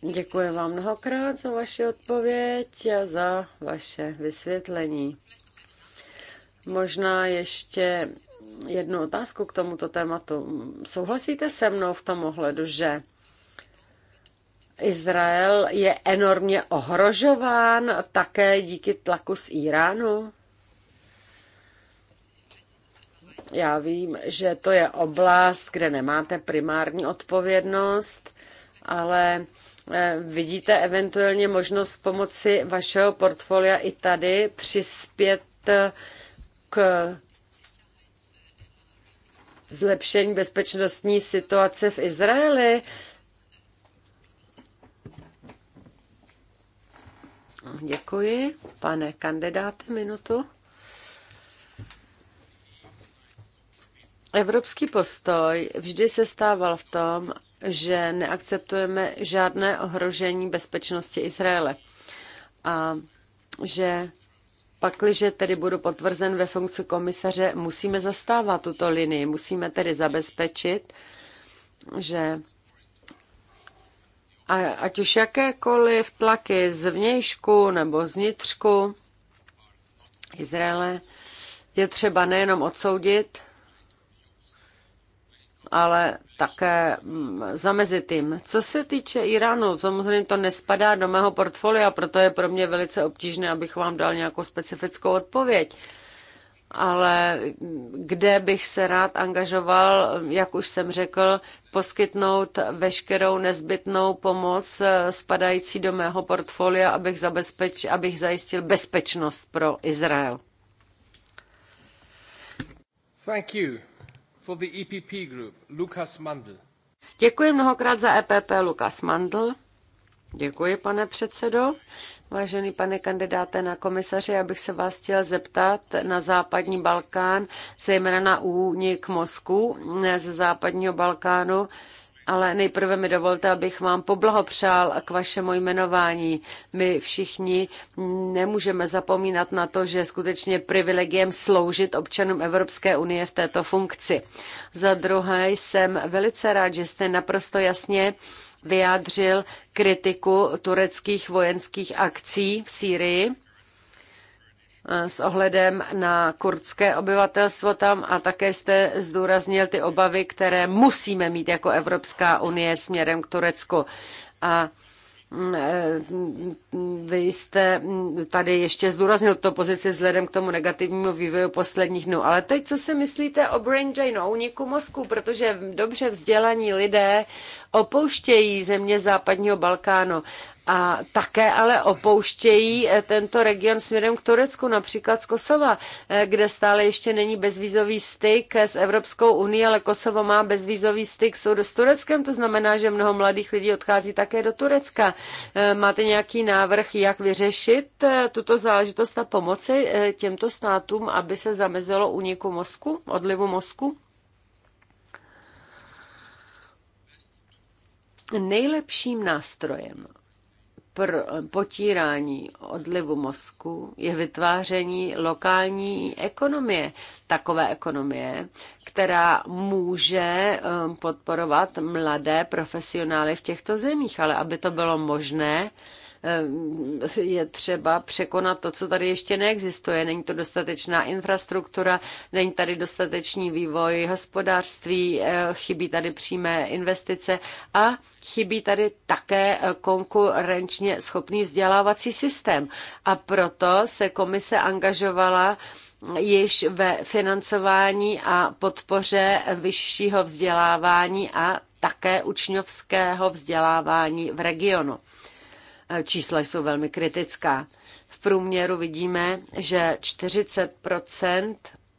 Děkuji vám mnohokrát za vaši odpověď a za vaše vysvětlení. Možná ještě jednu otázku k tomuto tématu. Souhlasíte se mnou v tom ohledu, že Izrael je enormně ohrožován také díky tlaku z Iránu? Já vím, že to je oblast, kde nemáte primární odpovědnost, ale Eh, vidíte eventuálně možnost pomoci vašeho portfolia i tady přispět eh, k zlepšení bezpečnostní situace v Izraeli? Děkuji. Pane kandidáte, minutu. Evropský postoj vždy se stával v tom, že neakceptujeme žádné ohrožení bezpečnosti Izraele a že pakliže tedy budu potvrzen ve funkci komisaře, musíme zastávat tuto linii, musíme tedy zabezpečit, že a ať už jakékoliv tlaky z vnějšku nebo z vnitřku Izraele je třeba nejenom odsoudit, ale také mm, zamezit jim. Co se týče Iránu, samozřejmě to nespadá do mého portfolia, proto je pro mě velice obtížné, abych vám dal nějakou specifickou odpověď. Ale kde bych se rád angažoval, jak už jsem řekl, poskytnout veškerou nezbytnou pomoc eh, spadající do mého portfolia, abych, zabezpeč, abych zajistil bezpečnost pro Izrael. Thank you. For the EPP group, Lukas Mandl. Děkuji mnohokrát za EPP Lukas Mandl. Děkuji, pane předsedo. Vážený pane kandidáte na komisaři, já bych se vás chtěl zeptat na západní Balkán, zejména na únik mozku ze západního Balkánu ale nejprve mi dovolte, abych vám poblahopřál k vašemu jmenování. My všichni nemůžeme zapomínat na to, že skutečně privilegiem sloužit občanům Evropské unie v této funkci. Za druhé jsem velice rád, že jste naprosto jasně vyjádřil kritiku tureckých vojenských akcí v Sýrii s ohledem na kurdské obyvatelstvo tam a také jste zdůraznil ty obavy, které musíme mít jako Evropská unie směrem k Turecku. A mm, eh, vy jste mm, tady ještě zdůraznil to pozici vzhledem k tomu negativnímu vývoju posledních dnů. Ale teď, co si myslíte o brain drain, o uniku mozku? Protože dobře vzdělaní lidé opouštějí země západního Balkánu a také ale opouštějí eh, tento region směrem k Turecku, například z Kosova, eh, kde stále ještě není bezvízový styk eh, s Evropskou unii, ale Kosovo má bezvízový styk s Tureckem, to znamená, že mnoho mladých lidí odchází také do Turecka. Máte nějaký návrh, jak vyřešit tuto záležitost a pomoci těmto státům, aby se zamezilo uniku mozku, odlivu mozku? Nejlepším nástrojem pr- potírání odlivu mozku je vytváření lokální ekonomie. Takové ekonomie, která může um, podporovat mladé profesionály v těchto zemích. Ale aby to bylo možné, Ehm, je třeba překonat to, co tady ještě neexistuje. Není to dostatečná infrastruktura, není tady dostatečný vývoj hospodářství, eh, chybí tady přímé investice a chybí tady také eh, konkurenčně schopný vzdělávací systém. A proto se komise angažovala již ve financování a podpoře vyššího vzdělávání a také učňovského vzdělávání v regionu. Eh, čísla jsou velmi kritická. V průměru vidíme, že 40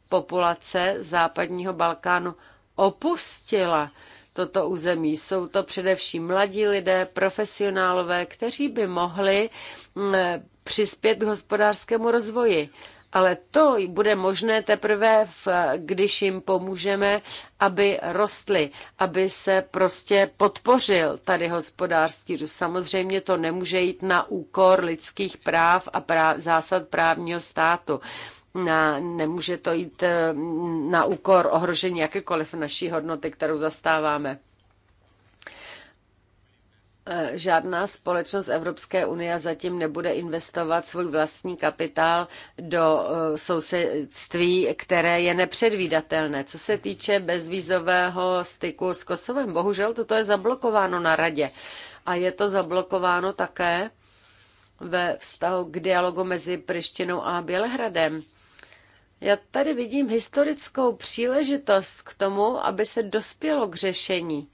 populace západního Balkánu opustila toto území. Jsou to především mladí lidé, profesionálové, kteří by mohli mm, eh, přispět k hospodářskému rozvoji ale to bude možné teprve, v, když jim pomůžeme, aby rostly, aby se prostě podpořil tady hospodářský růst. Samozřejmě to nemůže jít na úkor lidských práv a práv, zásad právního státu. Na, nemůže to jít eh, na úkor ohrožení jakékoliv naší hodnoty, kterou zastáváme. E, žádná společnost Evropské unie zatím nebude investovat svůj vlastní kapitál do e, sousedství, které je nepředvídatelné. Co se týče bezvízového styku s Kosovem, bohužel toto je zablokováno na radě. A je to zablokováno také ve vztahu k dialogu mezi Prištinou a Bělehradem. Já tady vidím historickou příležitost k tomu, aby se dospělo k řešení.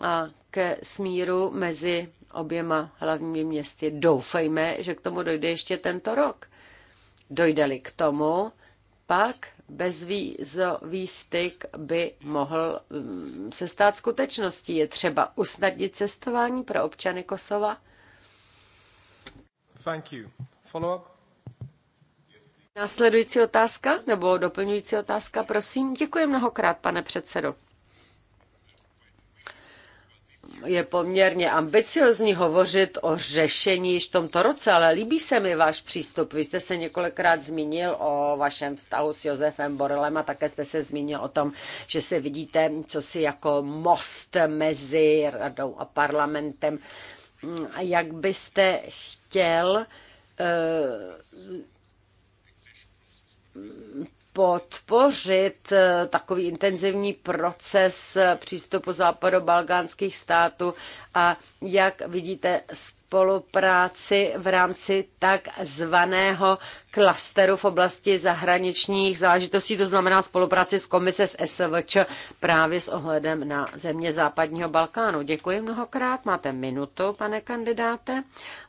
A k smíru mezi oběma hlavními městy. Doufejme, že k tomu dojde ještě tento rok. Dojde-li k tomu, pak bezvízový styk by mohl mm, se stát skutečností. Je třeba usnadnit cestování pro občany Kosova. Thank you. Follow up? Následující otázka nebo doplňující otázka, prosím. Děkuji mnohokrát, pane předsedo je poměrně ambiciozní hovořit o řešení již v tomto roce, ale líbí se mi váš přístup. Vy jste se několikrát zmínil o vašem vztahu s Josefem Borelem a také jste se zmínil o tom, že se vidíte co si jako most mezi radou a parlamentem. Jak byste chtěl eh, podpořit eh, takový intenzivní proces eh, přístupu balkánských států a jak vidíte spolupráci v rámci tak zvaného klasteru v oblasti zahraničních záležitostí, to znamená spolupráci s komise s SVČ právě s ohledem na země západního Balkánu. Děkuji mnohokrát, máte minutu, pane kandidáte,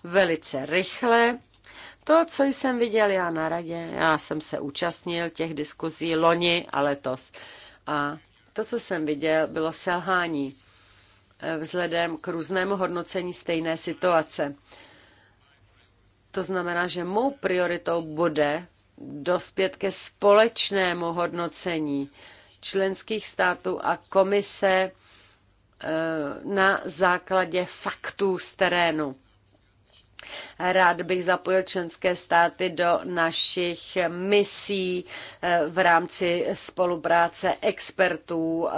velice rychle to, co jsem viděl já na radě, já jsem se účastnil těch diskuzí loni a letos. A to, co jsem viděl, bylo selhání eh, vzhledem k různému hodnocení stejné situace. To znamená, že mou prioritou bude dospět ke společnému hodnocení členských států a komise eh, na základě faktů z terénu. Rád bych zapojil členské státy do našich misí eh, v rámci spolupráce expertů, eh,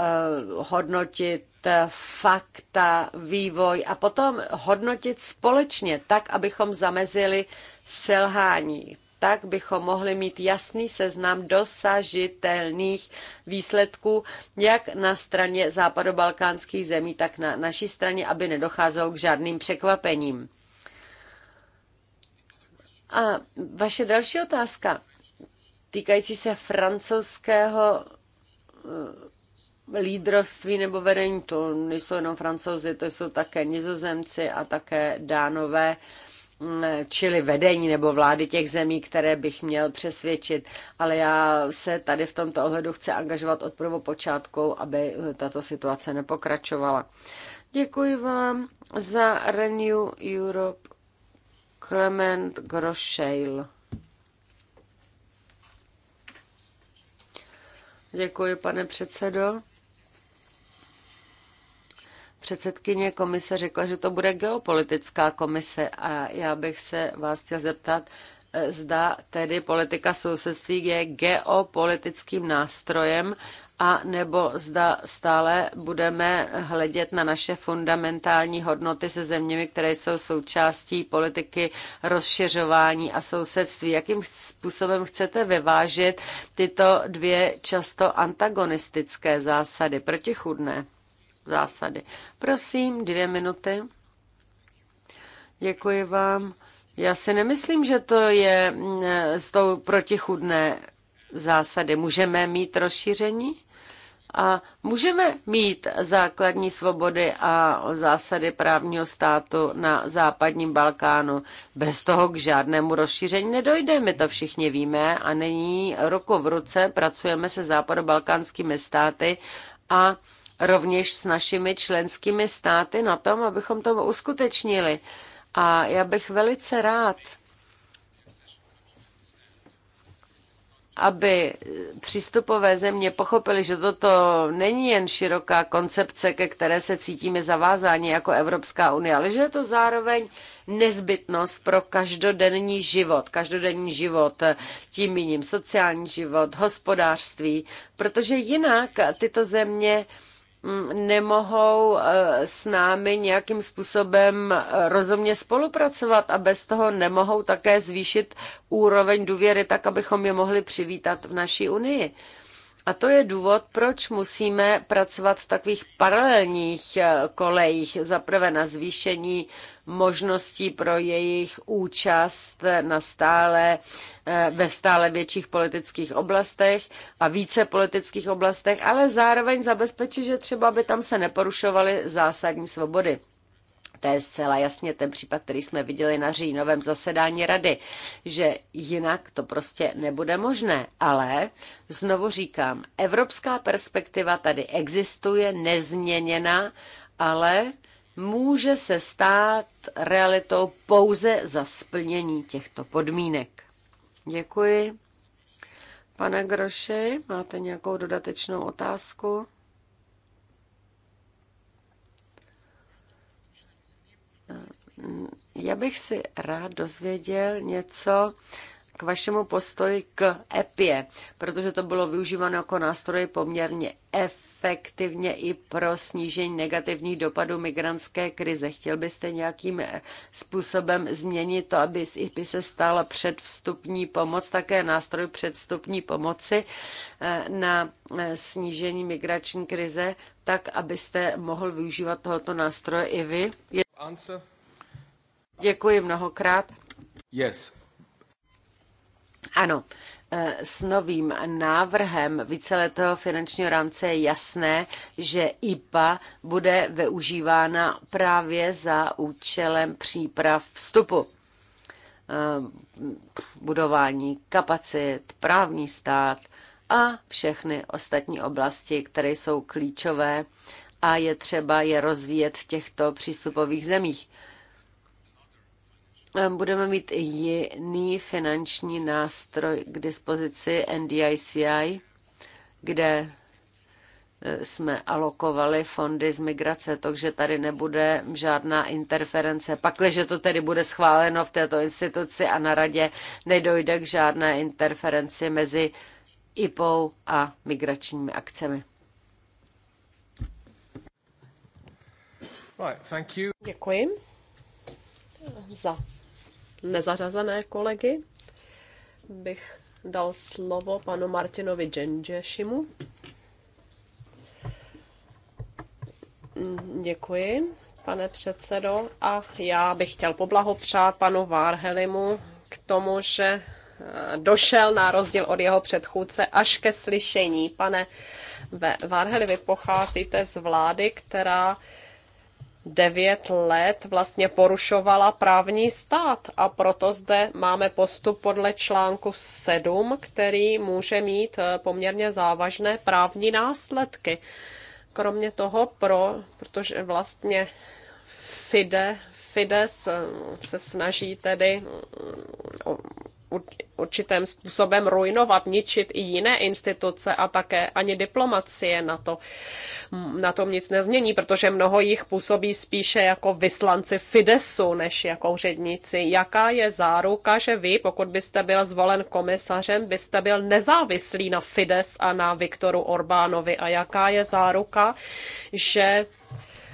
hodnotit fakta, vývoj a potom hodnotit společně tak, abychom zamezili selhání. Tak bychom mohli mít jasný seznam dosažitelných výsledků, jak na straně západobalkánských zemí, tak na naší straně, aby nedocházelo k žádným překvapením. A vaše další otázka, týkající se francouzského eh, lídrovství nebo vedení, to nejsou jenom francouzi, to jsou také nizozemci a také dánové, mm, čili vedení nebo vlády těch zemí, které bych měl přesvědčit. Ale já se tady v tomto ohledu chci angažovat od prvopočátku, aby eh, tato situace nepokračovala. Děkuji vám za Renew Europe Clement Groschel. Děkuji, pane předsedo. Předsedkyně komise řekla, že to bude geopolitická komise a já bych se vás chtěl zeptat, eh, zda tedy politika sousedství je geopolitickým nástrojem a nebo zda stále budeme hledět na naše fundamentální hodnoty se zeměmi, které jsou součástí politiky rozšiřování a sousedství. Jakým způsobem chcete vyvážit tyto dvě často antagonistické zásady, protichudné zásady? Prosím, dvě minuty. Děkuji vám. Já si nemyslím, že to je mm, s tou protichudné zásady. Můžeme mít rozšíření? A můžeme mít základní svobody a zásady právního státu na západním Balkánu. Bez toho k žádnému rozšíření nedojde, my to všichni víme a není ruku v ruce, pracujeme se západobalkánskými státy a rovněž s našimi členskými státy na tom, abychom to uskutečnili. A já bych velice rád, aby přístupové země pochopili, že toto není jen široká koncepce, ke které se cítíme zavázáni jako Evropská unie, ale že je to zároveň nezbytnost pro každodenní život. Každodenní život, tím míním sociální život, hospodářství, protože jinak tyto země Mm, nemohou eh, s námi nějakým způsobem eh, rozumně spolupracovat a bez toho nemohou také zvýšit úroveň důvěry tak, abychom je mohli přivítat v naší unii. A to je důvod, proč musíme pracovat v takových paralelních eh, kolejích. Zaprvé na zvýšení možností pro jejich účast na stále, eh, ve stále větších politických oblastech a více politických oblastech, ale zároveň zabezpečit, že třeba by tam se neporušovaly zásadní svobody. To je zcela jasně ten případ, který jsme viděli na říjnovém zasedání rady, že jinak to prostě nebude možné. Ale znovu říkám, evropská perspektiva tady existuje, nezměněna, ale může se stát realitou pouze za splnění těchto podmínek. Děkuji. Pane Groši, máte nějakou dodatečnou otázku? Já bych si rád dozvěděl něco k vašemu postoji k EPIE, protože to bylo využíváno jako nástroj poměrně efektivně i pro snížení negativních dopadů migrantské krize. Chtěl byste nějakým způsobem změnit to, aby z e IPy se stala předvstupní pomoc, také nástroj předvstupní pomoci eh, na eh, snížení migrační krize, tak abyste mohl využívat tohoto nástroje i vy? Answer. Děkuji mnohokrát. Yes. Ano, eh, s novým návrhem víceletého finančního rámce je jasné, že IPA bude využívána právě za účelem příprav vstupu eh, budování kapacit, právní stát a všechny ostatní oblasti, které jsou klíčové a je třeba je rozvíjet v těchto přístupových zemích. Ehm, budeme mít jiný finanční nástroj k dispozici NDICI, kde eh, jsme alokovali fondy z migrace, takže tady nebude žádná interference. Pakliže to tedy bude schváleno v této instituci a na radě, nedojde k žádné interferenci mezi IPou a migračními akcemi. Right, thank you. Děkuji za nezařazené kolegy bych dal slovo panu Martinovi Dženžešimu. Děkuji, pane předsedo. A já bych chtěl poblahopřát panu Várhelimu k tomu, že eh, došel na rozdíl od jeho předchůdce až ke slyšení. Pane Várheli, vy pocházíte z vlády, která devět let vlastně porušovala právní stát a proto zde máme postup podle článku 7, který může mít eh, poměrně závažné právní následky. Kromě toho, pro, protože vlastně FIDE, Fides eh, se snaží tedy mm, určitým způsobem ruinovat, ničit i jiné instituce a také ani diplomacie na to. Na tom nic nezmění, protože mnoho jich působí spíše jako vyslanci Fidesu než jako úředníci. Jaká je záruka, že vy, pokud byste byl zvolen komisařem, byste byl nezávislý na Fides a na Viktoru Orbánovi? A jaká je záruka, že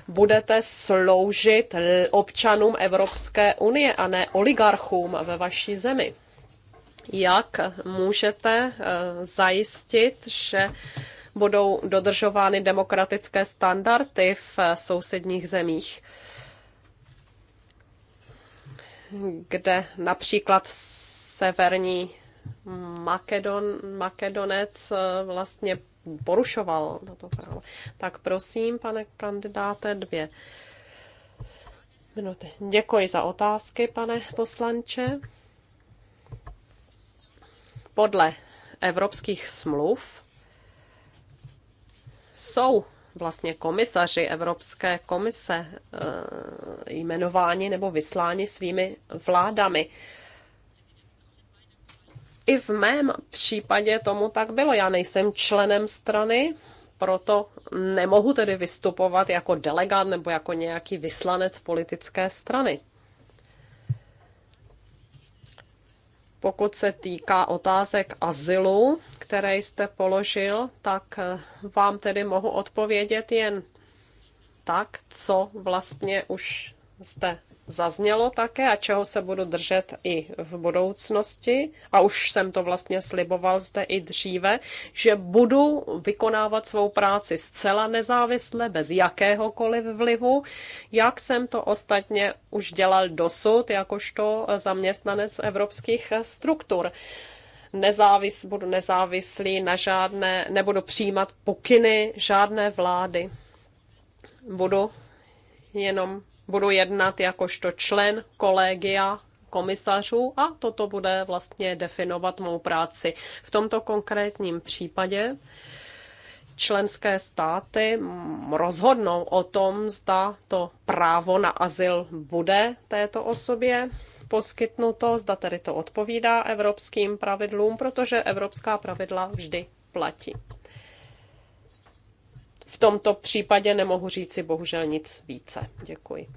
budete sloužit občanům Evropské unie a ne oligarchům ve vaší zemi jak můžete eh, zajistit, že budou dodržovány demokratické standardy v eh, sousedních zemích, kde například severní Makedon, Makedonec eh, vlastně porušoval na to právo. Tak prosím, pane kandidáte, dvě minuty. Děkuji za otázky, pane poslanče podle evropských smluv jsou vlastně komisaři Evropské komise eh, jmenováni nebo vysláni svými vládami. I v mém případě tomu tak bylo. Já nejsem členem strany, proto nemohu tedy vystupovat jako delegát nebo jako nějaký vyslanec politické strany. Pokud se týká otázek azylu, které jste položil, tak eh, vám tedy mohu odpovědět jen tak, co vlastně už jste zaznělo také a čeho se budu držet i v budoucnosti, a už jsem to vlastně sliboval zde i dříve, že budu vykonávat svou práci zcela nezávisle, bez jakéhokoliv vlivu, jak jsem to ostatně už dělal dosud, jakožto zaměstnanec evropských struktur nezávis, budu nezávislý na žádné, nebudu přijímat pokyny žádné vlády. Budu jenom budu jednat jakožto člen kolegia komisařů a toto bude vlastně definovat mou práci. V tomto konkrétním případě členské státy rozhodnou o tom, zda to právo na azyl bude této osobě poskytnuto, zda tedy to odpovídá evropským pravidlům, protože evropská pravidla vždy platí tomto případě nemohu říci bohužel nic více. Děkuji.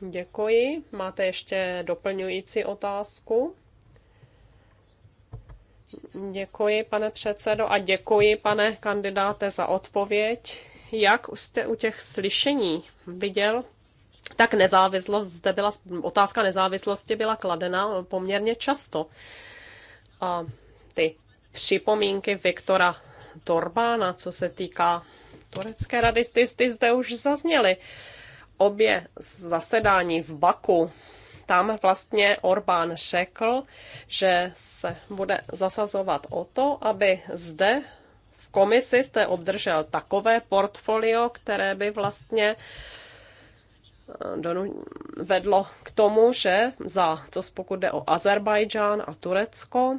Děkuji. Máte ještě doplňující otázku? Děkuji, pane předsedo, a děkuji, pane kandidáte, za odpověď. Jak už jste u těch slyšení viděl, tak nezávislost, zde byla, otázka nezávislosti byla kladena poměrně často. A ty připomínky Viktora Torbána, co se týká turecké rady, ty, ty zde už zazněly. Obě zasedání v Baku, tam vlastně Orbán řekl, že se bude zasazovat o to, aby zde v komisi jste obdržel takové portfolio, které by vlastně eh, vedlo k tomu, že za, co pokud jde o Azerbajdžán a Turecko,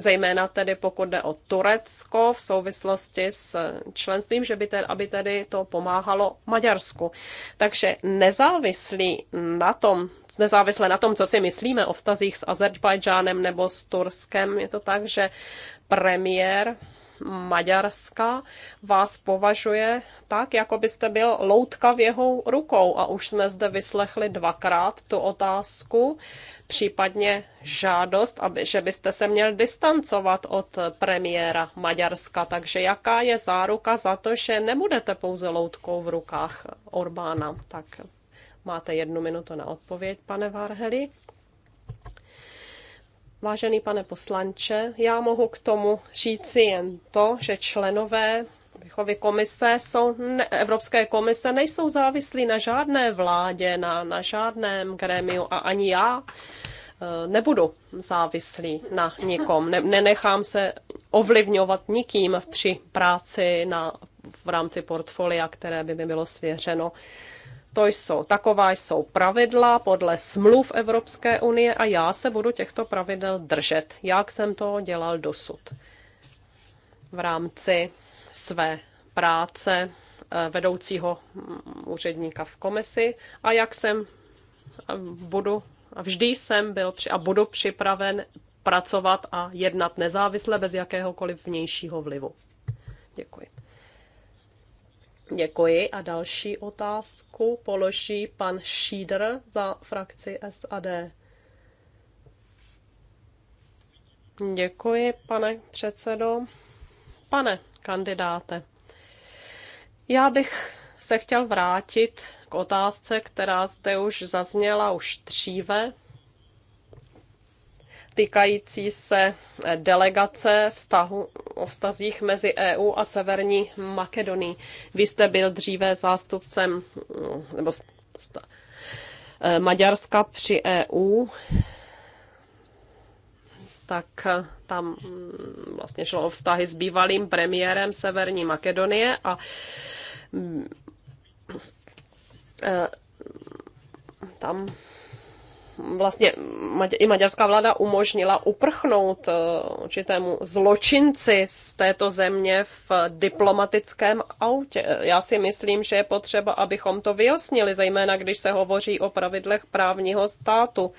zejména tedy pokud jde o Turecko v souvislosti s členstvím, že by tedy, aby tedy to pomáhalo Maďarsku. Takže nezávislí na tom, nezávisle na tom, co si myslíme o vztazích s Azerbajdžánem nebo s Turskem, je to tak, že premiér Maďarska vás považuje tak, jako byste byl loutka v jeho rukou. A už jsme zde vyslechli dvakrát tu otázku, případně žádost, aby, že byste se měl distancovat od premiéra Maďarska. Takže jaká je záruka za to, že nebudete pouze loutkou v rukách Orbána? Tak máte jednu minutu na odpověď, pane Varheli. Vážený pane poslanče, já mohu k tomu říci jen to, že členové výchovy komise jsou, ne, Evropské komise nejsou závislí na žádné vládě, na, na žádném grémiu a ani já e, nebudu závislý na nikom. Ne, nenechám se ovlivňovat nikým při práci na, v rámci portfolia, které by mi bylo svěřeno to jsou, taková jsou pravidla podle smluv Evropské unie a já se budu těchto pravidel držet, jak jsem to dělal dosud. V rámci své práce eh, vedoucího mm, úředníka v komisi a jak jsem eh, budu a vždy jsem byl a budu připraven pracovat a jednat nezávisle bez jakéhokoliv vnějšího vlivu. Děkuji. Děkuji a další otázku položí pan Šídr za frakci SAD. Děkuji, pane předsedo. Pane kandidáte, já bych se chtěl vrátit k otázce, která zde už zazněla už dříve, týkající se eh, delegace vztahu, o vztazích mezi EU a Severní Makedonii. Vy jste byl dříve zástupcem mm, nebo sta, eh, Maďarska při EU, tak eh, tam mm, vlastně šlo o vztahy s bývalým premiérem Severní Makedonie a mm, tam vlastně i maďarská vláda umožnila uprchnout eh, určitému zločinci z této země v diplomatickém autě. Já si myslím, že je potřeba, abychom to vyjasnili, zejména když se hovoří o pravidlech právního státu.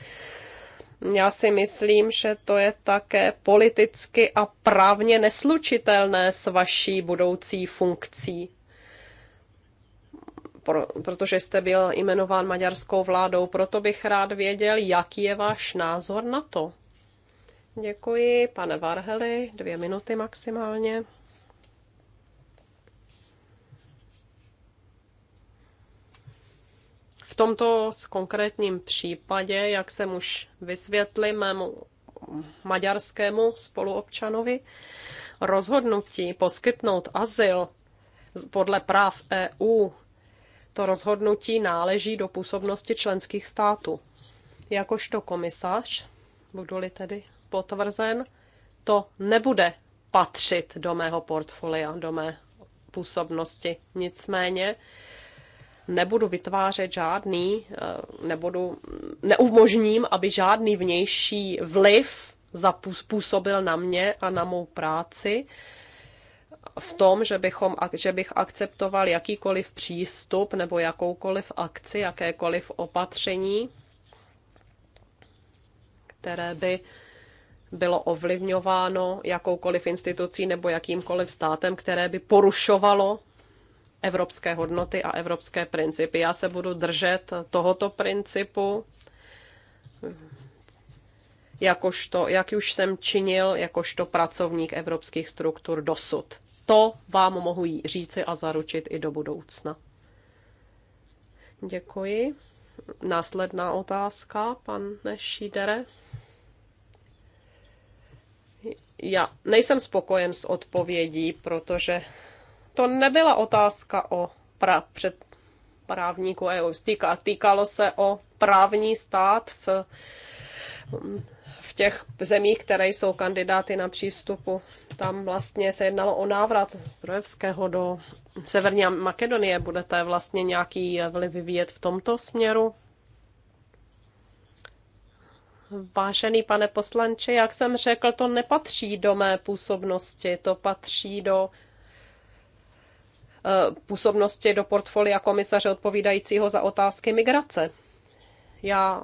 Já si myslím, že to je také politicky a právně neslučitelné s vaší budoucí funkcí pro, protože jste byl jmenován maďarskou vládou, proto bych rád věděl, jaký je váš názor na to. Děkuji, pane Varheli, dvě minuty maximálně. V tomto konkrétním případě, jak jsem už vysvětlil mému maďarskému spoluobčanovi, rozhodnutí poskytnout azyl podle práv EU to rozhodnutí náleží do působnosti členských států. Jakožto komisař, budu-li tedy potvrzen, to nebude patřit do mého portfolia, do mé působnosti. Nicméně nebudu vytvářet žádný, eh, nebudu, neumožním, aby žádný vnější vliv zapůsobil na mě a na mou práci v tom, že, bychom, že bych akceptoval jakýkoliv přístup nebo jakoukoliv akci, jakékoliv opatření, které by bylo ovlivňováno jakoukoliv institucí nebo jakýmkoliv státem, které by porušovalo evropské hodnoty a evropské principy. Já se budu držet tohoto principu, jakožto, jak už jsem činil, jakožto pracovník evropských struktur dosud to vám mohu říci a zaručit i do budoucna. Děkuji. Následná otázka, pan Šídere. Já nejsem spokojen s odpovědí, protože to nebyla otázka o pra- před právníku EU. týkalo se o právní stát v v těch zemích, které jsou kandidáty na přístupu. Tam vlastně se jednalo o návrat Zdrojevského do Severní Makedonie. Budete vlastně nějaký vliv vyvíjet v tomto směru? Vážený pane poslanče, jak jsem řekl, to nepatří do mé působnosti, to patří do eh, působnosti do portfolia komisaře odpovídajícího za otázky migrace. Já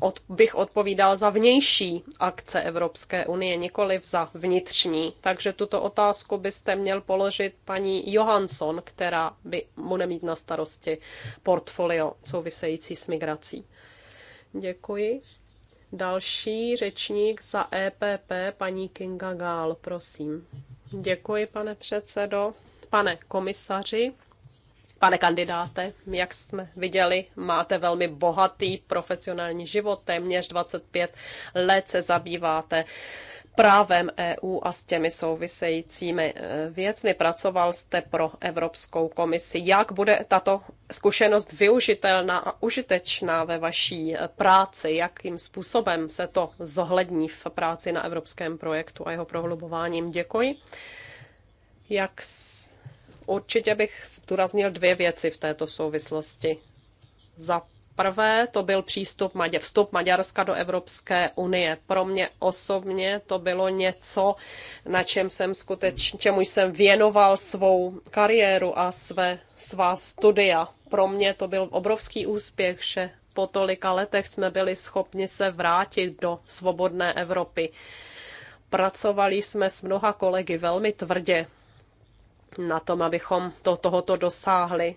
od, bych odpovídal za vnější akce Evropské unie, nikoliv za vnitřní. Takže tuto otázku byste měl položit paní Johansson, která by bude mít na starosti portfolio související s migrací. Děkuji. Další řečník za EPP, paní Kinga Gál, prosím. Děkuji, pane předsedo. Pane komisaři, Pane kandidáte, jak jsme viděli, máte velmi bohatý profesionální život, téměř 25 let se zabýváte právem EU a s těmi souvisejícími eh, věcmi. Pracoval jste pro Evropskou komisi. Jak bude tato zkušenost využitelná a užitečná ve vaší eh, práci? Jakým způsobem se to zohlední v práci na evropském projektu a jeho prohlubováním? Děkuji. Jak Určitě bych zdůraznil dvě věci v této souvislosti. Za prvé to byl přístup Maďa, vstup Maďarska do Evropské unie. Pro mě osobně to bylo něco, na čem jsem skutečně, čemu jsem věnoval svou kariéru a své, svá studia. Pro mě to byl obrovský úspěch, že po tolika letech jsme byli schopni se vrátit do svobodné Evropy. Pracovali jsme s mnoha kolegy velmi tvrdě na tom, abychom to, tohoto dosáhli.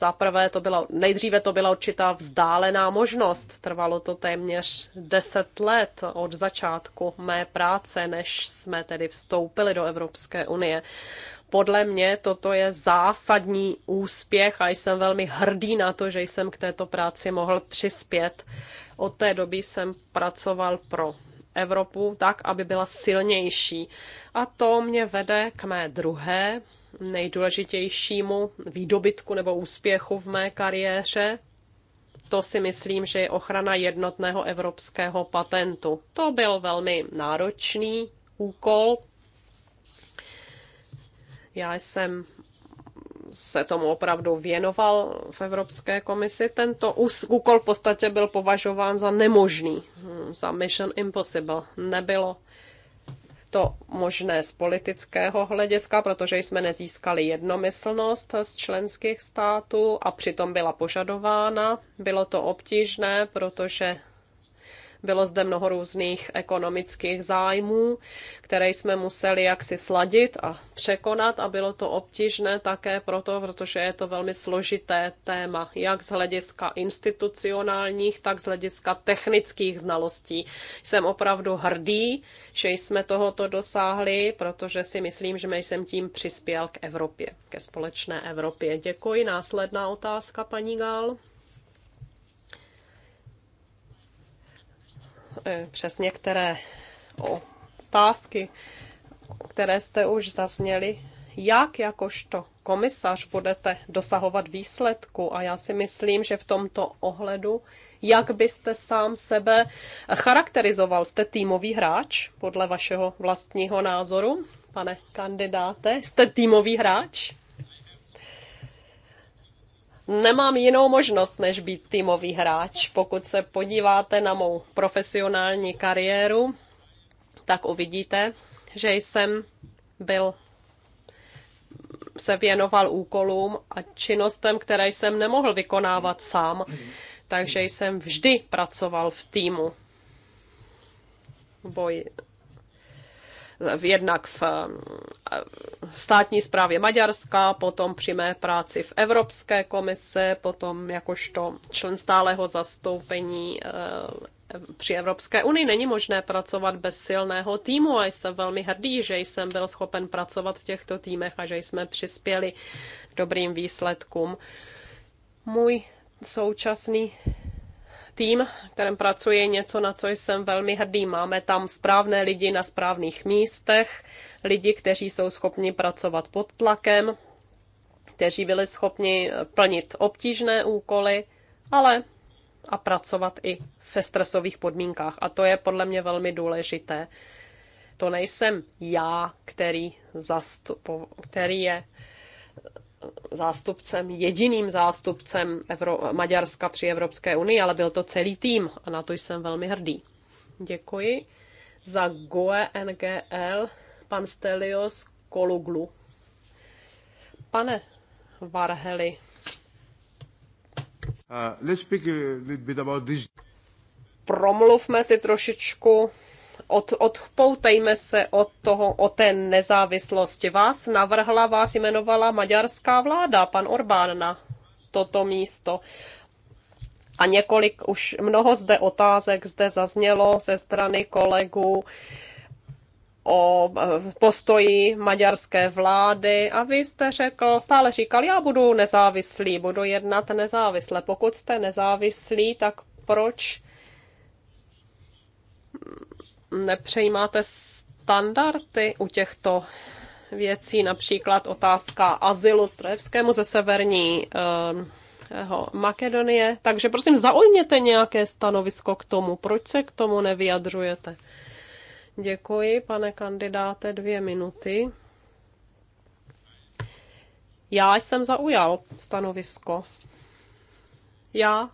Za prvé to bylo, nejdříve to byla určitá vzdálená možnost. Trvalo to téměř 10 let od začátku mé práce, než jsme tedy vstoupili do Evropské unie. Podle mě toto je zásadní úspěch a jsem velmi hrdý na to, že jsem k této práci mohl přispět. Od té doby jsem pracoval pro Evropu tak, aby byla silnější. A to mě vede k mé druhé nejdůležitějšímu výdobytku nebo úspěchu v mé kariéře. To si myslím, že je ochrana jednotného evropského patentu. To byl velmi náročný úkol. Já jsem se tomu opravdu věnoval v Evropské komisi. Tento úkol v podstatě byl považován za nemožný, za mission impossible. Nebylo to možné z politického hlediska, protože jsme nezískali jednomyslnost z členských států a přitom byla požadována. Bylo to obtížné, protože bylo zde mnoho různých ekonomických zájmů, které jsme museli jaksi sladit a překonat a bylo to obtížné také proto, protože je to velmi složité téma, jak z hlediska institucionálních, tak z hlediska technických znalostí. Jsem opravdu hrdý, že jsme tohoto dosáhli, protože si myslím, že jsem tím přispěl k Evropě, ke společné Evropě. Děkuji. Následná otázka, paní Gál. E, přes některé otázky, které jste už zazněli, jak jakožto komisař budete dosahovat výsledku. A já si myslím, že v tomto ohledu, jak byste sám sebe charakterizoval? Jste týmový hráč, podle vašeho vlastního názoru, pane kandidáte? Jste týmový hráč? nemám jinou možnost, než být týmový hráč. Pokud se podíváte na mou profesionální kariéru, tak uvidíte, že jsem byl se věnoval úkolům a činnostem, které jsem nemohl vykonávat sám, takže jsem vždy pracoval v týmu. Boj jednak v eh, státní správě Maďarska, potom při mé práci v Evropské komise, potom jakožto člen stáleho zastoupení eh, při Evropské unii není možné pracovat bez silného týmu a jsem velmi hrdý, že jsem byl schopen pracovat v těchto týmech a že jsme přispěli dobrým výsledkům. Můj současný tým, kterém pracuje něco, na co jsem velmi hrdý. Máme tam správné lidi na správných místech, lidi, kteří jsou schopni pracovat pod tlakem, kteří byli schopni plnit obtížné úkoly, ale a pracovat i ve stresových podmínkách. A to je podle mě velmi důležité. To nejsem já, který, zastupo, který je zástupcem, jediným zástupcem Evro- Maďarska při Evropské unii, ale byl to celý tým a na to jsem velmi hrdý. Děkuji. Za GOE NGL pan Stelios Koluglu. Pane Varheli. Uh, let's speak a little bit about this. Promluvme si trošičku od, odpoutejme se od toho, o té nezávislosti. Vás navrhla, vás jmenovala maďarská vláda, pan Orbán, na toto místo. A několik, už mnoho zde otázek zde zaznělo ze strany kolegů o eh, postoji maďarské vlády a vy jste řekl, stále říkal, já budu nezávislý, budu jednat nezávisle. Pokud jste nezávislí, tak proč nepřejímáte standardy u těchto věcí, například otázka azylu Strojevskému ze severní ehm, eh, Makedonie. Takže prosím, zaujměte nějaké stanovisko k tomu. Proč se k tomu nevyjadřujete? Děkuji, pane kandidáte, dvě minuty. Já jsem zaujal stanovisko. Já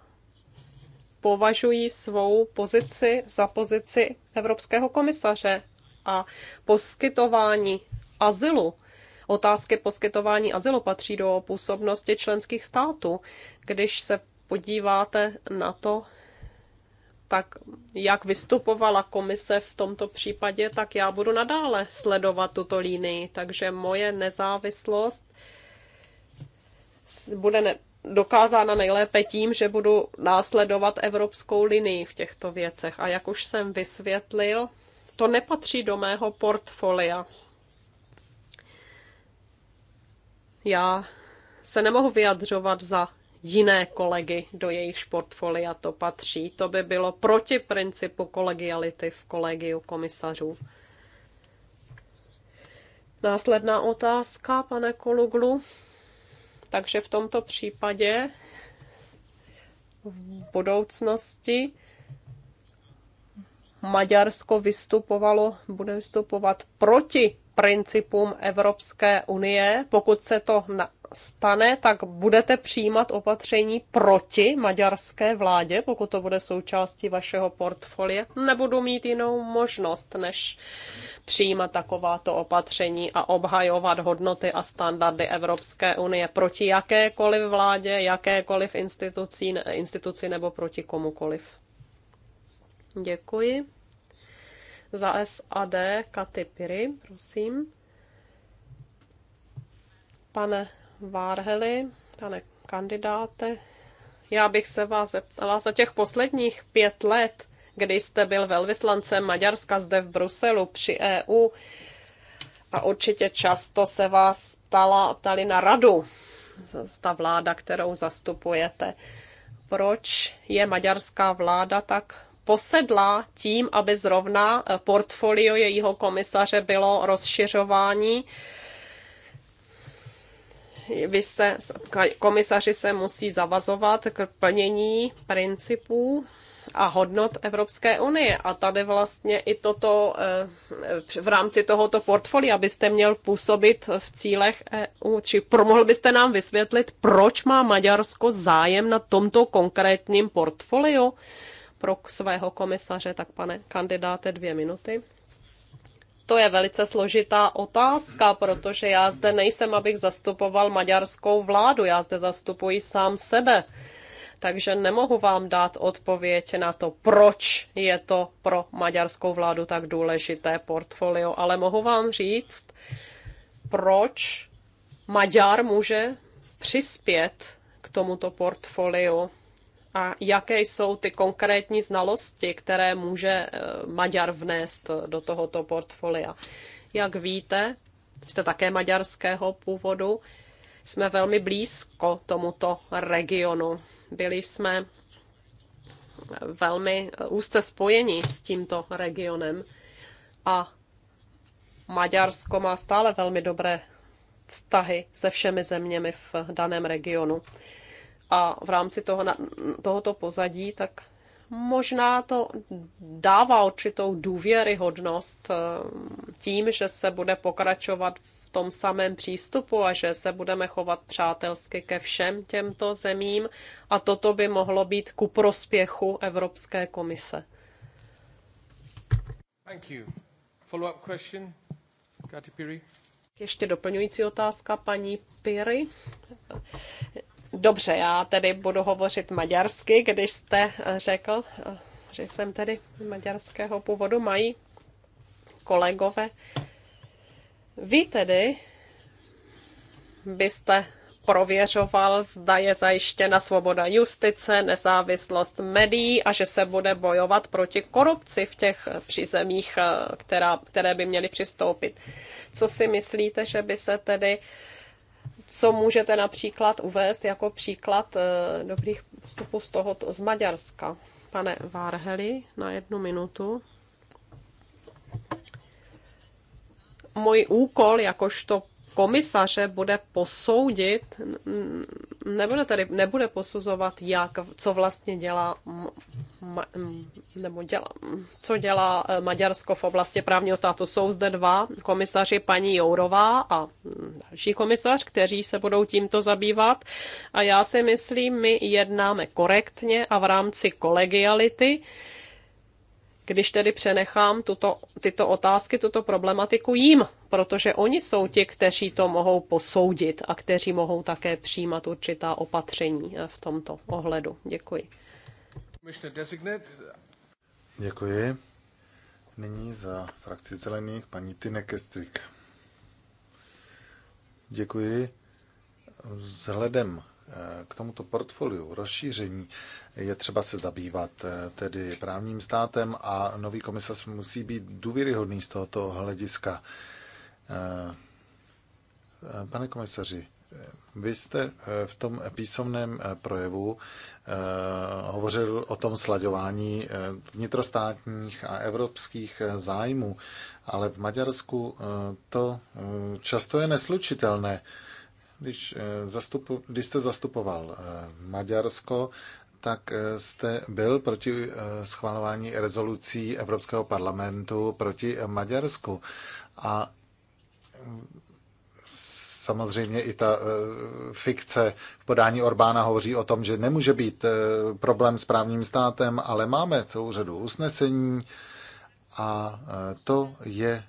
považují svou pozici za pozici evropského komisaře a poskytování azylu. Otázky poskytování azylu patří do působnosti členských států. Když se podíváte na to, tak jak vystupovala komise v tomto případě, tak já budu nadále sledovat tuto línii. Takže moje nezávislost bude ne- dokázána nejlépe tím, že budu následovat evropskou linii v těchto věcech. A jak už jsem vysvětlil, to nepatří do mého portfolia. Já se nemohu vyjadřovat za jiné kolegy, do jejichž portfolia to patří. To by bylo proti principu kolegiality v kolegiu komisařů. Následná otázka, pane Koluglu. Takže v tomto případě v budoucnosti Maďarsko vystupovalo, bude vystupovat proti principům Evropské unie, pokud se to na, stane, tak budete přijímat opatření proti maďarské vládě, pokud to bude součástí vašeho portfolia? Nebudu mít jinou možnost, než přijímat takováto opatření a obhajovat hodnoty a standardy Evropské unie proti jakékoliv vládě, jakékoliv institucí, instituci nebo proti komukoliv. Děkuji. Za SAD Katy Piry, prosím. Pane Várhely, pane kandidáte, já bych se vás zeptala za těch posledních pět let, kdy jste byl velvyslancem Maďarska zde v Bruselu při EU a určitě často se vás ptala, ptali na radu, ta vláda, kterou zastupujete. Proč je maďarská vláda tak posedla tím, aby zrovna portfolio jejího komisaře bylo rozšiřování vy se, komisaři se musí zavazovat k plnění principů a hodnot Evropské unie. A tady vlastně i toto eh, v rámci tohoto portfolia byste měl působit v cílech EU. Či promohl mohl byste nám vysvětlit, proč má Maďarsko zájem na tomto konkrétním portfoliu pro svého komisaře? Tak pane kandidáte, dvě minuty. To je velice složitá otázka, protože já zde nejsem, abych zastupoval maďarskou vládu, já zde zastupuji sám sebe. Takže nemohu vám dát odpověď na to, proč je to pro maďarskou vládu tak důležité portfolio, ale mohu vám říct, proč Maďar může přispět k tomuto portfoliu a jaké jsou ty konkrétní znalosti, které může eh, Maďar vnést do tohoto portfolia. Jak víte, jste také maďarského původu, jsme velmi blízko tomuto regionu. Byli jsme velmi eh, úzce spojeni s tímto regionem a Maďarsko má stále velmi dobré vztahy se všemi zeměmi v daném regionu a v rámci toho, tohoto pozadí, tak možná to dává určitou důvěryhodnost eh, tím, že se bude pokračovat v tom samém přístupu a že se budeme chovat přátelsky ke všem těmto zemím a toto by mohlo být ku prospěchu Evropské komise. Thank you. Follow-up question, Katy Piri. Ještě doplňující otázka paní Piry. Dobře, já tedy budu hovořit maďarsky, když jste eh, řekl, eh, že jsem tedy maďarského původu, mají kolegové. Vy tedy byste prověřoval, zda je zajištěna svoboda justice, nezávislost médií a že se bude bojovat proti korupci v těch eh, přízemích, která, které by měly přistoupit. Co si myslíte, že by se tedy uh, co můžete například uvést jako příklad eh, dobrých postupů z toho z Maďarska? Pane Várheli, na jednu minutu. Můj úkol jakožto komisaře bude posoudit, nebude tady, nebude posuzovat, jak, co vlastně dělá, ma, nebo dělá, co dělá eh, Maďarsko v oblasti právního státu. Jsou zde dva komisaři, paní Jourová a další komisař, kteří se budou tímto zabývat. A já si myslím, my jednáme korektně a v rámci kolegiality když tedy přenechám tuto, tyto otázky, tuto problematiku jim, protože oni jsou ti, kteří to mohou posoudit a kteří mohou také přijímat určitá opatření eh, v tomto ohledu. Děkuji. Děkuji. Nyní za frakci zelených paní Tine Kestrik. Děkuji. Vzhledem Eh, k tomuto portfoliu rozšíření je třeba se zabývat eh, tedy právním státem a nový komisař musí být důvěryhodný z tohoto hlediska. Eh, pane komisaři, vy jste v tom písomném projevu hovořil o tom slaďování vnitrostátních a evropských zájmů, ale v Maďarsku to mm, často je neslučitelné. Když, eh, zastupu, když jste zastupoval eh, Maďarsko, tak eh, jste byl proti schvalování rezolucí Evropského parlamentu proti Maďarsku. A samozřejmě i ta fikce v podání Orbána hovoří o tom, že nemůže být problém s právním státem, ale máme celou řadu usnesení a to je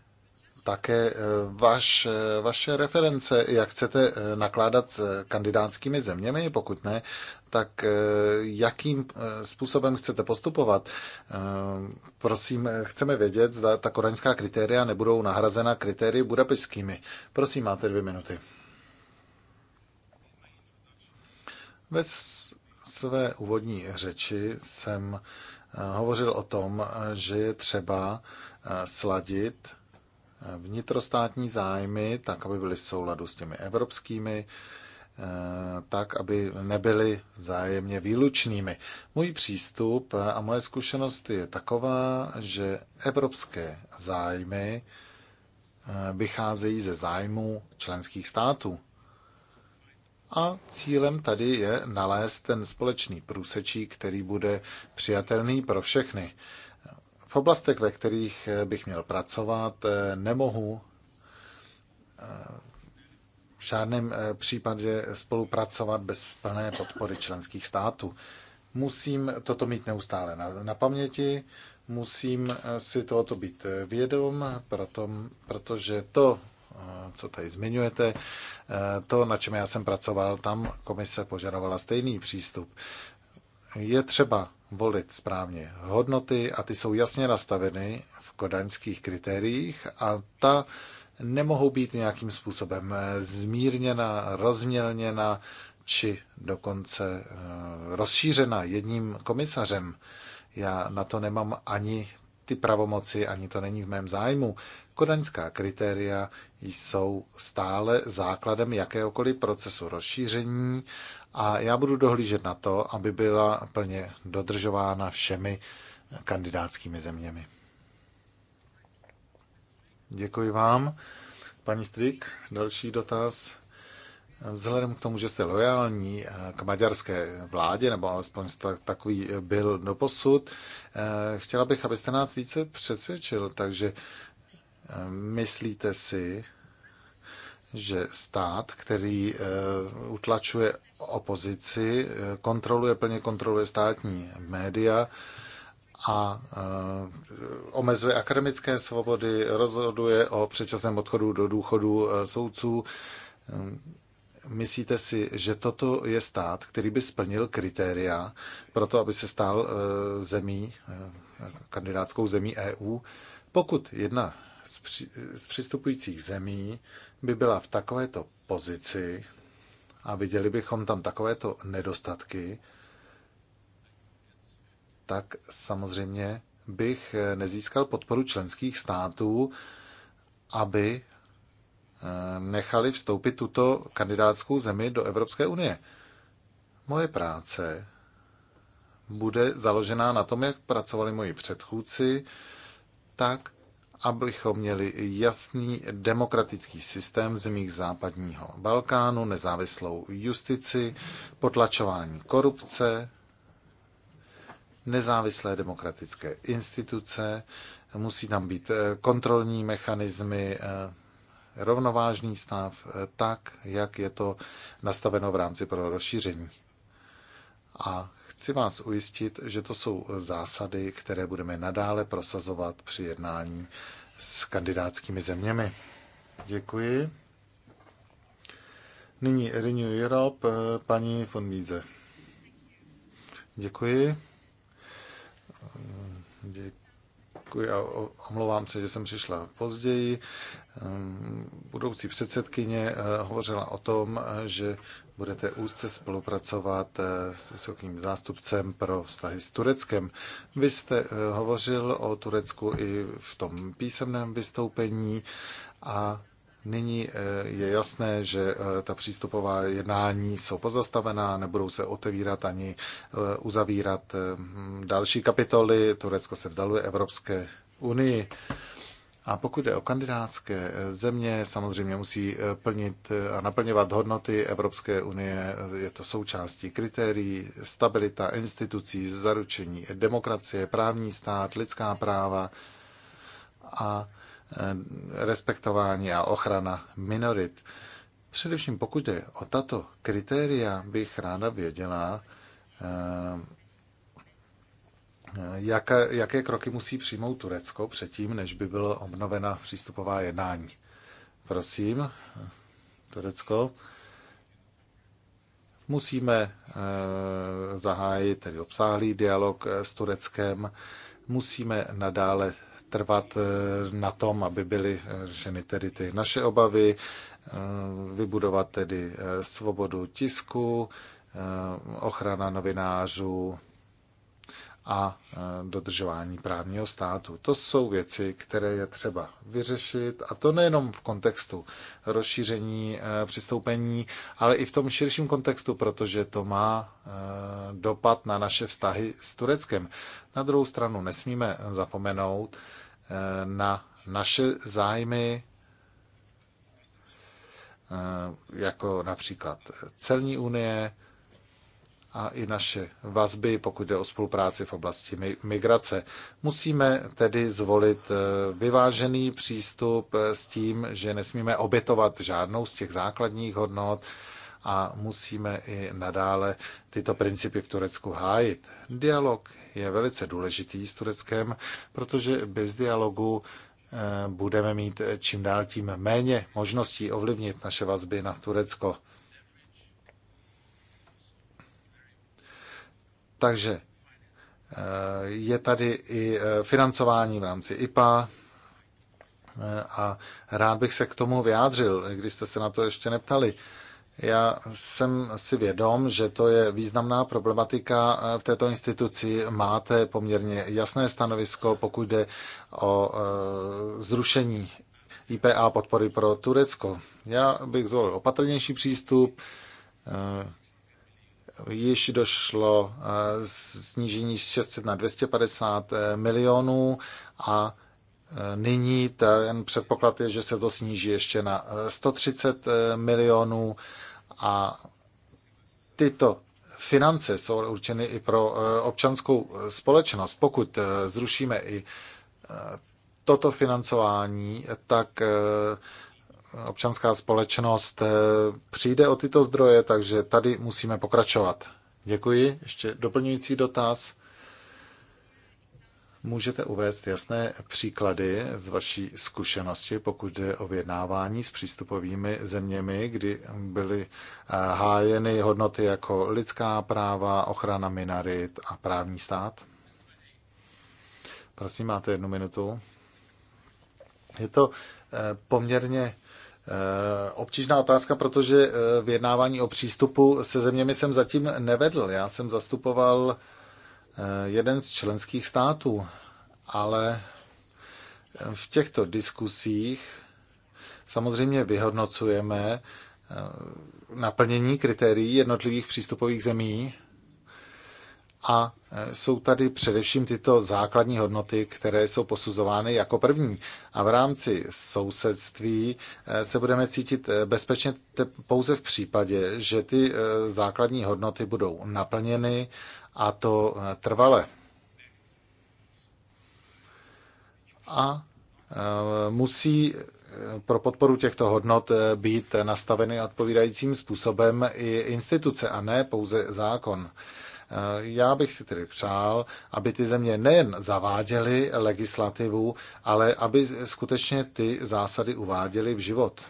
také eh, vaš, eh, vaše reference, jak chcete eh, nakládat s kandidátskými zeměmi, pokud ne, tak jakým způsobem chcete postupovat. Prosím, chceme vědět, zda ta koreňská kritéria nebudou nahrazena kritérii budapešskými. Prosím, máte dvě minuty. Ve své úvodní řeči jsem hovořil o tom, že je třeba sladit vnitrostátní zájmy, tak aby byly v souladu s těmi evropskými, eh, tak aby nebyly zájemně výlučnými. Můj přístup a moje zkušenost je taková, že evropské zájmy eh, vycházejí ze zájmu členských států. A cílem tady je nalézt ten společný průsečík, který bude přijatelný pro všechny. V oblastech, ve kterých eh, bych měl pracovat, eh, nemohu eh, v žádném případě spolupracovat bez plné podpory členských států. Musím toto mít neustále na, na paměti, musím si tohoto být vědom, proto, protože to, co tady zmiňujete, to, na čem já jsem pracoval, tam komise požadovala stejný přístup. Je třeba volit správně hodnoty a ty jsou jasně nastaveny v kodaňských kritériích a ta nemohou být nějakým způsobem zmírněna, rozmělněna či dokonce eh, rozšířena jedním komisařem. Já na to nemám ani ty pravomoci, ani to není v mém zájmu. Kodaňská kritéria jsou stále základem jakéhokoliv procesu rozšíření a já budu dohlížet na to, aby byla plně dodržována všemi kandidátskými zeměmi. Děkuji vám. Paní Strik, další dotaz. Vzhledem k tomu, že jste lojální k maďarské vládě, nebo alespoň takový byl doposud, eh, chtěla bych, abyste nás více přesvědčil. Takže eh, myslíte si, že stát, který eh, utlačuje opozici, eh, kontroluje, plně kontroluje státní média a eh, omezuje akademické svobody, rozhoduje o předčasném odchodu do důchodu soudců. Myslíte si, že toto je stát, který by splnil kritéria pro to, aby se stal zemí, kandidátskou zemí EU? Pokud jedna z přistupujících zemí by byla v takovéto pozici a viděli bychom tam takovéto nedostatky, tak samozřejmě bych nezískal podporu členských států, aby eh, nechali vstoupit tuto kandidátskou zemi do Evropské unie. Moje práce bude založená na tom, jak pracovali moji předchůdci, tak, abychom měli jasný demokratický systém v zemích západního Balkánu, nezávislou justici, potlačování korupce, nezávislé demokratické instituce, musí tam být eh, kontrolní mechanismy, eh, rovnovážný stav, eh, tak, jak je to nastaveno v rámci pro rozšíření. A Chci vás ujistit, že to jsou zásady, které budeme nadále prosazovat při jednání s kandidátskými zeměmi. Děkuji. Nyní Renew Europe, paní von Míze. Děkuji. Děkuji a omlouvám se, že jsem přišla později. Budoucí předsedkyně eh, hovořila o tom, že budete úzce spolupracovat eh, s vysokým zástupcem pro vztahy s Tureckem. Vy jste eh, hovořil o Turecku i v tom písemném vystoupení a nyní eh, je jasné, že ta přístupová jednání jsou pozastavená, nebudou se otevírat ani uzavírat další kapitoly. Turecko se vzdaluje Evropské unii. A pokud je o kandidátské eh, země, samozřejmě musí eh, plnit eh, a naplňovat hodnoty Evropské unie. Je to součástí kritérií, stabilita institucí, zaručení demokracie, právní stát, lidská práva a respektování a ochrana minorit. Především pokud je o tato kritéria, bych ráda věděla, jaké, jaké kroky musí přijmout Turecko předtím, než by byla obnovena přístupová jednání. Prosím, Turecko. Musíme eh, zahájit tedy obsáhlý dialog eh, s Tureckem. Musíme nadále trvat eh, na tom, aby byly řešeny tedy ty naše obavy, vybudovat tedy svobodu tisku, ochrana novinářů, a eh, dodržování právního státu. To jsou věci, které je třeba vyřešit a to nejenom v kontextu rozšíření eh, přistoupení, ale i v tom širším kontextu, protože to má eh, dopad na naše vztahy s Tureckem. Na druhou stranu nesmíme zapomenout na naše zájmy jako například celní unie, a i naše vazby, pokud jde o spolupráci v oblasti migrace. Musíme tedy zvolit eh, vyvážený přístup eh, s tím, že nesmíme obětovat žádnou z těch základních hodnot a musíme i nadále tyto principy v Turecku hájit. Dialog je velice důležitý s Tureckem, protože bez dialogu eh, budeme mít čím dál tím méně možností ovlivnit naše vazby na Turecko. Takže eh, je tady i eh, financování v rámci IPA eh, a rád bych se k tomu vyjádřil, když jste se na to ještě neptali. Já jsem si vědom, že to je významná problematika v této instituci. Máte poměrně jasné stanovisko, pokud jde o zrušení IPA podpory pro Turecko. Já bych zvolil opatrnější přístup již došlo eh, snížení z 600 na 250 eh, milionů a eh, nyní ten předpoklad je, že se to sníží ještě na 130 milionů a tyto finance jsou určeny i pro občanskou společnost. Pokud zrušíme i toto financování, tak občanská společnost eh, přijde o tyto zdroje, takže tady musíme pokračovat. Děkuji. Ještě doplňující dotaz. Můžete uvést jasné příklady z vaší zkušenosti, pokud jde o vyjednávání s přístupovými zeměmi, kdy byly eh, hájeny hodnoty jako lidská práva, ochrana minarit a právní stát? Prosím, máte jednu minutu. Je to eh, poměrně Eh, obtížná otázka, protože eh, vyjednávání o přístupu se zeměmi jsem zatím nevedl. Já jsem zastupoval eh, jeden z členských států, ale v těchto diskusích samozřejmě vyhodnocujeme naplnění kritérií jednotlivých přístupových zemí a e, jsou tady především tyto základní hodnoty, které jsou posuzovány jako první. A v rámci sousedství e, se budeme cítit e, bezpečně pouze v případě, že ty základní hodnoty budou naplněny a to trvale. A musí pro podporu těchto hodnot být nastaveny odpovídajícím způsobem i instituce a ne pouze zákon. Eh, já bych si tedy přál, aby ty země nejen zaváděly legislativu, ale aby skutečně ty zásady uváděly v život.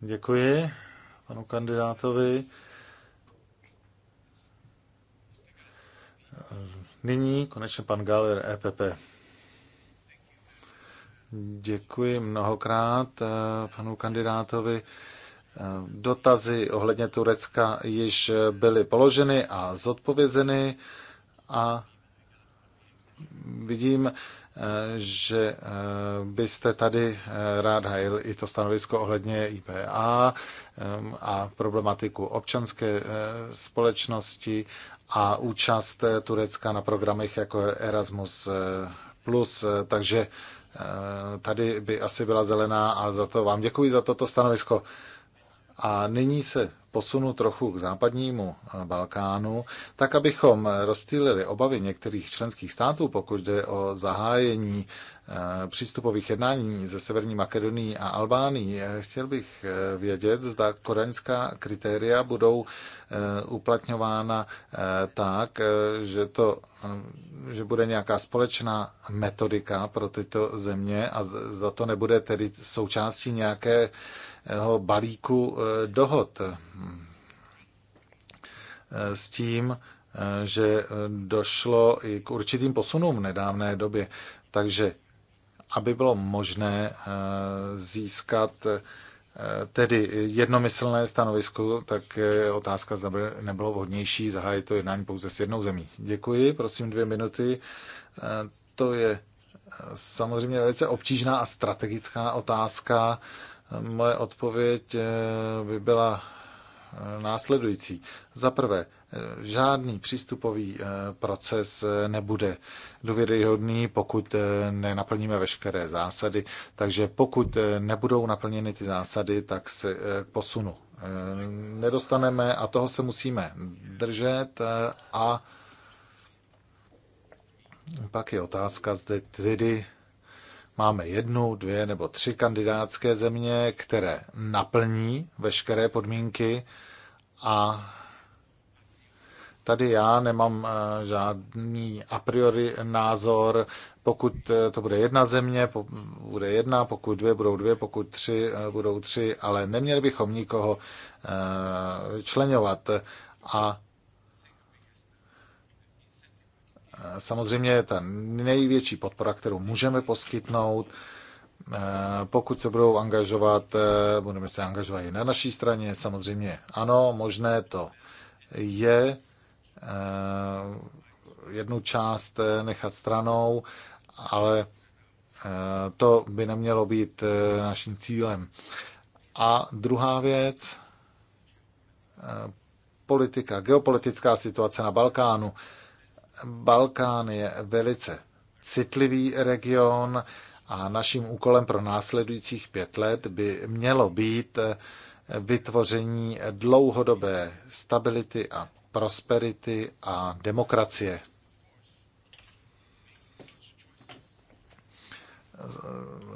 Děkuji panu kandidátovi. Nyní konečně pan Galer EPP. Děkuji mnohokrát eh, panu kandidátovi. Dotazy ohledně Turecka již byly položeny a zodpovězeny a vidím, eh, že eh, byste tady eh, rád hajil i to stanovisko ohledně IPA a problematiku občanské společnosti a účast Turecka na programech jako Erasmus+. Plus, takže tady by asi byla zelená a za to vám děkuji za toto stanovisko. A nyní se posunu trochu k západnímu Balkánu, tak abychom rozptýlili obavy některých členských států, pokud jde o zahájení eh, přístupových jednání ze Severní Makedonii a Albánii. Eh, chtěl bych eh, vědět, zda koreňská kritéria budou uplatňována tak, že, to, že bude nějaká společná metodika pro tyto země a zda to nebude tedy součástí nějaké balíku eh, dohod eh, s tím, eh, že došlo i k určitým posunům v nedávné době. Takže aby bylo možné získat tedy jednomyslné stanovisko, tak je otázka, zda by nebylo vhodnější zahájit to jednání pouze s jednou zemí. Děkuji, prosím dvě minuty. To je samozřejmě velice obtížná a strategická otázka Moje odpověď eh, by byla eh, následující. Za prvé, eh, žádný přístupový proces nebude důvěryhodný, pokud nenaplníme veškeré zásady. Takže pokud nebudou naplněny ty zásady, tak se posunu nedostaneme a toho se musíme držet a pak je otázka, zde tedy Máme jednu, dvě nebo tři kandidátské země, které naplní veškeré podmínky a tady já nemám eh, žádný a priori názor, pokud eh, to bude jedna země, bude jedna, pokud dvě budou dvě, pokud tři eh, budou tři, ale neměli bychom nikoho členovat a samozřejmě ta největší podpora, kterou můžeme poskytnout, eh, pokud se budou angažovat, eh, budeme se angažovat i na naší straně, samozřejmě ano, možné to je eh, jednu část nechat stranou, ale to by nemělo být naším cílem. A druhá věc, politika, geopolitická situace na Balkánu. Balkán je velice citlivý region a naším úkolem pro následujících pět let by mělo být eh, vytvoření dlouhodobé stability a prosperity a demokracie.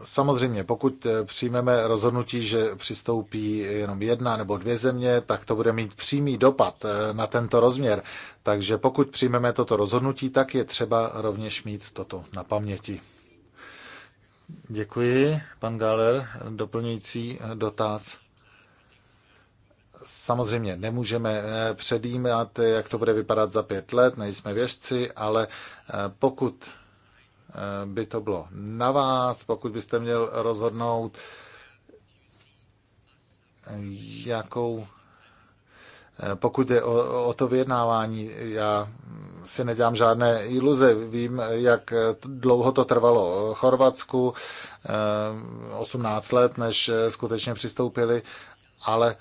Samozřejmě, pokud eh, přijmeme rozhodnutí, že přistoupí jenom jedna nebo dvě země, tak to bude mít přímý dopad eh, na tento rozměr. Takže pokud přijmeme toto rozhodnutí, tak je třeba rovněž mít toto na paměti. Děkuji, pan Galer. Doplňující eh, dotaz. Samozřejmě nemůžeme předjímat, jak to bude vypadat za pět let, nejsme věřci, ale pokud Eh, by to bylo na vás, pokud byste měl rozhodnout, jakou eh, pokud je o, o to vyjednávání, já si nedělám žádné iluze. Vím, jak dlouho to trvalo Chorvatsku, 18 eh, let, než skutečně přistoupili, ale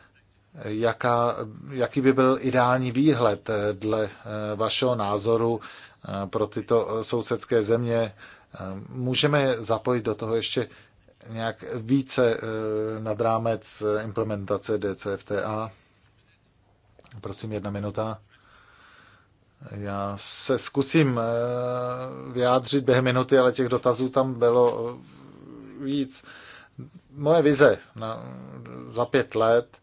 jaká, jaký by byl ideální výhled dle vašeho názoru pro tyto eh, sousedské země. Eh, můžeme zapojit do toho ještě nějak více eh, nad rámec implementace DCFTA. Prosím, jedna minuta. Já se zkusím vyjádřit během minuty, ale těch dotazů tam bylo víc. Moje vize na, za pět let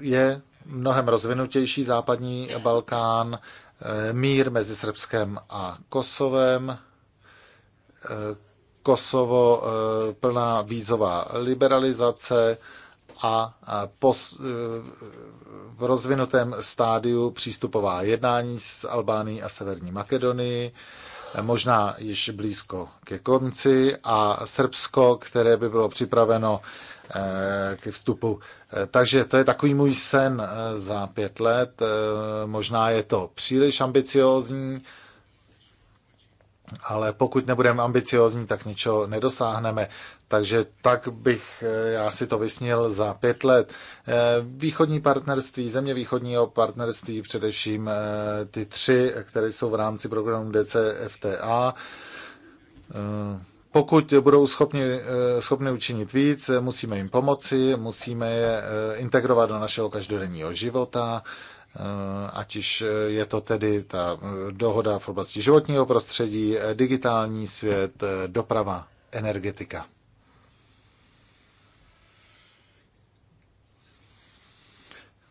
je mnohem rozvinutější západní Balkán Eh, mír mezi Srbskem a Kosovem, eh, Kosovo eh, plná vízová liberalizace a v rozvinutém stádiu přístupová jednání s Albánií a Severní Makedonii, možná již blízko ke konci, a Srbsko, které by bylo připraveno Eh, k vstupu. Eh, takže to je takový můj sen eh, za pět let. Možná je to příliš ambiciózní, ale pokud nebudeme ambiciózní, tak ničeho nedosáhneme. Takže tak bych já si to vysnil za pět let. Východní partnerství, země východního partnerství, především ty tři, které jsou v rámci programu DCFTA, pokud budou schopni, eh, schopni učinit víc, musíme jim pomoci, musíme je eh, integrovat do našeho každodenního života, eh, ať už je to tedy ta dohoda v oblasti životního prostředí, digitální svět, doprava, energetika.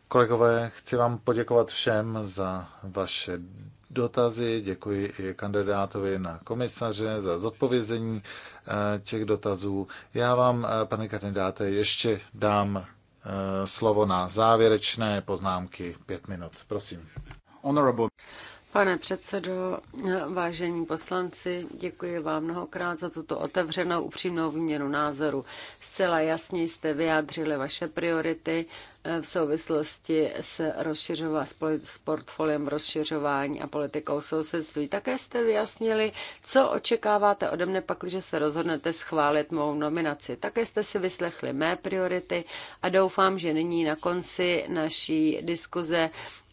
Kolegové, chci vám poděkovat všem za vaše dotazy. Děkuji i kandidátovi na komisaře za zodpovězení eh, těch dotazů. Já vám, eh, pane kandidáte, ještě dám eh, slovo na závěrečné poznámky. Pět minut, prosím. Honorable. Pane předsedo, vážení poslanci, děkuji vám mnohokrát za tuto otevřenou, upřímnou výměnu názoru. Zcela jasně jste vyjádřili vaše priority Eh, v souvislosti s, rozšiřová, s portfoliem rozšiřování a politikou sousedství. Také jste vyjasnili, co očekáváte ode mne, pakliže se rozhodnete schválit mou nominaci. Také jste si vyslechli mé priority a doufám, že nyní na konci naší diskuze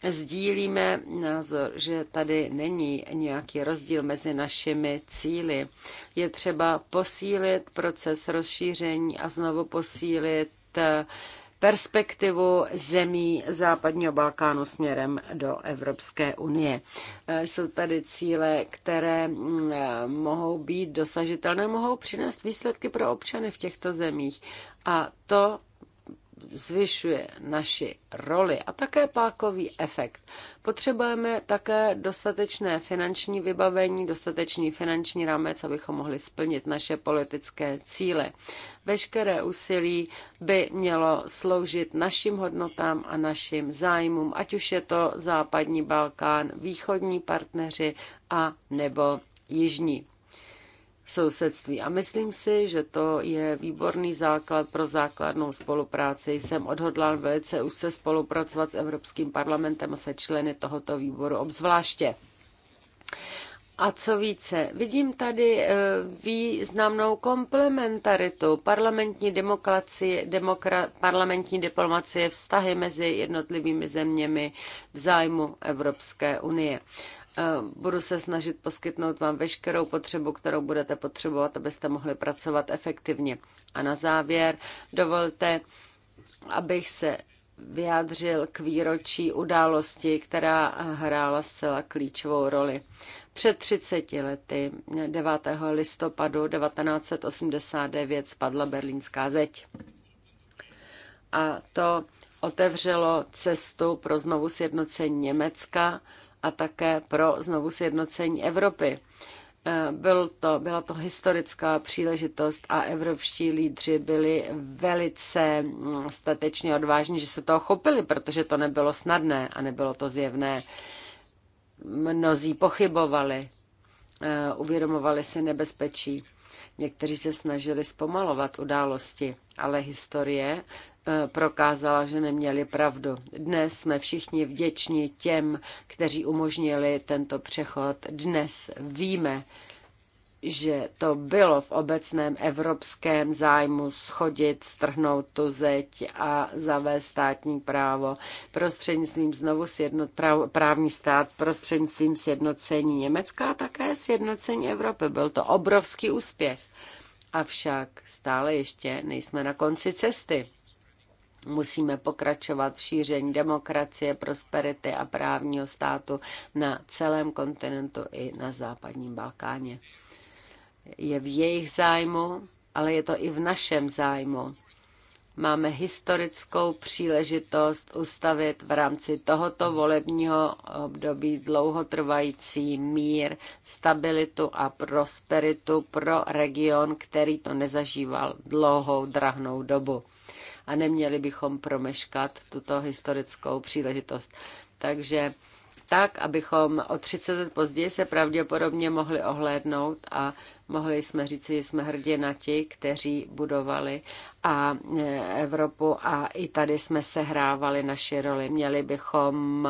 sdílíme názor, že tady není nějaký rozdíl mezi našimi cíly. Je třeba posílit proces rozšíření a znovu posílit eh, perspektivu zemí západního Balkánu směrem do Evropské unie. E, jsou tady cíle, které mm, e, mohou být dosažitelné, mohou přinést výsledky pro občany v těchto zemích. A to zvyšuje naši roli a také pákový efekt. Potřebujeme také dostatečné finanční vybavení, dostatečný finanční rámec, abychom mohli splnit naše politické cíle. Veškeré úsilí by mělo sloužit našim hodnotám a našim zájmům, ať už je to západní Balkán, východní partneři a nebo jižní sousedství. A myslím si, že to je výborný základ pro základnou spolupráci. Jsem odhodlán velice už se spolupracovat s Evropským parlamentem a se členy tohoto výboru obzvláště. A co více, vidím tady eh, významnou komplementaritu parlamentní demokracie, demokra, parlamentní diplomacie, vztahy mezi jednotlivými zeměmi v zájmu Evropské unie. Eh, budu se snažit poskytnout vám veškerou potřebu, kterou budete potřebovat, abyste mohli pracovat efektivně. A na závěr dovolte, abych se vyjádřil k výročí události, která hrála zcela klíčovou roli. Před 30 lety, 9. listopadu 1989, spadla berlínská zeď. A to otevřelo cestu pro znovu sjednocení Německa a také pro znovu sjednocení Evropy. E, byl to, byla to historická příležitost a evropští lídři byli velice mm, statečně odvážní, že se toho chopili, protože to nebylo snadné a nebylo to zjevné. Mnozí pochybovali, e, uvědomovali si nebezpečí. Někteří se snažili zpomalovat události, ale historie Eh, prokázala, že neměli pravdu. Dnes jsme všichni vděční těm, kteří umožnili tento přechod. Dnes víme, že to bylo v obecném evropském zájmu schodit, strhnout tu zeď a zavést státní právo prostřednictvím znovu sjednot, prav, právní stát, prostřednictvím sjednocení Německa a také sjednocení Evropy. Byl to obrovský úspěch. Avšak stále ještě nejsme na konci cesty. Musíme pokračovat v šíření demokracie, prosperity a právního státu na celém kontinentu i na západním Balkáně. Je v jejich zájmu, ale je to i v našem zájmu. Máme historickou příležitost ustavit v rámci tohoto volebního období dlouhotrvající mír, stabilitu a prosperitu pro region, který to nezažíval dlouhou drahnou dobu a neměli bychom promeškat tuto historickou příležitost. Takže tak, abychom o 30 let později se pravděpodobně mohli ohlédnout a mohli jsme říct, že jsme hrdě na ti, kteří budovali a e, Evropu a i tady jsme sehrávali naši roli. Měli bychom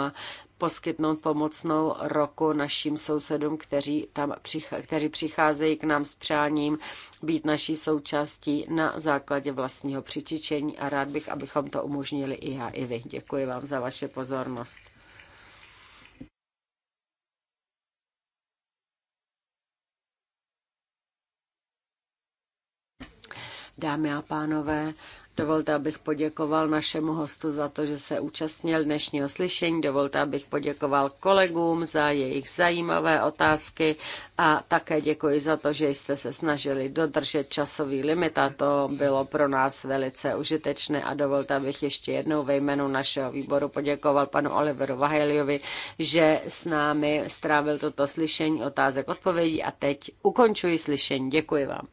poskytnout pomocnou roku našim sousedům, kteří, tam přichá, kteří přicházejí k nám s přáním být naší součástí na základě vlastního přičičení a rád bych, abychom to umožnili i já, i vy. Děkuji vám za vaše pozornost. Dámy a pánové, Dovolte, abych poděkoval našemu hostu za to, že se účastnil dnešního slyšení. Dovolte, abych poděkoval kolegům za jejich zajímavé otázky a také děkuji za to, že jste se snažili dodržet časový limit a to bylo pro nás velice užitečné a dovolte, abych ještě jednou ve jménu našeho výboru poděkoval panu Oliveru Vaheliovi, že s námi strávil toto slyšení otázek odpovědí a teď ukončuji slyšení. Děkuji vám.